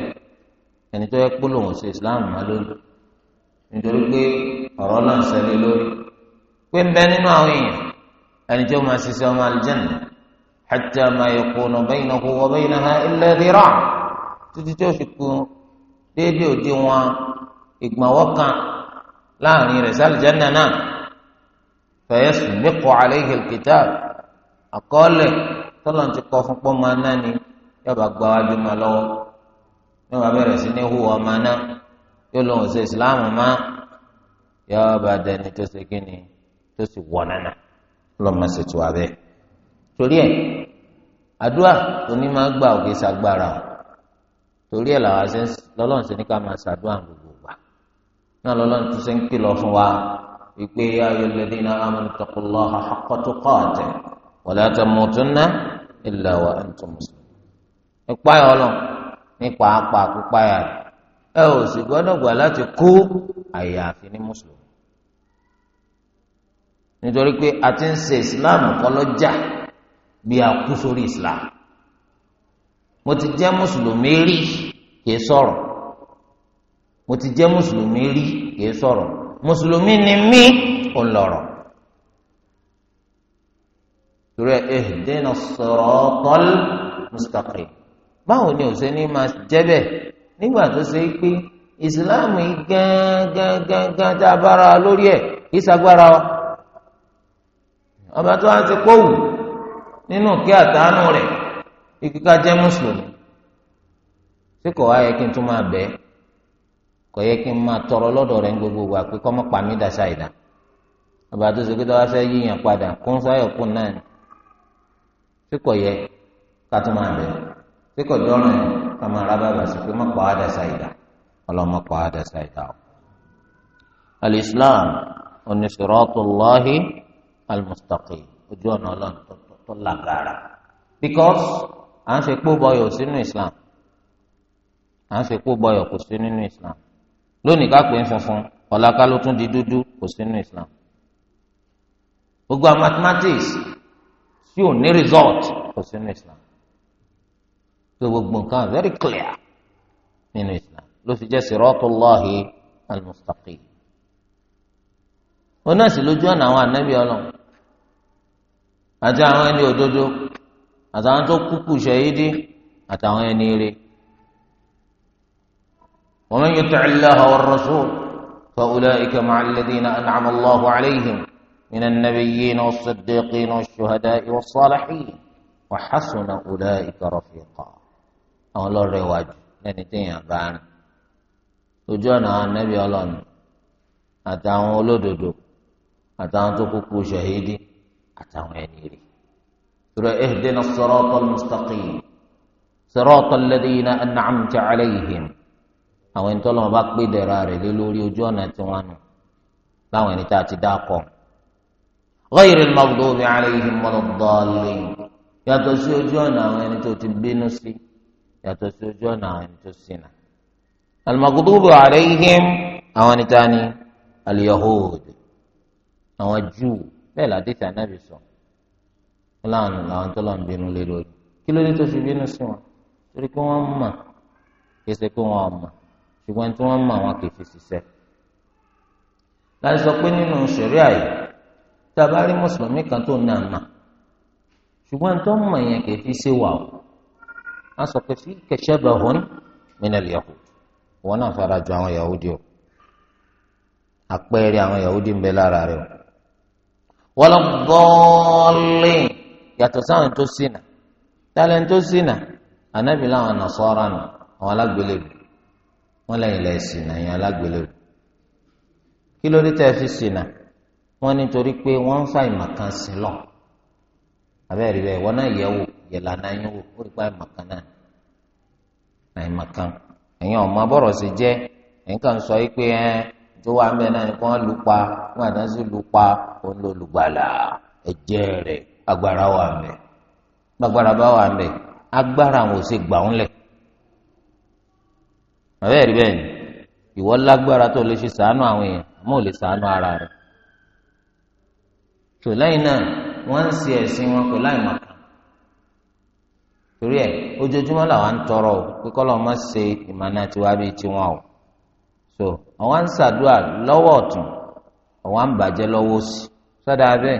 ẹni tó yẹ kó lòun ṣe islam má lónìí nítorí pé ọ̀rọ̀ náà ṣẹlẹ̀ lórí pé ń bẹ nínú àwọn èèyàn ẹni tó máa ṣiṣẹ́ ọmọ aljanna hatta ma yakunu baynahu wa baynaha illa dhira' títí tí ó fi kù déédéé òdi wọn ìgbọ̀nwọ́ kan láàrin rẹ̀ sálìjánná náà fẹ̀yẹ́sì mẹ́kọ̀ọ́ àlẹ́yìn al-kitab àkọọ́lẹ̀ tọ́lọ̀ ti kọ́ fún pọ́ máa ná ni yọba gba wájú ma lọ́wọ́ yọba bẹ̀rẹ̀ sí ní hùwà ọmọ náà yóò lóun ṣe ìsìláàmù máa yọba dẹni tó ṣe kí ni tó sì wọ̀ nánà lọ́mọ ṣètò abẹ́ torí ẹ̀ àdúrà oní gbà òkè sagbára o torí ẹ̀ làwọn ṣe ń lọ́lọ́run ṣe ní ká máa ṣàdúrà gbogbo wa náà lọ́lọ́run tún ṣe ń kìlọ̀ fún wa wípé ayọ̀ lẹ́dínà amúnú tọkùlọ́ àkọ́tù kọ́ọ̀tẹ̀ wọ̀lẹ́ àti mọ̀túnná ilẹ̀ wa ẹ̀ ń tún mùsùlùmí. ipa ẹ̀ ọlọ́ nípa apá pípa ẹ̀ ẹ ò sì gbọ́dọ̀ gbà láti kú àyàfi ní mùsùlùmí. nítorí pé a ti ń ṣe ìsìláàmù kọ́ bí a kú sórí ìsìláàmù mo ti jẹ́ mùsùlùmí rí kìí sọ̀rọ̀ mo ti jẹ́ mùsùlùmí rí kìí sọ̀rọ̀ mùsùlùmí ni mí ò lọ̀rọ̀ torí ẹ ihdina siratal mustaqim báwo ni òṣè ní máa jẹ́ bẹ́ẹ̀ nígbà tó ṣe é pé ìsìláàmù yìí gángangangan tá a bára lórí ẹ̀ kìí sagbára wa ọba tó wá ti kó wù nínú kí àtàánú rẹ̀. ikika ká jẹ́ mùsùlùmí kò wá yẹ kí n tún máa kò yẹ kí tọrọ ń wa kọ́ mọ́ pa mí dàṣà ìdá ọba tó ṣe pé tọ́wá fẹ́ yíyan padà kún sáyọ̀ kún náà kò yẹ ká tún máa bẹ́ẹ̀ kò dọ́rùn ẹ̀ ká máa rábàbà sí pé mọ́ pa o. al-Islam onisiratullahi al ojú ọ̀nà ọlọ́run tó lágbára à ń ṣe pó bọyọ̀ sínú islam à ń ṣe pó bọyọ̀ kò sí nínú islam lónìí ká pè é funfun ọ̀la ká ló tún di dúdú kò sí nínú islam gbogbo àwọn mathematics tí ò ní result kò sí nínú islam tó gbogbo nǹkan very clear nínú islam ló fi jẹ́ siratullahi al-mustaqim onáà sì lójú ọ̀nà àwọn ànábì àti àwọn ẹni òdodo. àtàwọn tó kúkú ṣèyídì àtàwọn ẹni rí wa man yuti' Allaha war rasul fa ulaika ma'a alladhina an'ama Allahu alayhim mina an-nabiyyina was-siddiqina wash-shuhada'i was-salihin wa hasuna ulaika rafiqa àwọn lọrẹ wájú lẹni téèyàn bá rìn ojú ọ̀nà àwọn ànábì ọlọ́run àtàwọn olódodo àtàwọn tó kúkú ṣèyídì àtàwọn ẹni rí. ترى اهدنا الصراط المستقيم صراط الذين أنعمت عليهم àwọn ẹni tọ́lọ́mọ bá pé dẹ̀ra rẹ̀ lé lórí ojú ọ̀nà tí wọ́n nù láwọn ẹni tá a ti dá kọ́. ghayril maghdubi alayhim waladdallin yàtọ̀ sí ojú ọ̀nà àwọn ẹni tó ti bínú sí yàtọ̀ sí ojú ọ̀nà àwọn ẹni tó ṣìnà. al-maghdubi alayhim àwọn ẹni tá a ní al àwọn júù bẹ́ẹ̀ làdìsí ànábì sọ láàánú làwọn tó lọ́n bínú lé lórí kí ló dé tó fi bínú sí wọn torí pé wọ́n mọ̀ kì pé wọ́n mọ̀ ṣùgbọ́n tí wọ́n mọ̀ wọn kì í fi ṣiṣẹ́. láti sọ pé nínú ṣẹ̀ríà yìí tá a bá rí mùsùlùmí kan tó ṣùgbọ́n tó yahudi o àpẹẹrẹ àwọn yahudi ń bẹ lára rẹ yàtọ̀ sáwọn tó ṣìnà tálẹ̀ tó ṣìnà ànábì láwọn nàṣọ́ra nù àwọn alágbélébù wọn lẹ́yìn lẹ́yìn ṣìnà yẹn alágbélébù kí ló dé tẹ́ fi ṣìnà wọn nítorí pé wọ́n ń fa ìmọ̀kan sí lọ abẹ́rẹ́ bẹ́ẹ̀ wọn náà yẹ̀wò yẹ̀lànà yín wò ó rí pa ìmọ̀kan náà àìmọ̀kan ẹ̀yin ọ̀mọ bọ̀rọ̀ sí jẹ́ nǹkan sọ yìí ẹ tó wà mẹ́rin náà ni kí wọ́n lù pa lù pa òun ló ẹ̀jẹ̀ agbára wà mẹ gbàgbára bá wà mẹ agbára àwọn ò sì gbà ń lẹ àbẹ́ rí bẹ́ẹ̀ ni ìwọ lágbára tó lè ṣe sàánú àwọn èèyàn àmọ́ ò lè sàánú ara rẹ̀ tò lẹ́yìn náà wọ́n ń ṣe ẹ̀sìn wọn pẹ̀lú àìmọ̀kan torí ẹ̀ ojoojúmọ́ làwọn ń tọrọ o pé kọ́ lọ́ọ́ ṣe ìmọ̀nà tiwa bíi tiwọn o so àwọn ń ṣàdúrà lọ́wọ́ ọ̀tún àwọn ń bàjẹ́ lọ́wọ́ òsì sọ́dà bẹ́ẹ̀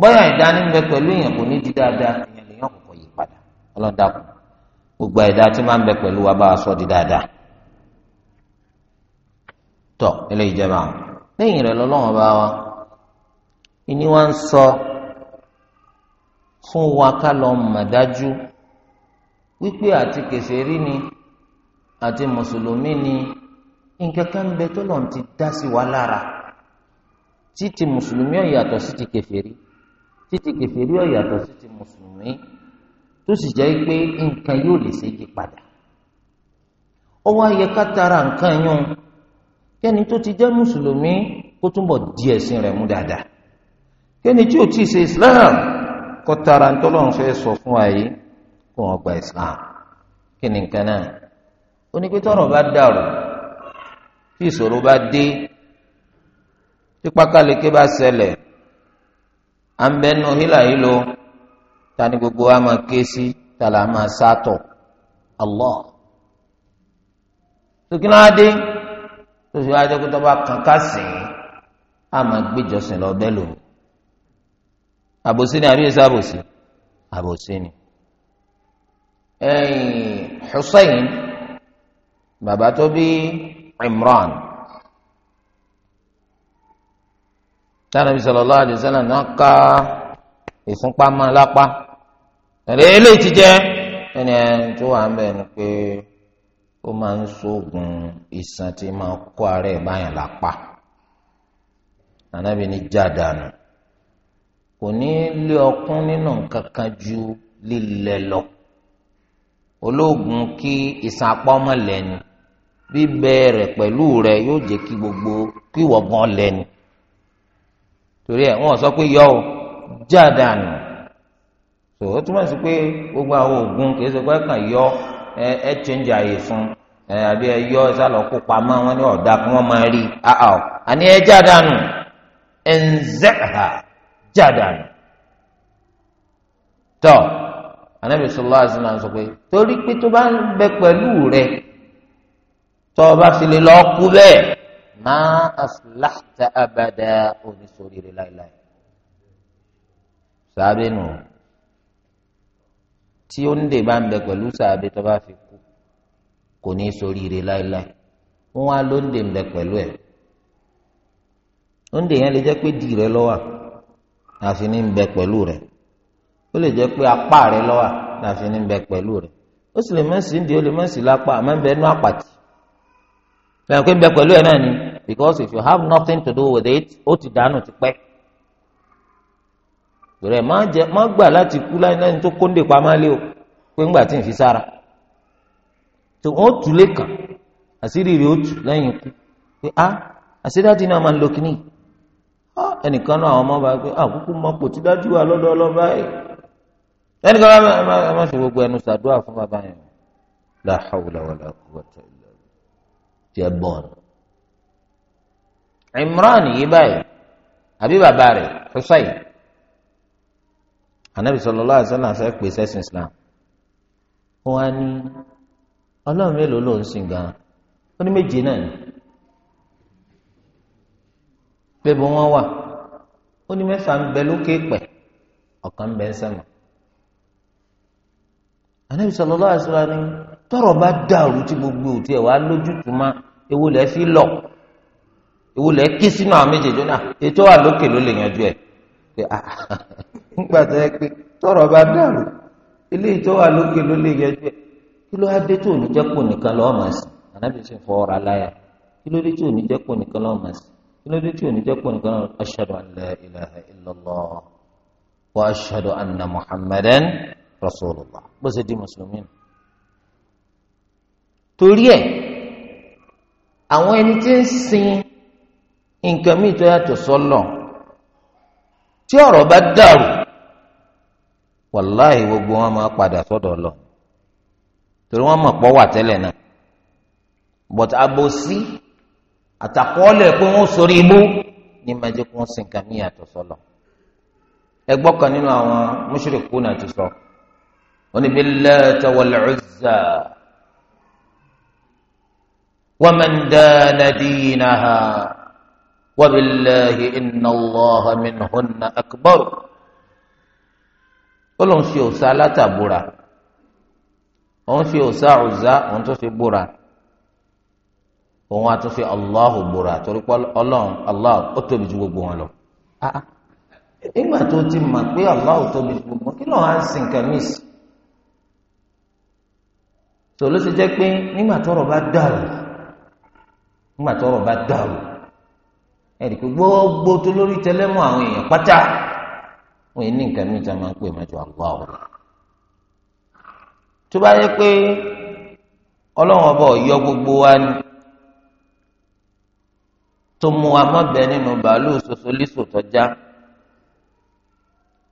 bọ́yà ìdánimọ̀ pẹ̀lú èèyàn kò ní di dáadáa èèyàn lèèyàn kò kọ̀ yí padà ọlọ́dàkùn gbogbo ẹ̀dá tí máa ń bẹ pẹ̀lú wa bá sọ di dáadáa tọ ilé ìjẹba lẹ́yìn rẹ̀ bá wa ìní wa ń sọ fún wa ká lọ mọ̀ dájú wípé àti kèsèrí ni àti mùsùlùmí ni bẹ tó ti dá sí wa títí kẹfìrí ọ̀yàtọ̀ sí ti mùsùlùmí tó sì jẹ́ pé nǹkan yóò lè ṣe yí padà ó wá yẹ ká tara nǹkan yún kẹ́ni tó ti jẹ́ mùsùlùmí kó túnbọ̀ di ẹ̀sìn rẹ̀ mú dáadáa kẹ́ni tí ò tí ì ṣe islam kó tara ntọ́lọ́run fẹ́ sọ fún wa yìí kó wọn gba islam kí ni nǹkan náà ó ní pé tọ́rọ̀ bá dàrú tí ìṣòro bá dé tí bá ṣẹlẹ̀ à ń bẹnu hílà yìí lo ta ni gbogbo wa máa ké sí ta là máa sátọ̀ Allah tókí náà dé tó fi wájú pé tó bá kàn ká lọ bẹ́ẹ̀ lòun àbòsí ni àbí èso àbòsí àbòsí ni ẹ̀yìn Hussein bàbá Imran. tánàbí sallallahu alaihi wasallam náà ká ìfúnpá máa lápá ẹ̀rẹ́ eléyìí ti jẹ́ ẹni ẹni tó wà ń ni pé ó máa ń sóògùn ìsàn tí máa kó ara ẹ̀ báyàn lápá tánàbí ní jádàánù kò ju lọ olóògùn kí ìsàn apá ọmọ lẹ́nu bíbẹ̀ rẹ̀ re rẹ̀ yóò ki kí gbogbo kí torí ẹ wọn sọ pé yọ ọ jáàdánù tó o túmọ̀ sí pé gbogbo àwọn oògùn ṣe pé kàn yọ ẹ ẹ change àyè fún ẹ àbí ẹ yọ ẹ kó pamọ́ wọn ní ọ̀dà kí wọ́n máa rí ọ àní ẹ jáàdánù ẹ ń zẹ́hà tọ anabi sọlá sọ pé torí pé tó bá ń bẹ rẹ tọ́ ọ bá fi lè kú bẹ́ẹ̀. máa aflahta abada oníṣòrire láéláé sàbẹ nù tí ó ń dè bá ń bẹ pẹ̀lú sàbẹ tó bá fi kú kò ní ṣoríire láéláé wọn á ló ń dè ń bẹ pẹ̀lú ẹ ó ń dè yẹn lè jẹ́ pé dì rẹ lọ́wọ́ àfi ní ń bẹ pẹ̀lú rẹ ó lè jẹ́ pé apá rẹ lọ́wọ́ àfi ní ń bẹ pẹ̀lú rẹ ó sì lè mẹ́sì ń dè ó lè mẹ́sì lápá àmọ́ ń bẹ nú àpàtì. fẹ́ràn pé bẹ pẹ̀lú ẹ̀ because if you have nothing to do with it ó ti dànù ti pẹ́ rẹ̀ má jẹ má gbà láti kú láyé tó kóńdè pamọ́ lé o pé ńgbà tí fi sára tó wọ́n tù lẹ́kàn àṣírí rẹ̀ ó tù lẹ́yìn ikú pé a ah, náà máa ń lo ah, ẹnìkan náà àwọn ọmọ bá àkókò ah, mọ tí dájú lọ́dọ̀ ẹnìkan gbogbo ẹnu ṣàdúrà fún bàbá jẹbọn Imran yìí báyìí àbí bàbá rẹ̀ Husayn anabi sallallahu alaihi wasallam fẹ́ pè sẹ́sìn islam wọn á ní ọlọ́run mélòó ló ń sìn gan ó ní méje náà ni pé bó wọn wà ó ní mẹ́fà ń bẹ lókè pẹ̀ ọ̀kan ń bẹ ń gbogbo ewu lẹ fi lọ ewu lẹ ké sínú àwọn méjèèjì náà ètò wà lókè ló lè yanjú ẹ pé ah (laughs) nígbà tó yẹ pé tọ́rọ̀ bá dàrú eléyìí tó wà lókè ló lè yanjú ẹ kí ló wá tó ní jẹ́pọ̀ nìkan lọ́wọ́ màá sí ànábì sì fọ ọ̀rọ̀ aláya kí ló dé tó ní jẹ́pọ̀ nìkan lọ́wọ́ màá sí kí ló dé tó ní jẹ́pọ̀ nìkan lọ́wọ́ ashhadu an la ilaha wa ashhadu anna muhammadan rasulullah bó ṣe di mùsùlùmí torí ẹ̀ àwọn ẹni tí ń sin nǹkan míì tó yàtọ̀ sọ́lọ̀ tí ọ̀rọ̀ bá dàrú wàláhì gbogbo wọn máa padà sọ́dọ̀ lọ torí wọ́n mọ̀ pọ̀ wà tẹ́lẹ̀ náà but abosi àtàkọ́ọ́lẹ̀ pé wọ́n sórí ibú ní mẹ́jẹ kó wọ́n sin nǹkan míì yàtọ̀ sọ́lọ̀ ẹgbọ́ kan nínú àwọn mushrikuna ti sọ oníbi lẹ́ẹ̀tẹ̀ wal Uzza. ومن دان دينها وبالله إن الله منهن أكبر Ọlọ́run ṣe òòṣà látàbúra òun ṣe òòṣà Uzza òun tó fi búra òun àtúnṣe Allahu búra torí pé Ọlọ́run Allah ó tóbi ju gbogbo wọn lọ. Ah, nígbà tó ti mọ̀ pé Allah ó tóbi ju gbogbo wọn kí ló ń sin kàmíìsì. tòló ti jẹ́ pé nígbà tọ́rọ̀ bá dàrú ńgbà tọ́rọ̀ bá dàrú ẹ̀rí pé gbogbo tó lórí tẹlẹ́mú àwọn èèyàn pátá wọn yìí ní nǹkan mìíràn tí wọn máa ń pè mẹ́jọ àgbà ọ̀rọ̀ tó bá yẹ pé ọlọ́run ọba ọ̀yọ́ gbogbo wa ni tó mú wa mọ́bẹ nínú bàálù sosolíso tọ́já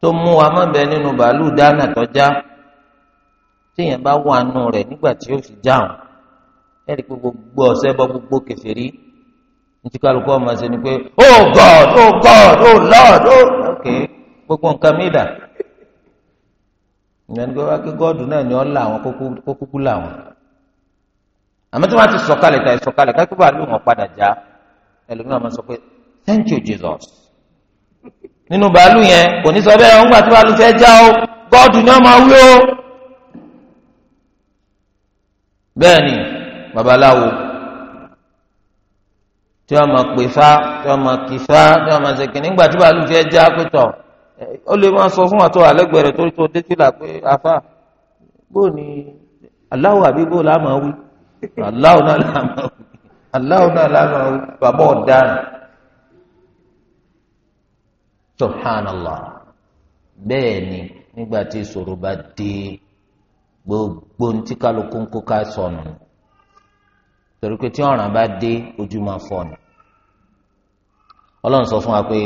tó mú wa mọ́bẹ nínú bàálù dáná tọ́já téèyàn bá wà nù rẹ̀ nígbà tí ó fi jáwọn ẹni pé gbogbo ọ̀sẹ̀ bọ gbogbo kèfèrí ntí kálukú ọmọ ẹsẹ ni pé oh God oh God oh Lord oh ok gbogbo nǹkan mi dà ìyẹn ni pé wá kí náà ni ọ́ là wọn kó kúkú là wọn àmọ́ tí wọ́n ti sọ̀kalẹ̀ tàì sọ̀kalẹ̀ kákí bá lù wọ́n já ẹlòmíràn máa sọ pé thank you Jesus nínú bàálù yẹn kò ní sọ bẹ́ẹ̀ wọ́n gbà tí bàálù fẹ́ já o gọ́ọ̀dù ni wọ́n máa wí o bẹ́ẹ̀ ni. babaláwo tí wọn máa pè fá tí wọn máa kì fá tí wọn máa nígbà tí já pé tọ ó lè máa sọ fún wa tó ni aláwo àbí bóò wí aláwo náà wí aláwo náà gbogbo ntí kálukú ń kó torí pé tí ọ̀ràn bá dé ojú máa fọ́ ni ọlọ́run sọ fún wa pé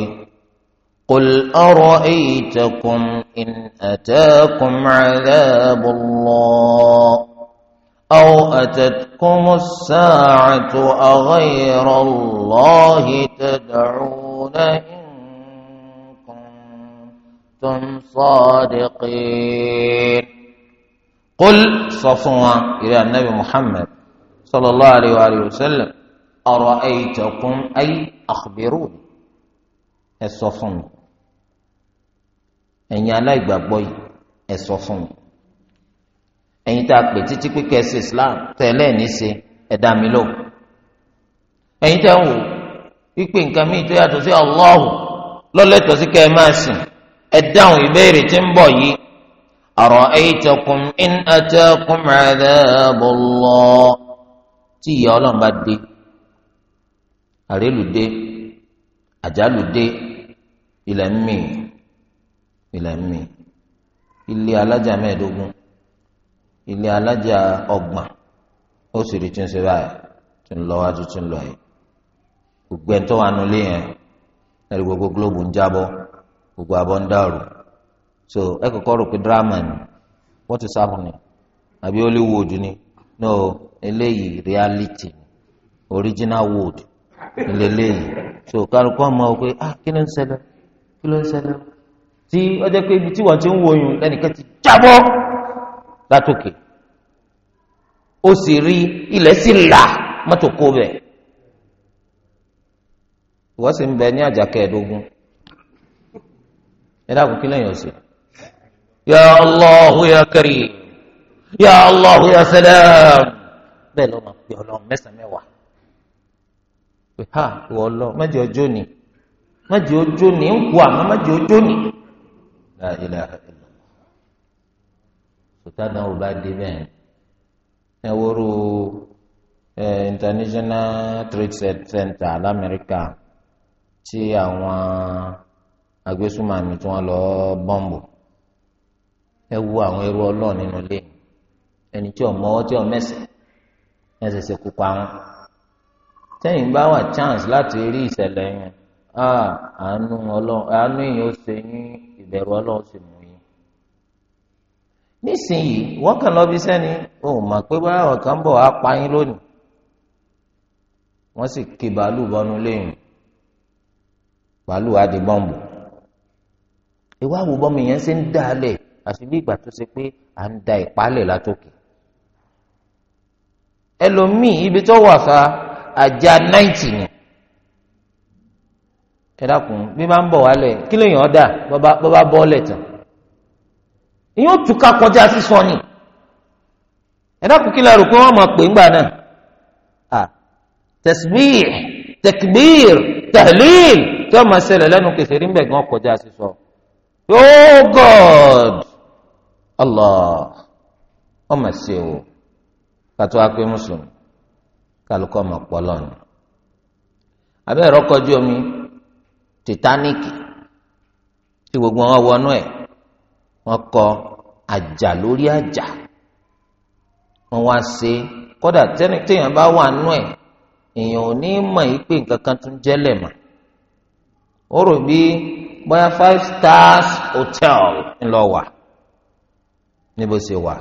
qul ara'aytakum in atakum 'adhabullah aw atatkumus sa'atu aghayra Allahi tad'una in kuntum sadiqin qul sọ fún wa ìrẹ́ anabi Muhammad sallallahu alayhi wa alihi wa sallam ara'aytakum ay akhbiruni ẹ sọ fún mi ẹ̀yin aláìgbàgbọ́ yìí ẹ sọ fún mi ẹ̀yin tá a pè títí pé kẹsì islam tẹlẹ ní ṣe ẹ dá mi lò ẹ̀yin tẹ ń wò wípé nǹkan mi tó yàtọ̀ sí Allahu lọ́lẹ́tọ̀ sí kẹ́ ẹ máa sìn ẹ dáhùn ìbéèrè tí ń bọ̀ yìí ara'aytakum in atakum adhabu Allah tí ìyà ọlọ́run bá dé àrélù dé àjálù dé ilẹ̀ ń mì ilẹ̀ ń mì ilé alájà mẹ́ẹ̀ẹ́dógún ilé alájà ọgbọ̀n ó sì rí túnṣe báyìí tó ń lọ wájú tó lọ yìí gbogbo ẹni tó wà nù lé yẹn ẹni gbogbo gílóòbù ń jábọ́ gbogbo abọ́ ń dàrú so ẹ kọ́kọ́ rò pé dírámà ni what is happening àbí Hollywood ni no eléyìí reality original wood eléyìí so kálukú ọmọ wò ah kí ló ń ṣẹlẹ̀ kí ló ń tí ọjọ́ pé ibi tí wọ́n ti ń wọ̀nyún lẹ́nìkan ti látòkè ó sì rí ilẹ̀ sì là mọ́tò kó bẹ̀ sì ń bẹ ní àjà kẹẹ̀ẹ́dógún kí lẹ́yìn ọ̀sẹ̀ ya ya allah ya salam bẹ́ẹ̀ lọ́mọ pé ọlọ́run mẹ́sàn-án mẹ́wàá pé ha ìwọ ni mẹ́jọ ọjọ́ ni ń kú àmọ́ mẹ́jọ ọjọ́ ni sọtádàn ò bá dé ẹ international trade center lamẹ́ríkà tí àwọn agbésùnmọ̀mí tí wọ́n lọ bọ́ǹbù ẹ wo àwọn ẹrú ọlọ́ọ̀ nínú ẹni tí ọmọ ọwọ́ tí ọmọ ẹsẹ̀ ẹsẹ̀ ṣe kópa wọn tẹ́yìn bá wà chance láti rí ìṣẹ̀lẹ̀ yẹn àánú ọlọ́run àánú yìí ó ṣe yín ìbẹ̀rù ọlọ́run sì mú yín nísìnyìí wọ́n kàn lọ bí sẹ́ni ò mọ̀ pé bá ọ̀kan bọ̀ á pa yín lónìí wọ́n sì ké bàálù bọ́nú léyìn bàálù á di bọ́ǹbù ìwà àwòbọ́mù yẹn ṣe ń dà á lẹ̀ àfi bí ìgbà tó ṣe pé à ń da ìpalẹ̀ látòkè ẹlòmíì ibi tó wà sá àjà náìtì ni ẹ bí máa ń bọ̀ wálẹ̀ kí lèèyàn ọ̀dà bọ́ bá bọ́ọ̀lẹ̀ tán èyí ó túká kọjá sísọ ni ẹ kí lẹ́rù pé wọ́n mọ̀ pé ńgbà náà à tẹ̀sibíì tẹ̀kibíìr tẹ̀líìl tí wọ́n máa ṣẹlẹ̀ lẹ́nu kẹsẹ̀ rí mbẹ̀ gan kọjá sísọ yóò oh o. kátó wá pé mùsùlùmí kálukọ́ ọmọ pọ́lọ́ ni abẹ́ ẹ̀rọ kọjú omi Titanic tí gbogbo wọn wọnú ẹ̀ wọ́n kọ àjà lórí àjà wọ́n wá ṣe kódà téèyàn bá wà nú ẹ̀ èèyàn ò ní mọ̀ yìí pé nǹkan tún jẹ́lẹ̀ mọ́ ó rò bí bóyá five stars hotel ńlọ wà níbo ṣe wà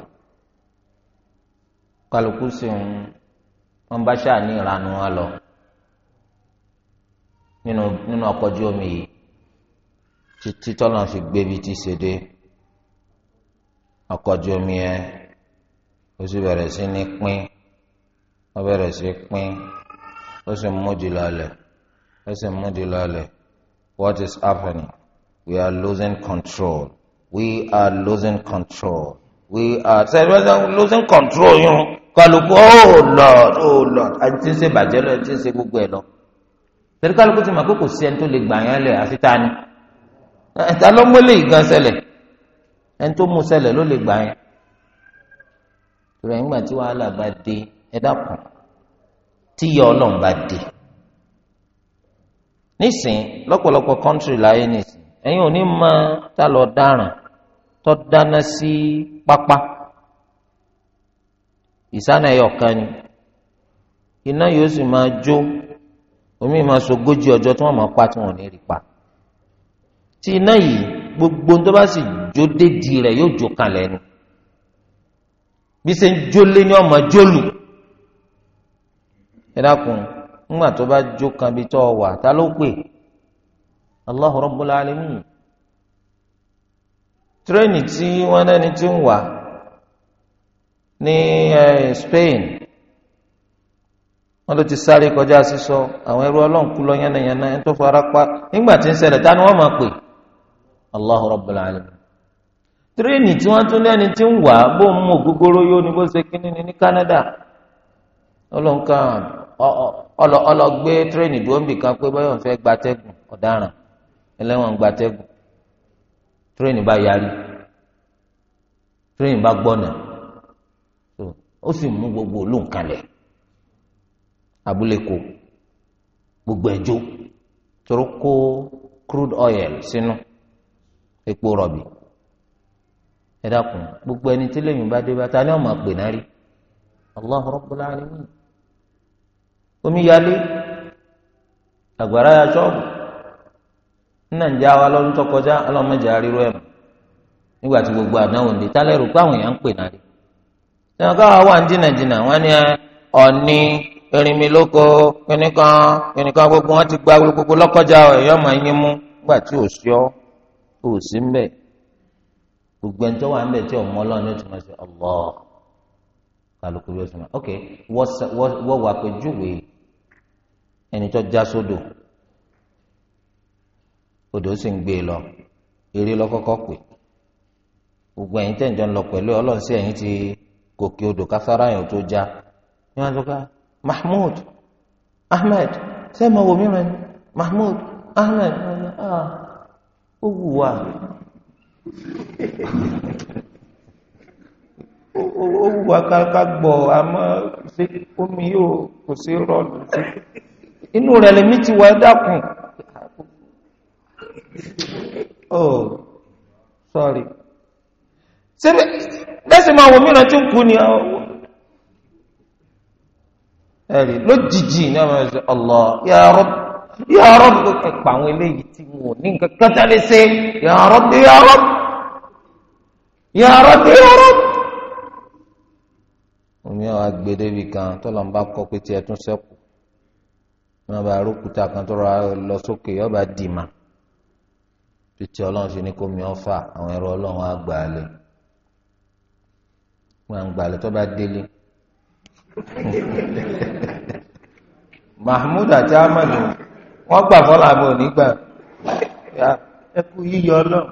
kálukú sì ń wọn bá ṣáà ní ìranu wọn lọ nínú nínú ọkọ̀ ojú omi yìí títí tọ́lọ́ fi gbé bi ti ṣe dé ọkọ̀ omi yẹn ó sì bẹ̀rẹ̀ sí ní pín ó bẹ̀rẹ̀ sí pín ó sì múdi lọlẹ̀ ó sì múdi lọlẹ̀ what is happening we are losing control we are losing control we are sẹ́yìn losing control yín kálukú oh lord oh lord àti tí ń ṣe bàjẹ́ lọ tí ń ṣe gbogbo ẹ̀ lọ. torí kálukú ti mọ̀ pé kò sí ẹni tó lè gbà yẹn lẹ̀ àfi ta ni ẹ̀ta ló mọ́lẹ̀ ìgan ṣẹlẹ̀ ẹni tó mú ṣẹlẹ̀ ló lè gbà yẹn. rẹ̀ ńgbà tí wàhálà bá dé ẹ dákun tíyẹ ọlọ́run bá dé. nísìnyí lọ́pọ̀lọpọ̀ kọ́ńtìrì láyé nìsín ẹ̀yin ò ní máa tá lọ dáràn tó dáná sí. Si, pápá ìsáná ẹyọ kan ni iná yóò sì máa jó omi máa sogójì ọjọ́ tí wọ́n máa pa tí wọ́n ní rí pa tí iná yìí gbogbo tó bá sì jó dédi rẹ̀ yóò jó kan lẹ́nu bí ṣe ń jólé ní ọmọ jólù ẹ dákun ńgbà tó bá jó kan bí tó wà ta ló pè Allahu Rabbul Alamin. tírẹ́nì tí wọ́n lẹ́ni ti ń wà ní Spain wọ́n ló ti sáré kọjá sísọ àwọn ẹrú ọlọ́run kú lọ yánnayànna ẹni tó fara pa nígbà tí ń ṣẹlẹ̀ ta ni wọ́n máa pè Allahu Rabbul Alamin tírẹ́nì tí wọ́n tún lẹ́ni tí ń wà bó ń mú ògógóró yóò ní bó ṣe ní Canada ọlọ́run kan ọlọ́gbé tírẹ́nì dúró ń bì kan pé báyọ̀ ń fẹ́ gbatẹ́gùn ọ̀daràn ẹlẹ́wọ̀n tírẹ́nì bá yarí tírẹ́nì bá gbọ́nà ó sì mú gbogbo olóǹkalẹ̀ abúlé kò gbogbo ẹjọ́ tóró kó crude oil sínú epo rọ̀bì ẹ dákun gbogbo ẹni tí lẹ́yìn bá dé bá ta ni ọmọ pè náà rí Allahu Rabbul Alamin omi yálé àgbàrá ya ṣọ́ọ̀bù. nàìjíríà wa lọ́dún tó kọjá ọlọ́mọdé àríwá ẹ̀mọ́ nígbà tí gbogbo àdánwò ní tálẹ́rù pé àwọn èèyàn ń pè náà rí ṣé káwa wà ń jìnnàjìnnà wọn ni ọ̀ní erinmilóko kìnìkan kìnìkan gbogbo wọn ti gba gbogbo lọ́kọjá èèyàn máa yín mú nígbà tí ò sí ń bẹ̀ gbogbo ẹni tó wà ń bẹ̀ tí ọmọ ọlọ́run ti máa ṣe ọ̀lọ́ kálukú yóò ti máa ok wọ́n wà pé júwèé ẹni já sódò. odò sì ń gbé e lọ eré pè gbogbo ń lọ pẹ̀lú ọlọ́run sí ẹ̀yin ti gòkè odò kására yẹn tó já ní wọn sọ Ahmed sẹ́mi ah, (laughs) omi yóò kò sí rọ́ọ̀lù inú rẹ̀ ti wá oh sorry ṣé bẹ́ẹ̀ sì máa wọ kú ní ọmọ ẹ̀sẹ̀ ya ya àwọn eléyìí tí ní nǹkan kẹta lè ṣe ya ya ya ya omi ọ̀ kan bá kọ́ pé tún sẹ́kù bá kan tó lọ sókè ọba dìímà. títí ọlọ́run ṣe ní kó mi ọ́fà àwọn ẹ̀rọ ọlọ́run á gbà á lẹ̀ wọn à ń gbà á lẹ̀ tó bá délé (laughs) Mahmud àti Ahmed wọn gbà fọlá mi ò ní gbà ẹ kú yíyọ ọlọ́run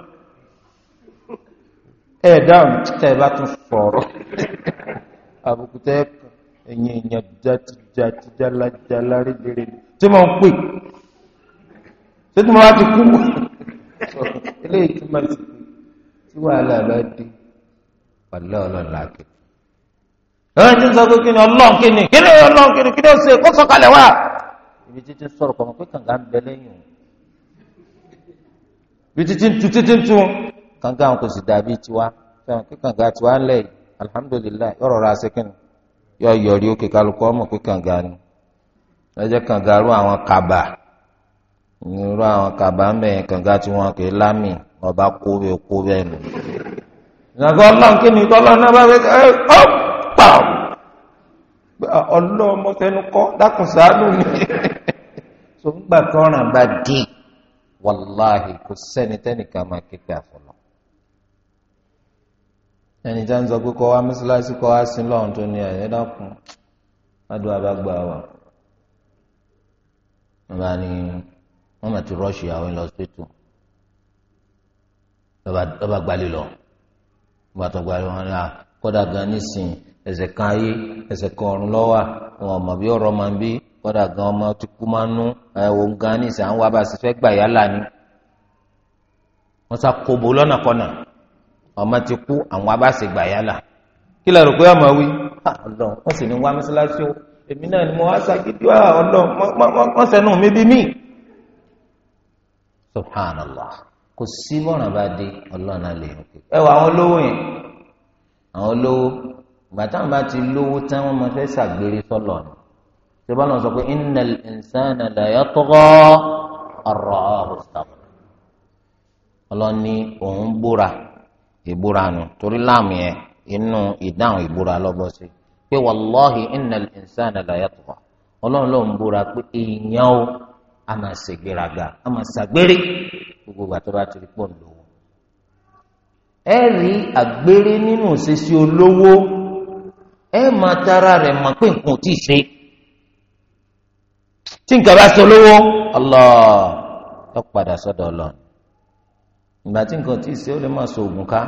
ẹ dáhùn títà ẹ bá tún fọ̀rọ̀ àbùkù tẹ ẹ̀yìn èèyàn jàtijàti jàlájàlá rédèrèdè tí mo ń pè tí mo bá ti kú eléyìí túmọ̀ sí pé tí wàhálà bá dé wàlẹ́ ọlọ́ọ̀lá kẹ. lọ́wọ́ tí ń sọ pé kí ni ọlọ́ọ̀ kí ni kí ni ọlọ́ọ̀ kí ni kí ni ó ṣe kó sọ̀kalẹ̀ wá. ibi títí sọ̀rọ̀ kọ̀ pé kàǹgá ń bẹ lẹ́yìn o ibi títí tu títí tu kàǹgá àwọn kò sì dàbí tiwa fẹ́ràn pé kàǹgá tiwa ń lẹ̀ alihamudulilayi yọ̀rọ̀ ra ṣe kí ni yọ̀ yọ̀rí ó kékalukọ́ mọ̀ pé kàǹgá ni ẹ jẹ́ kàǹgá rú àwọn kàbà irú àwọn kàbá ń bẹ̀yẹn kànga tí wọ́n pè lámì ọba kó bẹ́ẹ̀ kó bẹ́ẹ̀ nù. ìyàgò ọlọ́run kí ni ìtọ́lọ́ náà bá fẹ́ ẹ ọ pa ah, ọlọ́run mo kọ́ dákun ṣàánú mi. tó ń gbà tó ràn bá dé wàláhì kò sẹ́ni tẹ́nìkan máa képe àfọlọ́. ẹni tí a ń sọ pé kọ́ wa mọ́sálásí kọ́ wa sí lọ́run tó ní ẹ̀yẹ́ dákun adùn abágbà wa. bàbá ni wọ́n mà ti rọ́ọ̀ṣì ìyàwó lọ sétù lọ́ba gbalẹ̀ lọ lọ́ba tó gbalẹ̀ wọn náà ah, kọ́dà gan nísìnyí ẹsẹ̀ kan ayé ẹsẹ̀ kan ọ̀run lọ́wà wọn ọmọ bí ọ̀rọ̀ máa ń bí kọ́dà gan ọmọ ti kú máa ń nú ẹ̀wọ̀n gan nísìnyí àwọn abá sì fẹ́ gbà yálà ni wọ́n sá kobo lọ́nàkọ́nà ọmọ ti kú àwọn abá sì gbà yálà kí lè rò pé ọmọ wí ọlọ́run wọ́n sì ní wá mọ́sálásí o èmi náà ni mo wá ṣàgídí ọlọ́run wọ́n sẹ́nu mi bí míì. subhanallah kò sí bọ́ràn bá dé ọlọ́run alẹ́ òkè ẹ wọ àwọn olówó yẹn àwọn olówó ìgbà táwọn bá ti lówó tán wọn máa fẹ́ ṣàgbére sọ́lọ̀ ni sọ pé ọlọ́run ní òun a máa ṣègbéraga a máa ṣàgbére gbogbo ìgbà tó bá ti rí pọ̀ lówó. ẹ rí àgbére nínú ìṣesí olówó ẹ máa tara rẹ̀ ma pé nǹkan ò tí ṣe tí nǹkan bá ṣe olówó Allah ẹ padà sọ́dọ̀ Ọlọ́run ìgbà tí nǹkan tí ì ṣe ó lè máa ṣoògùn ká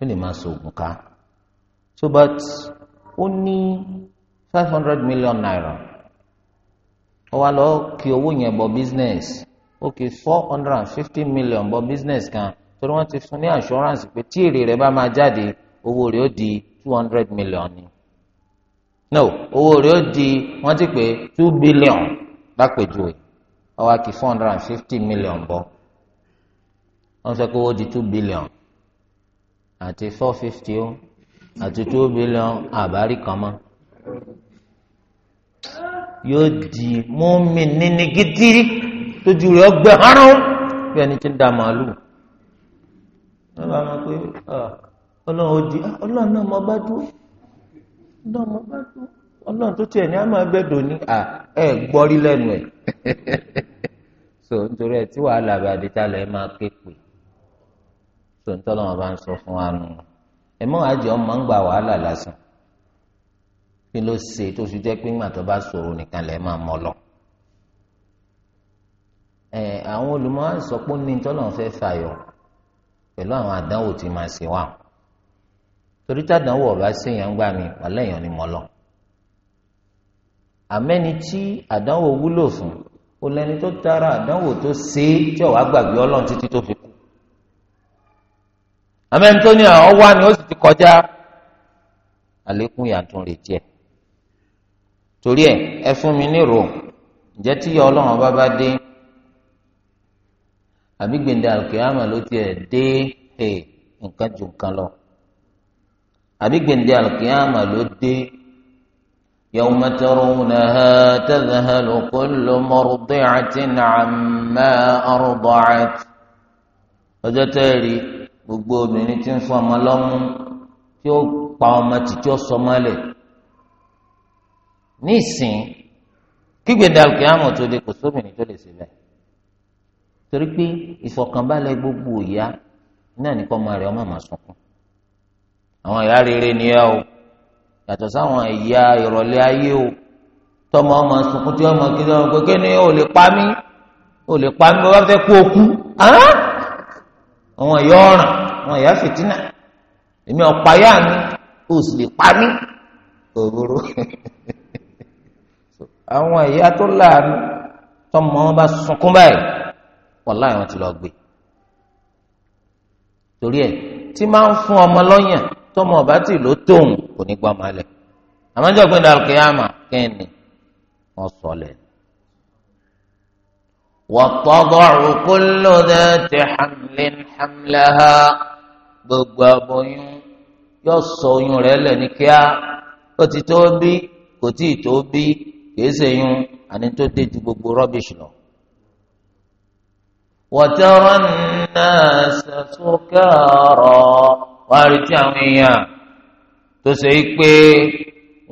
ó lè máa ṣoògùn ká so but ó ní five hundred million naira ó wá lọ kí owó yẹn bọ business ok, kì í four hundred and fifty million bọ business kan torí wọ́n ti fún ní assurance pé tí èrè rẹ̀ bá máa jáde owó rẹ̀ ó di two hundred million ni no owó rẹ̀ ó di wọ́n ti pé two billion lápèjúwe ó wá kí four hundred and fifty million bọ wọ́n sọ pé owó di two billion àti four fifty ó àti two billion àbárí kan mọ́ yóò di mọ́mí níní gidi lójú rẹ̀ ọgbẹ́ hánú bí ẹni tí ń da màálù wọ́n bá wọn pé ọlọ́run ó di ọlọ́run náà mọ bá dúró náà mọ bá dúró ọlọ́run tó tiẹ̀ ní àmọ́ ẹgbẹ́ dòní ẹ gbọ́rí lẹ́nu ẹ̀ (laughs) so nítorí ẹ tí wàhálà bá dé tá lẹ́ máa ké pè so nítorí wọn bá ń sọ fún wa nù ẹ mọ́ àjẹ́ ọmọ ń gba wàhálà lásán kí ló ṣe tó fi jẹ́ pé ńgbà tó bá ṣòro nìkan lẹ́ẹ̀ máa mọ̀ lọ. ẹ àwọn olùmọ̀ á sọ pé ní tọ́lọ̀ fẹ́ fàyọ̀ pẹ̀lú àwọn àdánwò tí máa ṣe wà torí tàdánwò ọ̀bá ṣèyàn gbà mí ọ̀lẹ́yàn ni mọ̀ lọ. àmẹ́ni tí àdánwò wúlò fún ó lẹni tó tara àdánwò tó ṣe é tí ọ̀wá gbàgbé ọlọ́run títí tó fi kú. àmẹ́ni tó ní àwọn wá ni ó sì ti kọjá àlékún yàtọ̀ tiẹ̀. torí ẹ ẹ fún mi nírò ǹjẹ́ tí ìyà ọlọ́run bá dé àbí gbèǹde alùkìyàmà ló tiẹ̀ dé ẹ nǹkan jù nǹkan lọ àbí gbèǹde alùkìyàmà ló dé yawma tarawnaha tadhhalu kullu murdi'atin ọjọ́ gbogbo obìnrin tí ń fún ọmọ lọ́mú tí ó pa ọmọ títí ó sọmọ́lẹ̀ ní ìsìn kígbèdà kìámù tó de kò sóbìnrin tó lè ṣe bẹ́ẹ̀ torí pé ìfọ̀kànbalẹ̀ gbogbo ìyá náà ní kọ́ ọmọ rẹ̀ ọmọ màá sunkún àwọn ìyá rere ni ẹ o yàtọ̀ sáwọn ìyá ìrọ̀lẹ́ ayé o tọmọ ọmọ sunkún tí ọmọ kí ọmọ kékeré ni ò lè pa mí ò lè pa mí bó bá fẹ́ kú okú àwọn ìyá ọ̀ràn àwọn ìyá fìtínà èmi ọ̀pá yá mi ó sì lè pa mí òróró (laughs) àwọn ìyá tó láàánú tọmọ wọn bá sunkún báyìí wàláhì wọn ti lọ gbé torí ẹ tí máa ń fún ọmọ lọ́yàn tọmọ ọba tí ló tóun kò ní gbọ́ ọmọ alẹ àmọ́jọ́ pé dàlùkìyàmà kẹ́ni wọ́n sọ lẹ̀. وَالطَّضَعُ كُلُّ ذَاتِ حَمْلٍ حَمْلَهَا gbogbo aboyún yóò sọ oyún rẹ̀ kìí ṣèyún àní tó dé ju gbogbo rọ́bìṣì lọ. wọ́tẹ́rọ náà ṣàtúnkẹ́rọ wá rí tí àwọn èèyàn tó ṣe é pé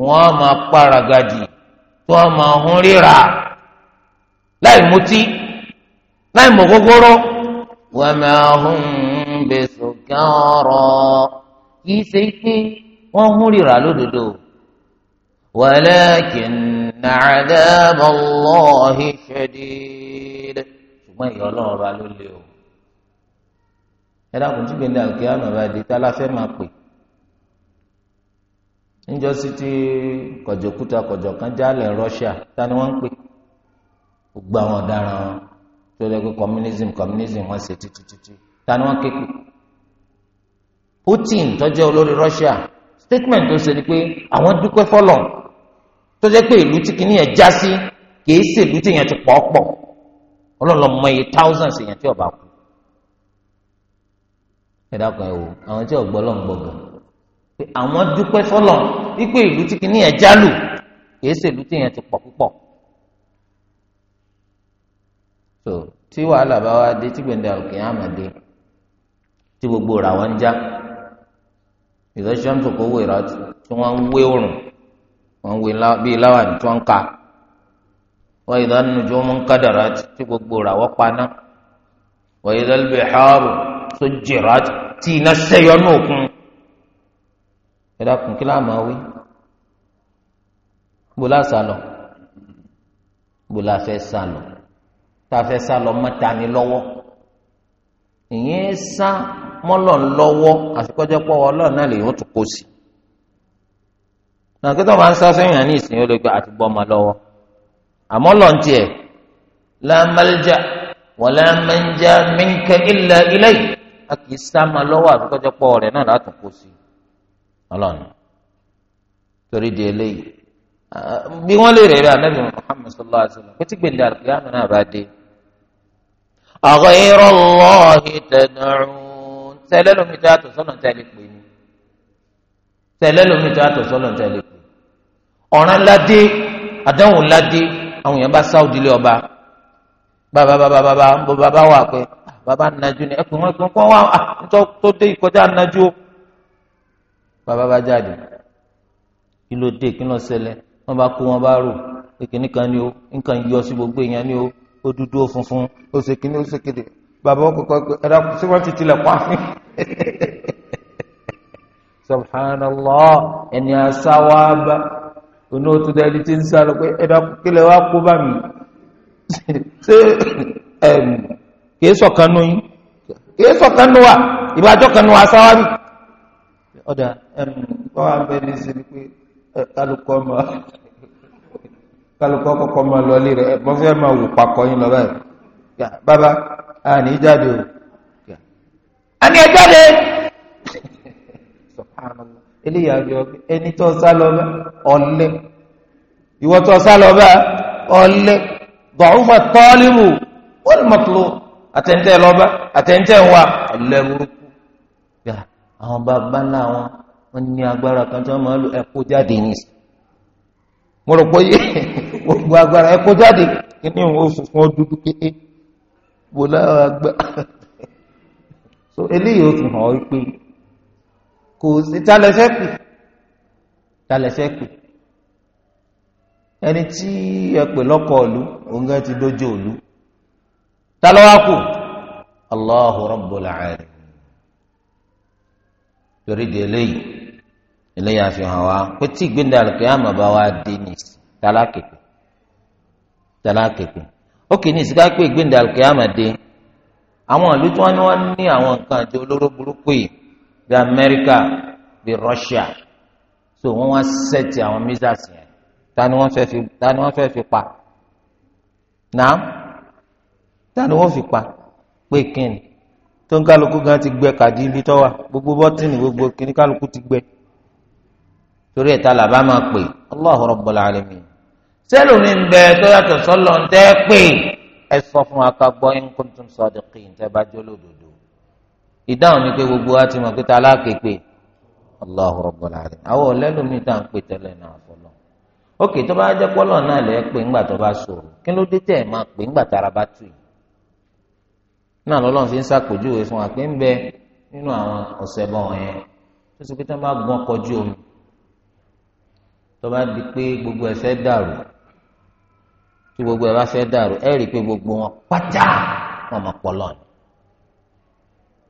wọ́n máa pàràgàdì tó wọ́n máa hún ríra láì mutí láì mọ̀ gógóró wọ́n máa hún bẹ̀sùnkẹ́rọ kìí ṣe pé wọ́n hún ríra lódodo wọ́lẹ́kìn nàcàdàbọ̀ lọ́ọ̀hí ṣẹ̀dídẹ́. ṣùgbọ́n ìyà ọlọ́run ọba ló lé o. ẹ dákun tí gbẹ̀ndé àlùkí àmọ̀ bá di tá láfẹ́ máa pè. níjọ́ sí ti kọ̀jọ̀kúta kọ̀jọ̀ kan jálẹ̀ Russia ta ni wọ́n ń pè. gbogbo àwọn ọ̀daràn wọn tó lẹ́ pé communism communism wọ́n ṣe títí títí ta ni wọ́n ké pè. Putin tó jẹ́ olórí Russia statement tó ṣe ni pé àwọn dúpẹ́ fọ́lọ́run tó jẹ́ pé ìlú tí kìíní yẹn já sí kìí ṣe ìlú tí yẹn ti pọ̀ pọ̀ ọlọ́run mọ iye thousands yẹn tí ọba kú ẹ̀dá kan ẹ̀ wò àwọn tí ọ̀gbọ́ lọ́n gbọ̀gbọ̀ pé àwọn dúpẹ́ fọlọ́ wípé ìlú tí kìíní yẹn já lù kìí ṣe ìlú tí yẹn ti pọ̀ púpọ̀ so tí wàhálà bá wá dé tí gbẹ̀ndà òkè àmàdé tí gbogbo rà wọ́n ń já ìdọ́sọ́nù tó kó wèrà tí wọ́n ń wé òrùn wọ́n wé bíi láwàní tó ń ka wa idhan nujumu nqadarat tí gbogbo rà wọ́n paná wa idhal biharu sujjirat tí iná sẹ́yọ́ ní òkun ẹ dákun kí láàmú wí bùlá sálọ bùlá fẹ́ sálọ tá sálọ mọ́ta ni lọ́wọ́ ìyẹn sá mọ́lọ̀ lọ́wọ́ àfikọ́jọ́pọ̀ ọlọ́ọ̀ náà lè yóò tún kó sí náà kí tó máa ń sá sẹ́yìn náà ní ìsìn ó lè gba àti bọ́ ọmọ lọ́wọ́ àmọ́ lọ́n tiẹ̀ la malja wala manja minka illa ilayhi a kì í sá máa lọ́wọ́ àdúgbọ́jọ́ pọ̀ rẹ̀ náà látún kó sí ọlọ́run torí di eléyìí bí wọ́n lè rẹ̀ rẹ̀ anábì Muhammad sallallahu alayhi wa sallam pété gbèndé àlùkìyàmù náà bá dé. àgọ́ irọ́ lọ́ọ̀hìn tẹ̀dùn tẹ̀lé lómi tó yàtọ̀ sọ́lọ̀ tẹ̀lé pé ọ̀ràn ládé àdánwò ládé àwọn èèyàn bá sáwùdí lé ọba bàbá bàbá bàbá bó bàbá wà pé ah, bàbá nàjú ni ẹkùn wọn kọ́ wà tó dé ìkọjá nàjú o bàbá bá jáde kí ló dé kí ló ṣẹlẹ̀ wọn bá kó wọn bá rò èkìní kan ni o nǹkan yọ sí gbogbo èèyàn ni o ó dúdú ó funfun ó ṣe kíní ó ṣe kéde bàbá wọn ẹ dákun sí wọn ti tilẹ̀ pa mí subhanallah ẹni asáwábà oní òtún dẹni tí ń sálọ pé ẹ̀dá kílẹ̀ wá kó bá mi ṣé kìí sọ̀kanú yín kìí sọ̀kanú wa ìbájọ́ kanú wa sáwábì ọ̀dà wọ́n wá bẹ́ẹ̀ ní sí pé kálukọ́ máa kálukọ́ kọ́kọ́ máa lọ lé rẹ̀ ẹ̀gbọ́n fẹ́ máa wò pakọ́ yín lọ báyìí bàbá àní jáde o àní ẹ̀ jáde eléyà ọjọ ẹni tó sá lọ bá ọ̀lẹ ìwọ tó sá lọ bá ọ̀lẹ dọ̀ọ́fà tọ́lìmù wọ́n mọ̀tòló àtẹ̀ntẹ̀ lọ́ba àtẹ̀ntẹ̀ wà ọ̀lẹ́ burúkú gbà àwọn bàbá ńlá wọn wọn ní agbára kan tí wọn máa ń lo ẹ̀kú jáde nìyí mo rò pé (laughs) gbogbo agbára ẹ̀kú jáde kí ni òun ó funfun dúdú kéé wò lára agbára (laughs) so eléyìí ó fi hàn ọ́ pé. kò sí pè tálẹ́sẹ̀ pè ẹni tí ẹ pè lọ́kọ̀ òlu òǹgá ti dójú òlu tálọ́wákù Allahu Rabbul Alamin torí di eléyìí eléyìí àfihàn wa pé tí ìgbéǹda àlùkìyàmà bá wa dé ní tálákèpé tálákèpé ó kì í ní ìsìká pé ìgbéǹda àlùkìyàmà dé àwọn wọn ní wọn ní bí amẹ́ríkà bí russia so wọ́n wá sẹ́ẹ̀tì àwọn missiles yẹn ta ni wọ́n fẹ́ fi ta ni wọ́n fẹ́ fi pa náà ta ni wọ́n fi pa pé kíni tó ń kálukú gan ti gbẹ kàdí ibi tó wà gbogbo bọ́tìnì gbogbo kíní kálukú ti gbẹ torí ẹ̀ta làbá máa pè Allahu Rabbul Alamin sẹ́lómi ń bẹ tó yàtọ̀ sọ́lọ́ ń tẹ́ pè ẹ sọ fún wa ká gbọ́ in kuntum sadiqin tẹ́ bá jólódodo. ìdáhùn ni pé gbogbo wa ti mọ̀ pé ta lákèpé Allahu Rabbul Alamin àwọn ọ̀lẹ́lòmíì tá ta ń pè tẹ́lẹ̀ náà fọlọ́ ok tó bá jẹ́ pọ́lọ̀ náà lẹ́ pé ńgbà tó bá ṣòro kí ló dé tẹ̀ ẹ̀ máa pè ńgbà tára bá tù yìí náà lọ́lọ́run fi ń ṣàpèjúwe fún wa pé ń bẹ nínú di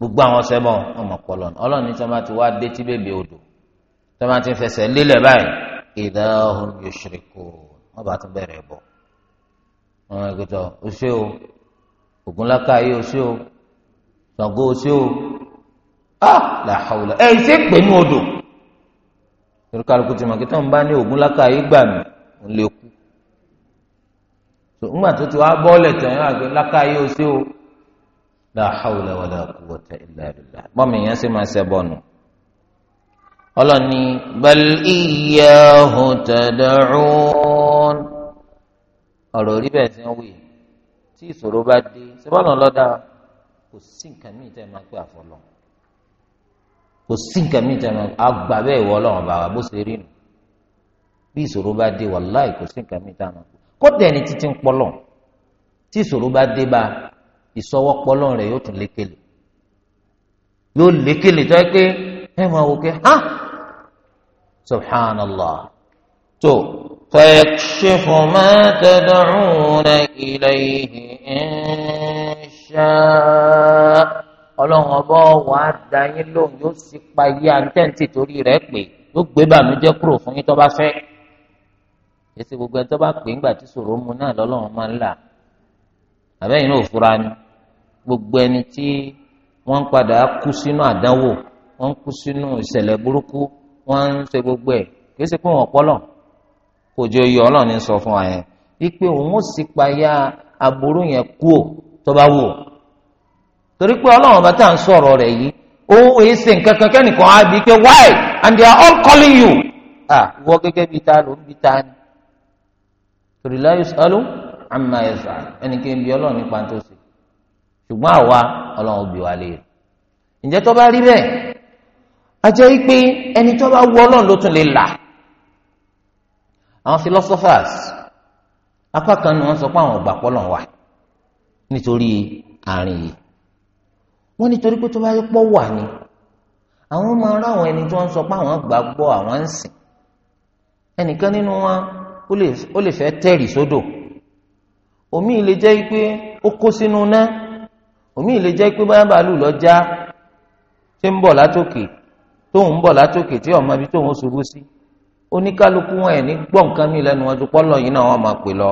gbogbo àwọn sẹ́bọ̀ ọmọ pọlọ ọlọ́run ní sọ́mà ti wá dé tí bèbè odò sọ́mà ti fẹsẹ̀ lélẹ̀ báyìí ìdá ọ̀hún yóò ṣeré kó wọ́n bá tún bẹ̀rẹ̀ bọ̀ wọn ẹgbẹ́tọ̀ oṣù o ògúnlákà yìí oṣù o Ṣàngó oṣù o á ah, làhàwùlà ẹ̀ ṣe pè ní odò ìrúkàlùkù ti mọ̀ kí tọ́n ní ògúnlákà yìí gbà mí ń lè kú ńgbà tó ti wá bọ́ọ̀lẹ̀ tẹ̀yìn àgbẹ̀ lákà yìí oṣù o la hawla wa la quwwata illa billah bọ́mì yẹn sì máa ṣe bọ́ọ̀nù. ọlọ́ni bal iyyahu tad'un ọ̀rọ̀ orí bẹ́ẹ̀ ti ń wí tí ìṣòro bá dé ṣé bọ́ọ̀nù lọ́dà kò sí nǹkan míì tẹ́ máa pè àfọlọ́ kò sí nǹkan míì tẹ́ máa àgbà bẹ́ẹ̀ wọ́ ọlọ́run bàbá bó ṣe rí nù bí ìṣòro bá dé wàláì kò sí nǹkan míì tẹ́ máa pè kó ni títí ń pọ́lọ̀ tí ìṣòro bá dé ìsọwọ́ pọ́lọ́ rẹ̀ yóò tún lékele yóò lékele tó yẹ pé ẹ máa wò pé ha ah! subhanallah tó fẹ̀ṣẹ̀fù máa tẹ̀dọ̀rùn ilẹ̀ ìhì ẹ̀ṣá ọlọ́run ọba wà á da yín lóhùn yóò sì pa iye àǹtẹ̀ǹtì torí rẹ̀ pé yóò gbé bàmújẹ́ kúrò fún yín tó bá fẹ́ èsì gbogbo ẹ̀ tó bá pè ńgbà tí sòrò mu náà lọ́lọ́run máa ń là á àbẹ́yìn náà fura ni gbogbo ẹni tí wọ́n ń padà kú sínú àdánwò wọ́n ń kú sínú ìṣẹ̀lẹ̀ burúkú wọ́n ń ṣe gbogbo ẹ̀ kì í ṣe pé wọ́n pọ́lọ̀ kò jẹ́ oyè ọlọ́run ní sọ fún wa yẹn wípé òun ó sì payá aburú yẹn kú ò tó bá wù ọ́ torí pé ọlọ́run bá tá ń sọ̀rọ̀ rẹ̀ yìí ó èyí ṣe nǹkan kan kẹ́nìkan á bí pé why and they are all calling you ah wọ́n gẹ́gẹ́ bíi ta ló ń bíi ta ni torí láyé sálọ́ àmà ẹ̀fà ẹnikẹ́ni bí ọlọ́run nípa tó ṣe ṣùgbọ́n àwa ọlọ́run òbí wa lè rí e. ǹjẹ́ tó bá rí bẹ́ẹ̀ a jẹ́ pé ẹni tó bá wù ọlọ́run ló tún lè là àwọn philosophers apá kan ni wọ́n sọ pé àwọn ọgbà pọ́lọ̀ wà nítorí àárín yìí wọ́n nítorí pé tó bá yẹ pọ́ wà ni àwọn máa rá àwọn ẹni tí wọ́n sọ pé àwọn gbàgbọ́ àwọn ń sìn ẹnìkan nínú wọn ó lè fẹ́ tẹ̀rì sódò. So omi ìlè jẹ́ pé ó kó sínú náà omi ìlè jẹ́ pé báyà bàálù lọ já ṣé ń bọ̀ látòkè tóun ń bọ̀ látòkè tí ọmọ ibi tóun ṣubú sí oníkálukú wọn ẹ̀ ní gbọ́ nǹkan mi lẹ́nu yìí náà wọ́n máa pè lọ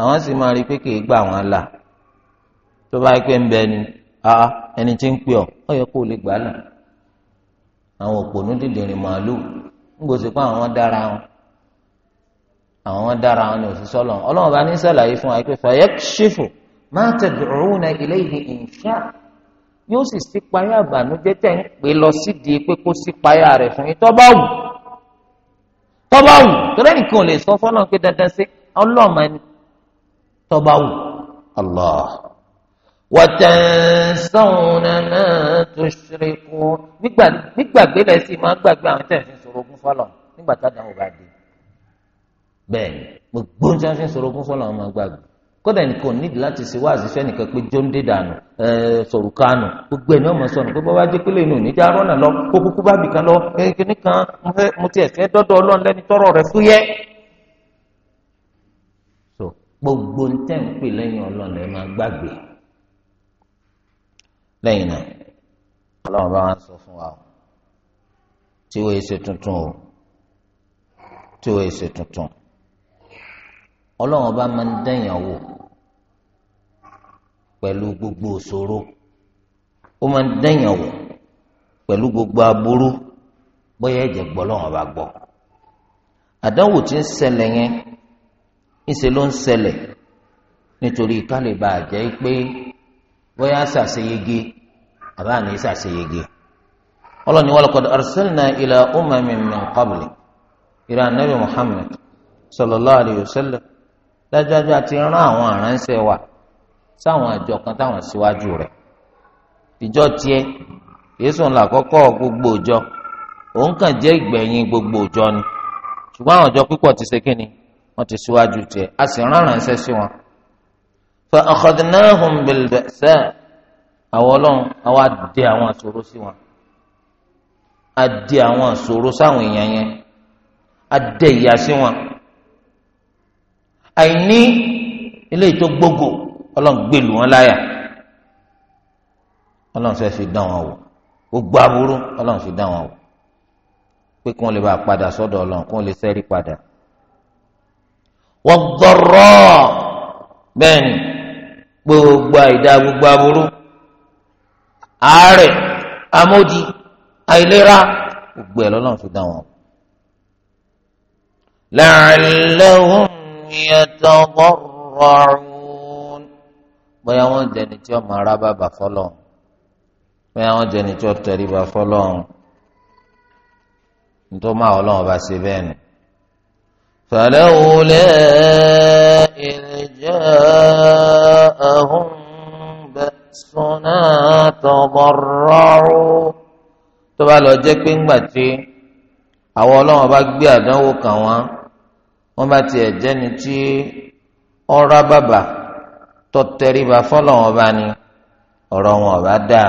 àwọn sì máa rí i pé kì í gbà wọ́n là tó bá pẹ́ ń bẹ ni ẹni tí ń pè ọ́ ọ yẹ kó o lè gbà là àwọn òpònú màálù àwọn dára àwọn ní òṣìṣẹ́ ọlọ́run ọlọ́run bá ní sàlàyé fún wa pé fayakshifu ma tad'una ilayhi insha yóò sì sí payá àbànújẹ́ tẹ̀ ń pè lọ sídìí pé kó sí payá rẹ̀ fún yín tọ́ba wù tọ́ba wù torí nìkan ò lè sọ fọ́nà pé dandan sí ọlọ́ọ̀mọ ẹni tọ́ba wù Allah wa tansawna ma nígbàgbé lẹ́sìn máa gbàgbé àwọn tẹ̀ ń fi sọ̀rọ̀ nígbà tá a dàn bá dé bẹ́ẹ̀ ni gbogbo ní sáfẹ́ sorogún fọlọ́ ọmọ gbàgbé kódà nìkan nídìí láti ṣe wáàzí fẹ́ nìkan pé jóńdé dànù sòrùkánù gbogbo ẹni ọmọ sọnù pé bọ́bá jẹ́ pélé inú níjà rọ́nà lọ kó kúkú bá bìkan lọ kíní kan mo ti ẹ̀fẹ́ dọ́dọ̀ ọlọ́run lẹ́ni tọ́rọ̀ rẹ̀ fúyẹ́. so gbogbo ń tẹ̀ ń pè lẹ́yìn ọlọ́run lẹ́ máa gbàgbé lẹ́yìn náà ọlọ́run bá wọn sọ fún wa tí wọ́n ṣe tuntun tí wọ́n ṣe tuntun. ọlọ́run ọba máa ń wò pẹ̀lú gbogbo òṣòro ó máa ń dẹ̀yàn wò pẹ̀lú gbogbo aburú bóyá ẹ̀jẹ̀ gbọ́ ọlọ́run ọba gbọ́ àdánwò tí ń ṣẹlẹ̀ yẹn ńṣe ló ń ṣẹlẹ̀ nítorí kálíbà jẹ́ pé bóyá ṣàṣeyege àbá ní ṣàṣeyege ọlọ́ni wa laqad arsalna ila umamin min qabli nabi muhammad sallallahu alayhi wa sallam. dájúdájú àti rán àwọn àránṣẹ́ wa sáwọn àjọ kan táwọn síwájú rẹ̀ ìjọ tiẹ̀ yéésù ńlá kọ́kọ́ gbogbo òjọ òun kàn jẹ́ ìgbẹ̀yìn gbogbo òjọ ni ṣùgbọ́n àwọn ọjọ́ púpọ̀ ti ṣe kínni wọ́n ti síwájú tiẹ̀ a sì rán àránṣẹ́ sí wọn. fa akhadnahum bil àwọn ọlọ́run àwa dé àwọn àṣòro sí wọn a àwọn àṣòro sáwọn èèyàn yẹn a dé sí wọn àìní ilé tó gbógo ọlọ́run gbèlú wọn láyà ọlọ́run fẹ́ẹ́ fi dán wọn wò gbogbo aburú ọlọ́run fi dán wọn wò pé kí wọ́n lè bá a padà sọ́dọ̀ ọlọ́run kí wọ́n lè sẹ́rí padà wọ́n dọ̀rọ̀ bẹ́ẹ̀ ni gbogbo àìdá gbogbo aburú àárẹ̀ amódi àìlera gbogbo ẹ̀ lọ́lọ́run fi dán wọn wò. la'allahum yatadarra'un bóyá wọ́n jẹni tí wọ́n máa rá bàbà fọlọ́ bóyá wọ́n jẹni tí wọ́n tẹ̀lé bàbà fọlọ́ nítorí máa ọlọ́run bá ṣe bẹ́ẹ̀ ni. فلولا إذ جاءهم بأسنا تضرعوا tó bá lọ jẹ́ pé ńgbà tí àwọn ọlọ́run bá gbé àdánwò kàn wọ́n wọ́n bá tiẹ̀ jẹ́ni tí ọ̀rá bàbà tọ́tẹ̀ríba fọlọ́wọ́n bá ní ọ̀rọ̀ wọn ọ̀bá dà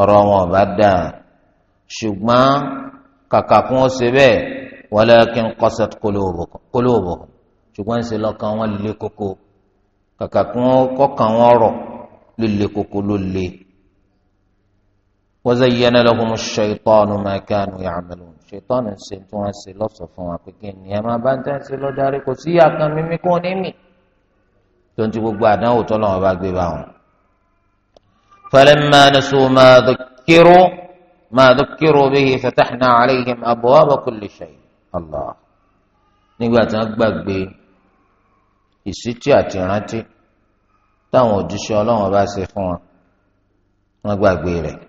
ọ̀rọ̀ wọn ọ̀bá dà ṣùgbọ́n kàkà kún ó ṣe bẹ́ẹ̀ walakin qasat qulubuhum ṣùgbọ́n ṣe lọ́kàn wọn lé koko kàkà kún ó kọ́kàn wọn rọ̀ líle koko ló le. وزين لهم الشيطان ما كانوا يعملون شيطان سنتو أنسي لو صفون أكوكين يا ما بنت أنسي لو داري كسيا كان ميمي كون إمي تنتي بقبع ناو تلو فلما نسوا ما ذكروا ما ذكروا به فتحنا عليهم أبواب كل شيء الله نقول تنقبك بي ìsítí àti ìrántí táwọn òjíṣẹ́ ọlọ́run bá ṣe fún wọn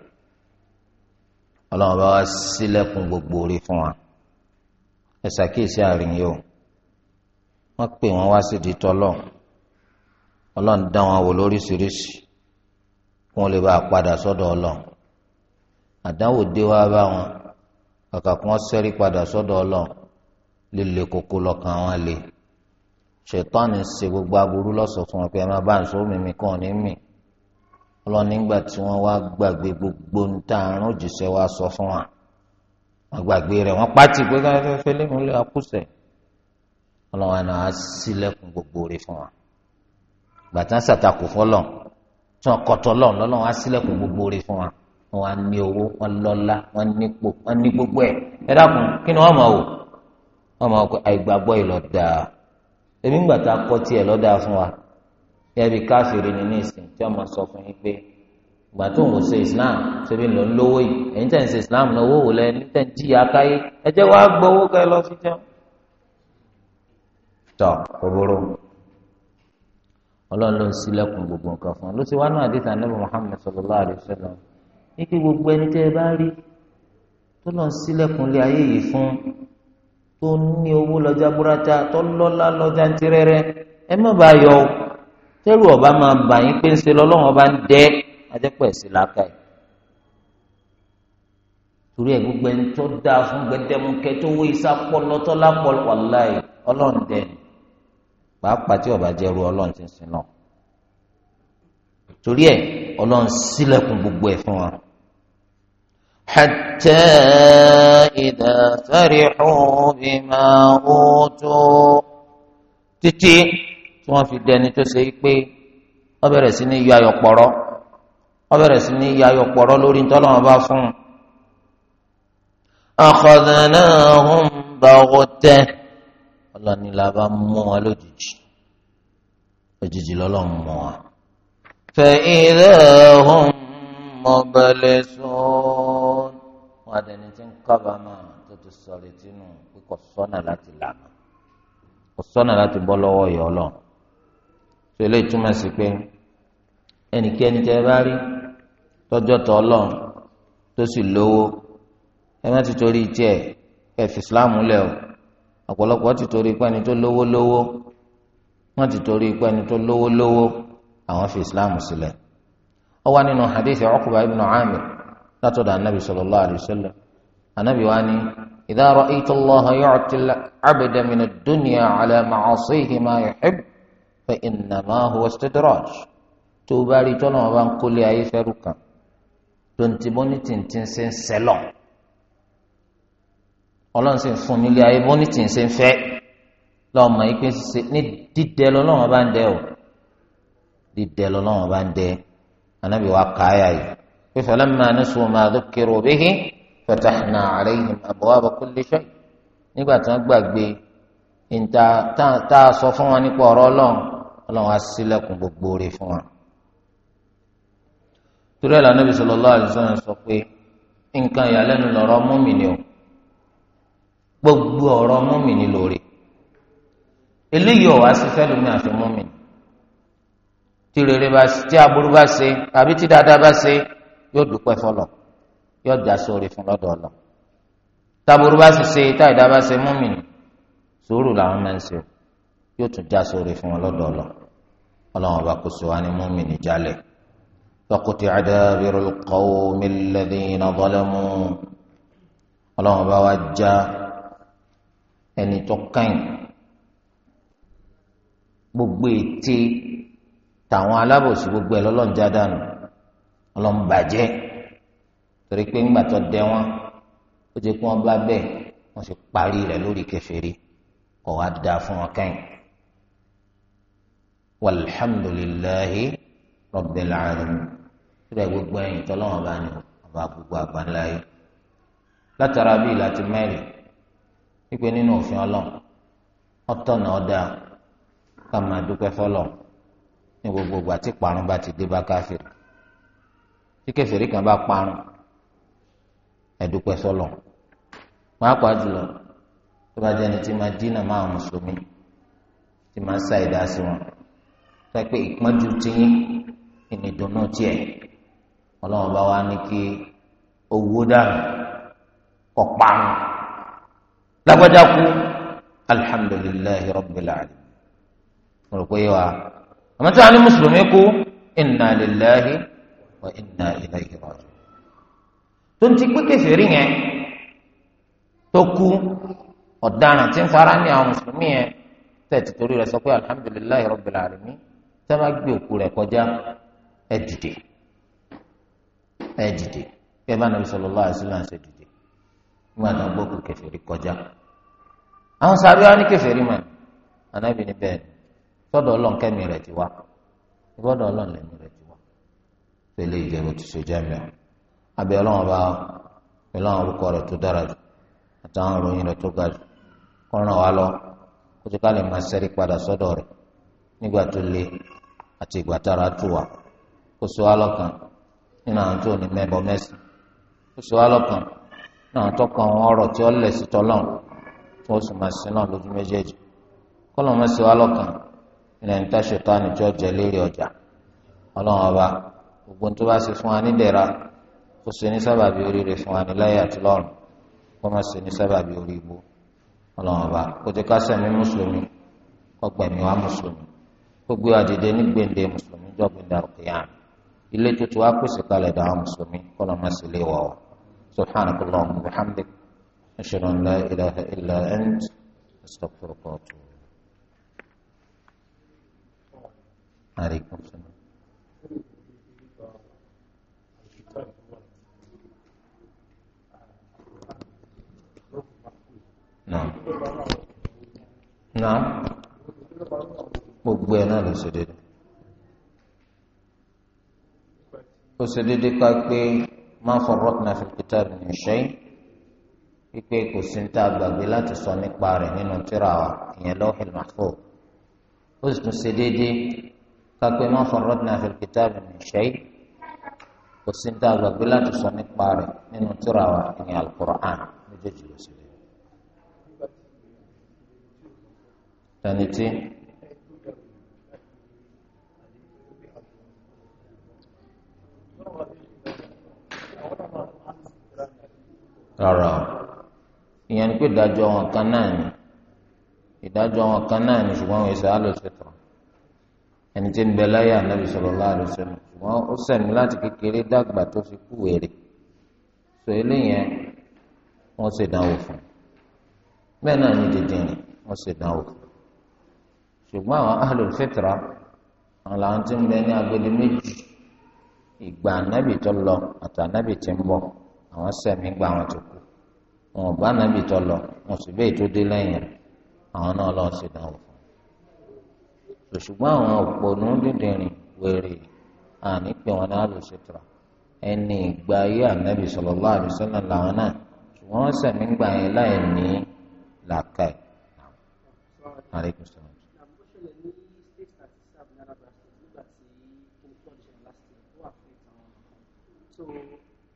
ọlọ́run bá wá sílẹ̀kùn gbogbo orí fún wa ẹ ṣàkíyèsí àárín yìí o wọ́n pè wọ́n wá sídìí tọ́lọ́ ọlọ́run dá wọn wò lóríṣiríṣi kí wọ́n lè bá a padà sọ́dọ̀ ọlọ́run àdánwò dé wá bá wọn kàkà kí wọ́n sẹ́rí padà sọ́dọ̀ ọlọ́run líle koko lọ́kàn wọn lè ṣètọ́ni ṣe gbogbo aburú lọ́sọ̀ fún wọn pé ẹ má bá ń sọ mímí kàn ní mìí ọlọ́ni nígbà tí wọ́n wá gbàgbé gbogbo ní tá àrùn òjíṣẹ́ wa sọ fún wa wọ́n gbàgbé rẹ̀ wọ́n pàtì pé ká fẹ́ fẹ́ lẹ́nu lé akúṣẹ̀ ọlọ́wọ́n náà á sílẹ̀kùn gbogbo rẹ̀ fún wa gbàtà sàtàkù fọlọ́ tí wọ́n kọ́tọ́ lọ́n lọ́lọ́wọ́n á sílẹ̀kùn gbogbo rẹ̀ fún wa wọ́n á ní owó wọ́n lọ́lá wọ́n nípò wọ́n ní gbogbo ẹ̀ ẹ dákun kí ni wọ́n máa wò wọ́n máa pé àìgbàgbọ́ ìlọ́dà èmi gbàtà kọ́ tiẹ̀ lọ́dà fún wa ẹbí káfíìrì ni ní ìsìn tí ọmọ sọ fún yín pé ìgbà tó ń ṣe islam ṣebí ń lọ ń lówó yìí ẹ̀yin tẹ̀ ń ṣe islam náà owó wò lẹ ní tẹ̀ ń jí akáyé ẹ wàá gbowó kẹ́ lọ sí jẹun. tọ òbúrò ọlọ́run ló ń ṣílẹ̀kùn gbogbo nǹkan fún un ló ti wá náà àdìsá níbi muhammed sallallahu alayhi wa sallam ní kí gbogbo ẹni tẹ́ ẹ bá rí tó lọ ń ṣílẹ̀kùn lé ayé yìí fún tó ní owó lọ́jà búrátà tó lọ́lá lọ́jà ń tirẹ́rẹ́ ẹ má bàa yọ tẹ́rù ọba máa bà yín pé ń ṣe lọ́lọ́run ọba ń dẹ́ ajẹ́pọ̀ ẹ̀sìn làákà yìí torí ẹ̀ gbogbo ẹni tó dáa fún gbẹdẹmukẹ tó wé isá pọlọtọ lápọlọ wàláì ọlọ́run dẹ́nu pàápàá tí ọba jẹ́rú ọlọ́run ti ń sin náà torí ẹ̀ ọlọ́run ṣílẹ̀kùn gbogbo ẹ̀ fún wa. حتى إذا فرحوا بما أوتوا تتي tí wọ́n fi dẹni tó ṣe pé wọ́n bẹ̀rẹ̀ sí ní yọ ayọ̀pọ̀rọ̀ wọ́n bẹ̀rẹ̀ sí ní yọ ayọ̀pọ̀rọ̀ lórí ntọ́lọ́wọ́n bá fún un. akhadnahum baghta ọlọ́ni la bá mú wa lójijì òjijì lọ́lọ́run mú wa. fa idahum mublisūn wọn àdẹni tí ń kábàámà tó ti sọ̀rọ̀ tínú kò sọ́nà láti lànà kò sọ́nà láti bọ́ lọ́wọ́ yọ ọlọ́run. tó ilé ìtumọ̀ sí pé ẹnikẹ́ni tẹ́ ẹ bá rí tọ́jọ́ tọ́ lọ tó sì lówó ẹ má ti torí tiẹ̀ ẹ fi Islam lẹ̀ o ọ̀pọ̀lọpọ̀ ti torí pé ẹni tó lówó lówó wọ́n ti torí ẹni tó lówó lówó àwọn fi sílẹ̀ wá nínú hadith látọ̀dọ̀ anabi sallallahu alayhi anabi wa ni idha ra'ayta Allaha yu'ti al-'abda min dunya ma fa innama huwa istidraj tó o bá rí tọ́lọ́ wọn bá ń kólé ayé fẹ́rù kan tó ń ti bóní tìǹtìǹ ṣe ń sẹ́lọ̀ ọlọ́run sì ń fún nílé ayé bóní ṣe ń fẹ́ lọ́mọ yìí pé ní dídẹ lọ́lọ́run bá ń dẹ o dídẹ lọ́lọ́run bá ń dẹ anábì wa káyà yìí pé falamma nasu ma dhukiru bihi fatahna alayhim abwaba kulli shay nígbà tí wọ́n gbàgbé ìta tá a sọ fún wọn nípa ọ̀rọ̀ ọlọ́run ọlọ́run á sílẹ̀kùn gbogbo rẹ̀ fún wa. torí ẹ̀ lànà bisọ̀ lọ́lá àdìsọ́nà sọ pé nǹkan ìyàlẹ́nu lọ́rọ̀ mùmínì o gbogbo ọ̀rọ̀ mùmínì lóore eléyìí ọ̀wá sí fẹ́lùmí àfi mùmínì tí rere bá tí aburú bá ṣe àbí tí dáadáa bá ṣe yóò dúpẹ́ fọlọ̀ yóò dá sóore fún lọ́dọ̀ ọ̀lọ́ taburú bá sì ṣe táìdá bá ṣe mùmínì sùúrù làwọn máa ń ṣe yóò tún já sóore fún wọn lọ́dọ̀ ọ̀lọ́ ọlọ́run ọba kò sí wa ní múmìnì jálẹ̀ tọkùtì àdàbírò qawmi alladhina zalamu ọlọ́run ọba wa já ẹni tó kàn gbogbo ète tàwọn alábòsí gbogbo ẹ lọ́lọ́run já dànù ọlọ́run bàjẹ́ torí pé ńgbà tó dẹ wọn ó ti kún ọba bẹ́ẹ̀ wọ́n sì parí rẹ̀ lórí kèfèrí kọ̀ wá dáa fún wọn kẹ́yìn walhamdulillahi rabbil alamin síbẹ̀ gbogbo ẹ̀yìn tọ́lọ́wọ́n bá ní ọba gbogbo àgbáńlá yìí látara bíi láti mẹ́rin wípé nínú òfin ọlọ́run ọ̀tọ̀nà ọ̀dà ká máa dúpẹ́ fọlọ́ ní gbogbo ìgbà tí parun bá ti dé bá káfíìrì tí kẹfìrí kan bá parun ẹ dúpẹ́ pàápàá jùlọ tó bá jẹ́ni tí máa dínà máa mùsùlùmí tí máa ń ṣàìdá sí wọn pẹ́pẹ́ ìpọ́njú tiyín ìnìdùnnú tiẹ̀ ọlọ́run bá wa ní kí owó dànù kọ̀ parun lágbájá kú alhamdulilayi rabbil alamin mo rò pé wa àmọ́ tí wàá ní mùsùlùmí kú inna lillahi wa inna ilayhi raji'un tó ń ti pé kèfèrí yẹn tó kú ọ̀daràn tí ń fara ní àwọn mùsùlùmí yẹn tẹ̀ tìtorí rẹ̀ sọ pé alhamdulilayi rabbil alamin. tẹ́ bá gbé òkú rẹ̀ kọjá ẹ dìde ẹ dìde kẹ́ bá nàbí sallallahu alaihi wasallam ṣe dìde nígbà tó ń gbókù kèfèrí kọjá àwọn sàbí wa ní kèfèrí mà ànábì ní bẹ́ẹ̀ sọ́dọ̀ Ọlọ́run kẹ́mi ti wá ìbọdọ Ọlọ́run lẹ́mi ti wá pẹlẹ ìjẹbù ti àti ìgbà tára tù wá kó nínú àwọn tó ní mẹ́bọ mẹ́sì kó sọ nínú àwọn àwọn tí ó sí o sì máa sin náà lójú méjèèjì kọ́lọ́ mọ́ sọ nínú ẹni tá ṣètò ànìjọ́ jẹ lérí ọjà ọba gbogbo tó bá ṣe fún wa nídẹ̀ra kó ṣe ní sábàbí oríire fún wa ní láyé àti kó má ní sábàbí orí ọba kó ti ká mùsùlùmí wa mùsùlùmí. gbogbo àdìdẹ ní gbèǹde mùsùlùmí jọ gbèǹde àrùkìyàn ilé tuntun wa pèsè kalẹ̀ dàá mùsùlùmí kọ́nà má sì lè wọ̀ subhanahu wa ta'ala muhammed ashhadu an la ilaha illa نعم نعم gbogbo ẹ̀ náà ló ṣe déédéé ó ṣe déédéé ká pé máa fọwọ́ náà fi kíta ní ṣẹ́yìn wípé kò sí ní tá a gbàgbé láti sọ nípa rẹ̀ nínú tírà wa ìyẹn lọ́hìn mahfuz ó sì tún ṣe déédéé ká pé máa fọwọ́ náà fi ní ṣẹ́yìn kò sí ní gbàgbé láti sọ nípa rẹ̀ nínú tírà wa ìyẹn alukur'an méjèèjì ló ṣe déédéé. tẹnití. rárá o ìyẹn ni pé ìdájọ́ wọn kan náà ni ìdájọ́ wọn kan náà ni ṣùgbọ́n wọn ṣe àlòṣetọ̀ ẹni tí ń bẹ láyé ànábì sallallahu alaihi ṣùgbọ́n ó sẹ̀mí láti kékeré dàgbà tó fi kú wèrè sọ eléyẹn wọ́n ṣe dánwò fún bẹ́ẹ̀ náà ni dídìrín wọ́n ṣe dánwò fún ṣùgbọ́n àwọn làwọn ti ń àwọn sẹmí gba àwọn tó kù wọn ò bá nàbì tó lọ wọn sì bẹ́ẹ̀ tó dé lẹ́yìn rẹ̀ àwọn náà lọ́ọ́ sí náà wò fún ṣùgbọ́n àwọn òpònú dídìrín wèrè àní pé wọn náà lò ṣètò ẹni ìgbà ayé ànábì sallallahu alaihi wasallam làwọn náà ṣùgbọ́n wọn sẹmí gba yẹn láì ní làákàyè. Alaikum salaam. so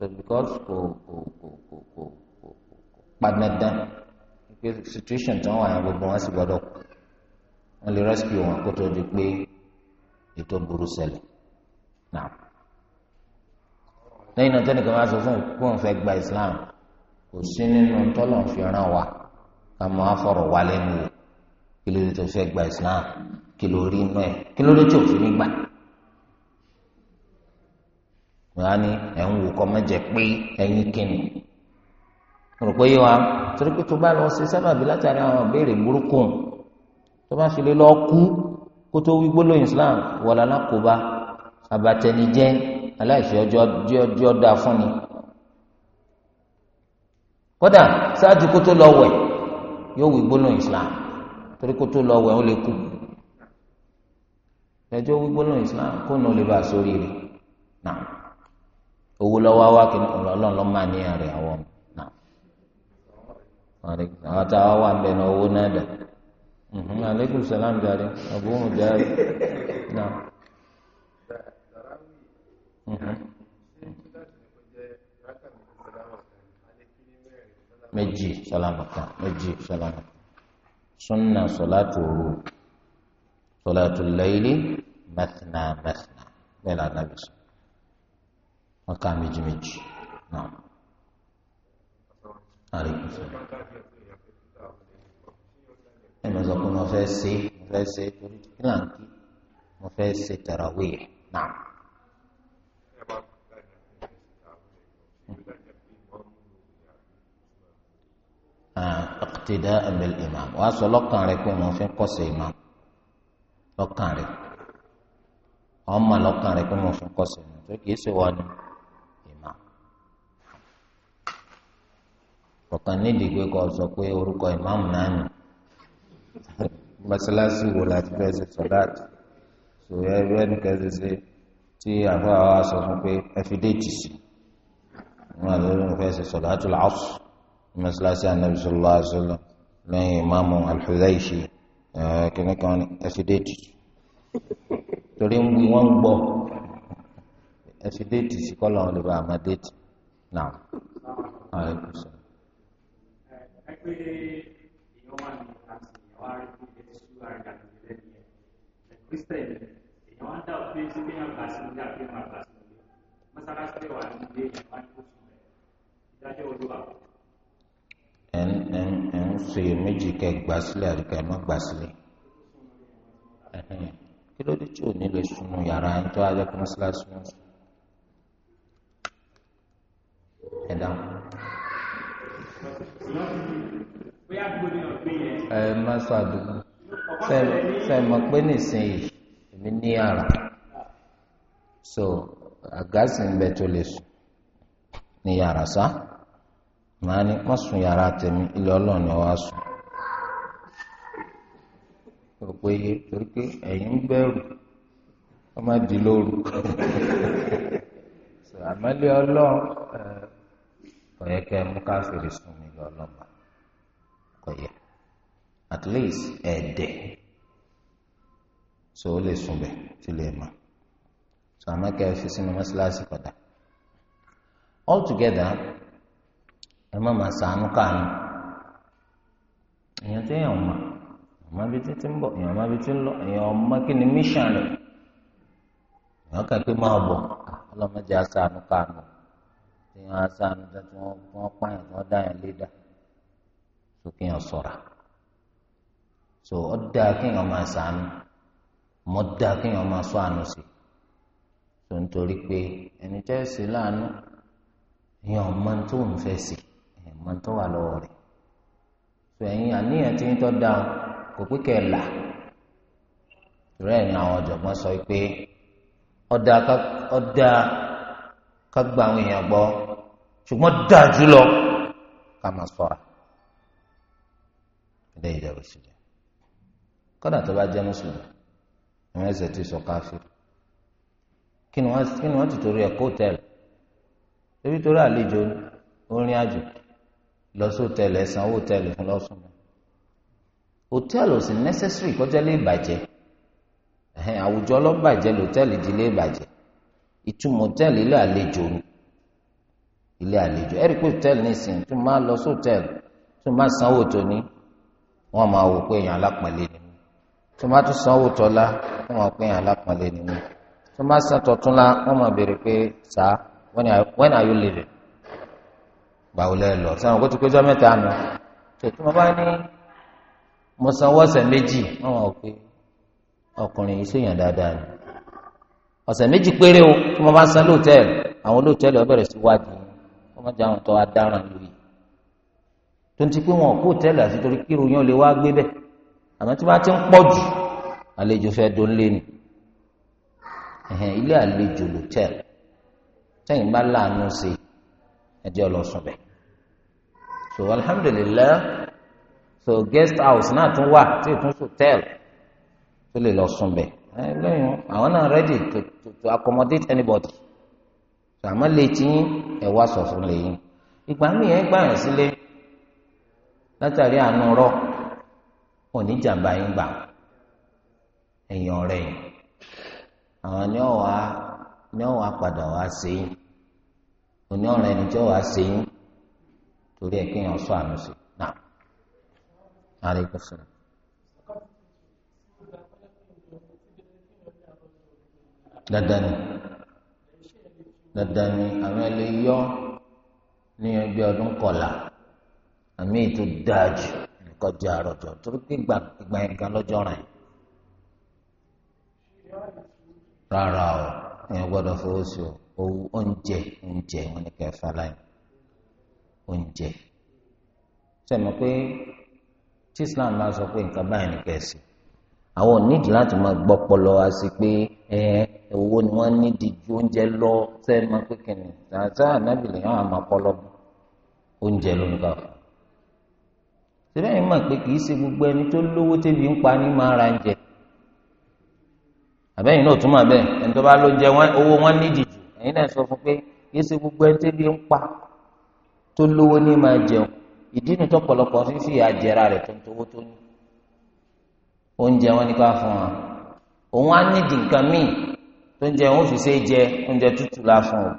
so because kò kò kò kò kò kò panadan pé situation tí wọ́n wà yẹn gbogbo wọn sì gbọ́dọ̀ wọ́n lè rescue wọn kó tó di pé ètò burú ṣẹlẹ̀ náà lẹ́yìn náà tẹnìkan máa sọ fún ìkóhùn fẹ́ gba Islam kò sí nínú tọ́lọ̀ fi ràn wá ká máa fọ̀rọ̀ wá lẹ́nu kí ló tó fẹ́ gba Islam kí ló rí inú ẹ̀ kí ló tó fi ní gbà wọ́n á ní ẹ̀ ń wò kọ́ mẹ́jẹ pé ẹ̀yin kìnnì mo rò pé yé wa torí pé tó bá lọ ṣe sábàbí látàrí àwọn ìbéèrè burúkú tó bá fi lè lọ kú kó tó wí gbólóhùn Islam wọlé alákòóbá abatẹnijẹ aláìsí ọjọ́ ọjọ́ dáa fún ni kódà ṣáàjú kó tó lọ wẹ̀ yóò wí gbólóhùn Islam torí kó tó lọ wẹ̀ ó lè kú ẹjọ́ wí gbólóhùn Islam kó nà ó lè bá a sórí rẹ̀ náà owó lọ́wọ́ wá kí ọlọ́run lọ́ máa ní àrẹ àwọn náà àwọn tá a wà ń bẹ̀ ní owó náà dà aleykum salaam dàrí àbúrò mi dàrí náà. méjì sálámù kan méjì sunna sọláàtù òru sọláàtù layli mẹsìnà mẹsìnà bẹ́ẹ̀ ni anabi sọ ọkà méjì méjì náà àríkùn sọ ẹ mọ sọ pé mo fẹ́ ṣe mo fẹ́ ṣe torí kí là ń kí mo fẹ́ ṣe tarawih náà. Ah, iqtida bil imam wàá sọ lọ́kàn rẹ pé mo fẹ́ kọ́sẹ̀ imam lọ́kàn rẹ ọmọ lọ́kàn rẹ pé mo fẹ́ kọ́sẹ̀ imam tó kìí ṣe wọ́n ni. ọ̀kan nídìí pé kò sọ pé orúkọ ìmáàmù náà nù mọ́sálásí wo láti fẹ́ ṣe sọ̀dáàtì sòyẹ́ ẹgbẹ́ nìkan ṣe ṣe tí àfa wa sọ fún pé ẹ fi déètì sí wọn àti olórí fẹ́ ṣe sọ̀dáàtì làásù mọ́sálásí anabi sọlá àṣọlọ lẹ́yìn ìmáàmù alḥudaiṣi kìnnìkan ẹ fi déètì torí wọ́n ń gbọ́ ẹ fi déètì sí kọ́lọ́n lè ba àmà déètì náà ẹgbẹ́ èèyàn wà ní ìtàkùn èèyàn wá rí fún ẹ̀sù àrídàgbò lẹ́nu ẹ̀ kírísítẹ̀nì èèyàn wá ń dá òfin sí pé àgbà sí ilé àti ẹ̀mà àgbà sí ilé mọ́sálásí lè wà ní ilé èèyàn wá ní kóṣù rẹ̀ ìdájọ́ olúwa. ẹ ń ẹ ń ẹ ń ṣe méjì kẹ gbà sílẹ̀ àríkà ẹ má gbà sílẹ̀ kí ló dé tí ò ní sunu yàrá ẹni tó ajá kí mọ́sálásí ẹ má ṣàdúgbò ṣe mọ̀ pé nísìnyìí èmi ní àrà so àgásì ń bẹ tó lè sùn ní yàrá sá màá ní sùn yàrá tèmi ilé ni wàá sùn rò pé yé torí pé ń má di lóru so àmọ́lé ọlọ́run ọ̀yẹ́kẹ́ mú káfíìrì kọ̀yẹ́ at least ẹ̀ẹ́dẹ̀ so ó lè sunbẹ̀ tí lè so ẹ fi sínú all together ẹ má máa káàánú èèyàn tó yàn ọmọ bíi títí ń èèyàn ọmọ bíi ń lọ èèyàn ọmọ kí ni mission èèyàn pé máa káàánú èèyàn so kéèyàn ṣọ́ra so ó dáa kéèyàn máa ṣàánú mọ́ dáa kéèyàn máa sọ àánú sí so nítorí pé ẹni tẹ́ sí láàánú èèyàn ọmọ tó ń fẹ́ sí èèyàn ọmọ tó wà lọ́wọ́ rẹ̀ so ẹ̀yin àníyàn tí ń tọ́ da kò pé kẹ́ ẹ̀ là rẹ̀ ni àwọn ọ̀jọ̀gbọ́n sọ pé ọ̀dà ọ̀dà àwọn èèyàn gbọ́ ṣùgbọ́n dáa jùlọ ká máa ṣọ́ra ilé ìjọba ìṣẹ̀lẹ̀ kódà tó bá jẹ́ mùsùlùmí ìwọn ẹsẹ̀ ti sọ káfíìn kí ni wọ́n ti torí ẹ̀ kó tẹ́lẹ̀ torí torí àlejò orin àjò lọ sí òtẹ́ẹ̀lì ẹ̀sán owó òtẹ́ẹ̀lì fún lọ́sùn mi òtẹ́ẹ̀lì ò sì necessary kọjá lè bàjẹ́ àwùjọ ọlọ́bàjẹ́ lòtẹ́ẹ̀lì di lè bàjẹ́ ìtumọ̀ òtẹ́ẹ̀lì ilé àlejò ilé àlejò ẹ̀rí pé òtẹ́ẹ̀lì ní tó máa lọ sí tó máa sanwó tòní wọ́n máa wò pé èèyàn alápọ̀nlé ni mí tó má tún sanwó tọ́lá wọ́n máa pé èèyàn alápọ̀nlé ni mí tó má san tọ̀tún la máa béèrè pé sá when are you leaving gbàwó lẹ́ẹ̀ lọ sáwọn kó ti péjọ mẹ́ta nù tó tó mo bá ní mo sanwó ọ̀sẹ̀ méjì wọ́n máa wò pé ọkùnrin yìí ṣèyàn dáadáa ni ọ̀sẹ̀ méjì péré o tó mo bá san lóòtẹ́ẹ̀lì àwọn lóòtẹ́ẹ̀lì ọ sí wádìí wọ́n máa jẹ àwọn tó wá lórí tó ń ti pé wọn ò kó òtẹ́ẹ̀lì àti torí kí ìròyìn ò lè wá gbé bẹ́ẹ̀ àmọ́ tí wọ́n ti ń pọ̀ jù àlejò fẹ́ dó lé ni ilé àlejò lòtẹ́ẹ̀lì sẹ́yìn bá láàánú sí ẹjẹ́ ọlọ́sùn bẹ́ẹ̀ so alhamdulillah so guest house náà tún wà tí ìtún sòtẹ́ẹ̀lì tó lè lọ sùn bẹ́ẹ̀ lẹ́yìn àwọn náà ready to, to, to accommodate anybody so àmọ́ lè tí ẹ̀wá sọ̀fún lè yín ìgbà míì ẹ̀ gbà yàn sílé. látàrí àánú rọ oníjàmbá yín gbà ẹ̀yìn ọ̀rẹ́ yìí àwọn ni ọ̀ wá ni ọ̀ wá padà wá sí yín oní ọ̀rẹ́ ni tí ọ̀ wá sí yín torí ẹ̀ kéèyàn sọ àánú sí náà àríkò sọ̀rọ̀. dandan ni dandan ni àwọn ẹlẹ́yọ́ ní ẹgbẹ́ ọdún kọlá àmì ètò daji kọjá àròjọ torí pé ìgbà yẹn lọ́jọ́ rẹ̀ rárá o fowó sí o owó oúnjẹ oúnjẹ wọn ni kẹfà láì oúnjẹ pé tí Islam sọ pé nǹkan báyìí ni kẹ̀sì àwọn nídìí láti máa gbọ́ pọlọ wá sí pé ẹ owó ni wọ́n nídìí ju oúnjẹ lọ sẹ́mi síbẹ̀ yìí mọ̀ pé kì í ṣe gbogbo ẹni tó lówó tébi ń pa ní máa ra ń jẹ àbẹ́yìn náà túmọ̀ bẹ́ẹ̀ ẹni tó bá ló ń jẹ owó wọn nídìí jù ẹ̀yin náà sọ fún pé kì í ṣe gbogbo ẹni tébi ń pa tó lówó ní máa jẹun ìdí nu tó pọ̀lọpọ̀ fífi àjẹrà rẹ̀ tó ń tówó tó ní oúnjẹ wọn ni ká fún wa òun á nídìí nǹkan míì tó ń jẹ òun fi ṣe jẹ oúnjẹ tútù la fún o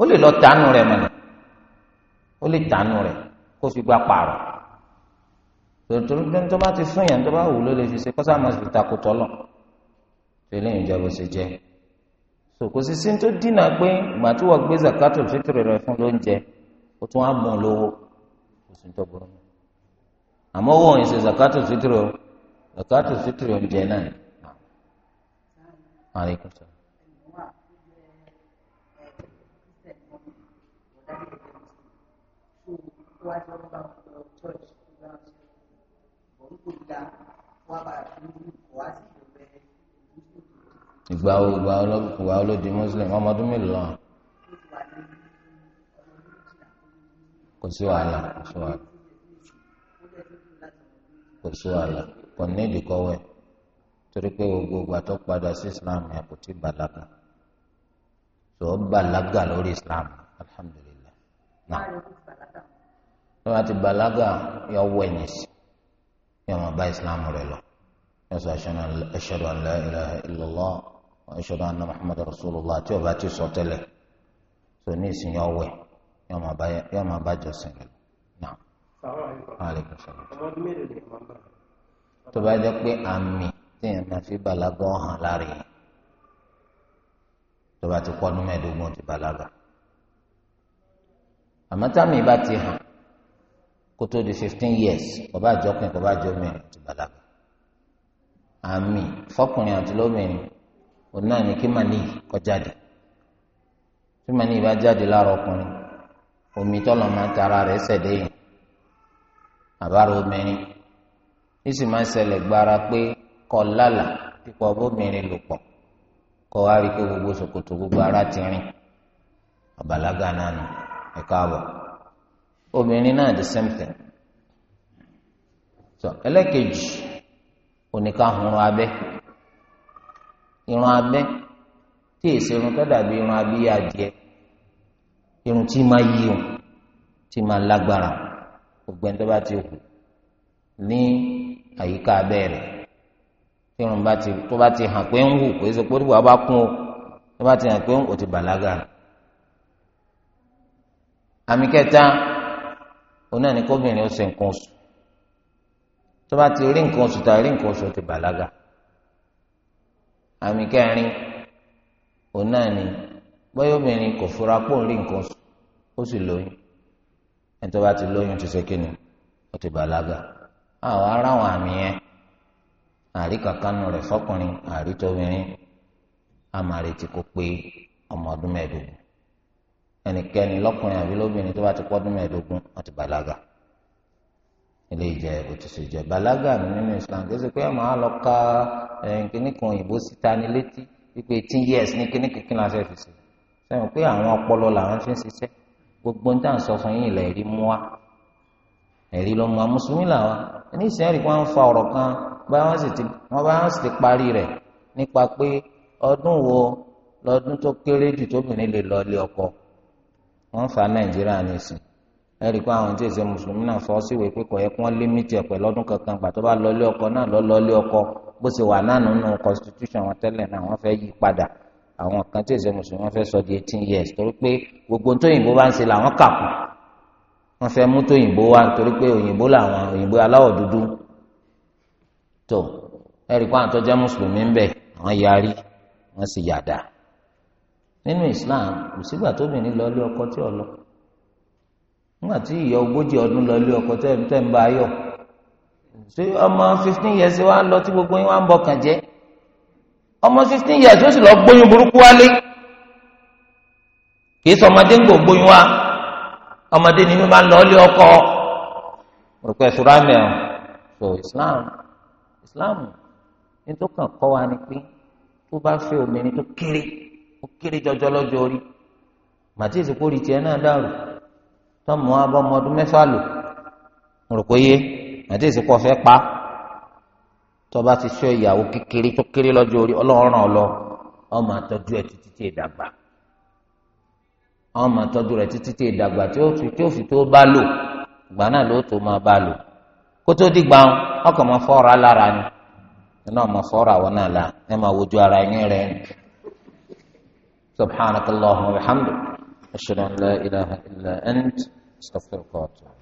ó lè lọ tànù rẹ̀ mọ ó lè tànù rẹ̀ kó fi gbà pààrọ̀ tòtòrò pé tó bá ti fún yàn tó bá wù ló lè fi ṣe kó sáà máa fi takò tọ́lọ̀ tó lè yìnjọ bó ṣe jẹ so kò sì sí tó dínà pé ìgbà tí wọ́n gbé zakato fitiri rẹ fún lóúnjẹ ó tún á mú lówó kò sì tó burú àmọ́ wọ́n yìí ṣe zakato fitiri o zakato fitiri oúnjẹ náà aleykum salaam. Thank you ìgbà wo ìgbà ìgbà wo di muslim ọmọ ọdún mélòó hàn kò sí wàhálà kò sí wàhálà kò sí wàhálà kò ní ìdíkọ̀wé torí pé gbogbo ìgbà tó padà sí islam yẹn kò tí bàlágà tó bàlágà lórí islam alhamdulilayi náà wọn ti bàlágà yọ wẹ̀yìn yóò máa bá islam rẹ lọ yóò sọ ashhadu an la ilaha illallah wa ashhadu anna muhammadu rasulullah tí o bá ti sọ tẹ́lẹ̀ tó ní ìsìn yọ wẹ̀ yóò máa bá jọsìn rẹ lọ náà. aleykum salaam. tó bá jẹ́ pé àmì téèyàn máa fi bàlágà hàn lára yẹn tó bá ti pọ́ ọdún mẹ́ẹ̀ẹ́dógún ti bàlágà àmọ́ táàmì bá ti hàn kó tó di fifteen years kò bá jọkùn kò bá jọmìnrin ti bàlágà àmì fọkùnrin àti lóbìnrin òun náà ní kí màní kó jáde tí màní bá jáde lára ọkùnrin omi tọ́lọ̀ máa tara rẹ̀ ṣẹ̀dẹ̀ yìí àbára obìnrin yìí sì máa ń ṣẹlẹ̀ gbára pé kọ́ lálà pípọ̀ bóbìnrin lò pọ̀ kọ́ wá rí i pé gbogbo ṣòkòtò gbogbo ara ti rìn ọ̀bàlágà náà nù ẹ̀ka àbọ̀ obìnrin náà the same thing so ẹlẹ́kejì oníkàhùnrún abẹ́ irun abẹ́ tí èsì irun tó dàbí irun abíyá adìẹ irun tí máa yí o tí máa lágbára gbogbo ẹni tó bá ti hù ní àyíká abẹ́ rẹ̀ irun tó bá ti hàn pé ń hù pé ṣe pé bá kún o tó bá ti hàn pé ń hù ó ti bàlágà àmì kẹta òun náà ní kóbìnrin ó ṣe nǹkan oṣù tó bá ti rí nǹkan oṣù tàbí rí nǹkan oṣù ti bàlágà àmì kẹrin òun náà ní bóyá obìnrin kò fura pò ń rí nǹkan oṣù ó sì lóyún ẹni tó bá ti lóyún ti ṣe kíni ó ti bàlágà àwọn ará àmì yẹn àrí kankanu rẹ̀ fọkùnrin àrí tóbìnrin àmàlẹ ti kó pé ọmọ ọdún mẹ́ẹ̀ẹ́dógún ẹnikẹ́ni lọ́kùnrin àbí lóbìnrin tó bá ti pọ́dún mẹ́ẹ̀ẹ́dógún wọ́n ti bàlágà ilé ìjẹ òtútù ìjẹ bàlágà mi nínú Islam tó ṣe pé ẹ máa lọ ka kíní kan òyìnbó síta ní létí wípé eighteen years ní kíní kíkín láti fi ṣe sẹ́yìn pé àwọn ọpọlọ làwọn fi ń ṣiṣẹ́ gbogbo ń tàn sọ fún yín ilẹ̀ ẹ̀rí mú wa ẹ̀rí ló mú wa mùsùlùmí làwọn ní ìsìn ẹ̀rí wọn fa ọ̀rọ̀ kan bá wọn sì ti wọn bá wọn sì ti parí rẹ̀ nípa pé ọdún wo lọ́dún tó kéré jù tóbìnrin lè lọ ilé ọkọ wọ́n fa nàìjíríà ní ìsìn ẹ̀rí pé àwọn tí èsè mùsùlùmí náà fọ́ síwèé pé kọ̀ yẹ kí wọ́n lé méjì ẹ̀pẹ̀ lọ́dún kankan gbà tó bá lọlé ọkọ náà lọ lọlé ọkọ bó ṣe wà náà nínú constitution wọn tẹ́lẹ̀ náà wọ́n fẹ́ yí padà àwọn kan tí èsè mùsùlùmí wọ́n fẹ́ sọ di eighteen years torí pé gbogbo tóyìnbó bá ń ṣe làwọn kàkù wọ́n fẹ́ mú tóyìnbó wá torí pé òyìnbó làwọn òyìnbó aláwọ̀ dúdú tó ẹ̀rí pé àwọn tó jẹ́ mùsùlùmí ń bẹ àwọn yarí wọ́n sì yàdá nínú Islam kò sígbà tóbìnrin lọ lé ọkọ tí ò lọ nígbà tí ìyá ogójì ọdún lọ lé ọkọ tẹ́ ń bá yọ ṣé ọmọ fifteen years wa lọ tí gbogbo yín wá ń bọkàn jẹ́ ọmọ fifteen years ó sì lọ gbóyún burúkú wálé kì í sọ ọmọdé ń gbò gbóyún wá ọmọdé ni mi máa ń lọ lé ọkọ òrùkọ ẹ̀sùn rámẹ̀ ọ̀ so Islam Islam ní tó kàn kọ́ wa ni pé tó bá fẹ́ obìnrin tó kéré. ó kéré jọjọ lọ́jọ́ orí ma ìsìnkú rí tiẹ̀ náà dàrú tọ́mọ abọ́mọ ọdún mẹ́fà lò mo rò pé yé pa tọba ti sọ ìyàwó kékeré tó kéré lọ́jọ́ orí ọlọ ọmọ àtọ́jú títí tí ọmọ àtọ́jú rẹ̀ títí tí tí ó fi tí ó fi tó bá lò ìgbà náà ló tó سبحانك اللهم وبحمدك أشهد أن لا إله إلا أنت استغفرك واتوب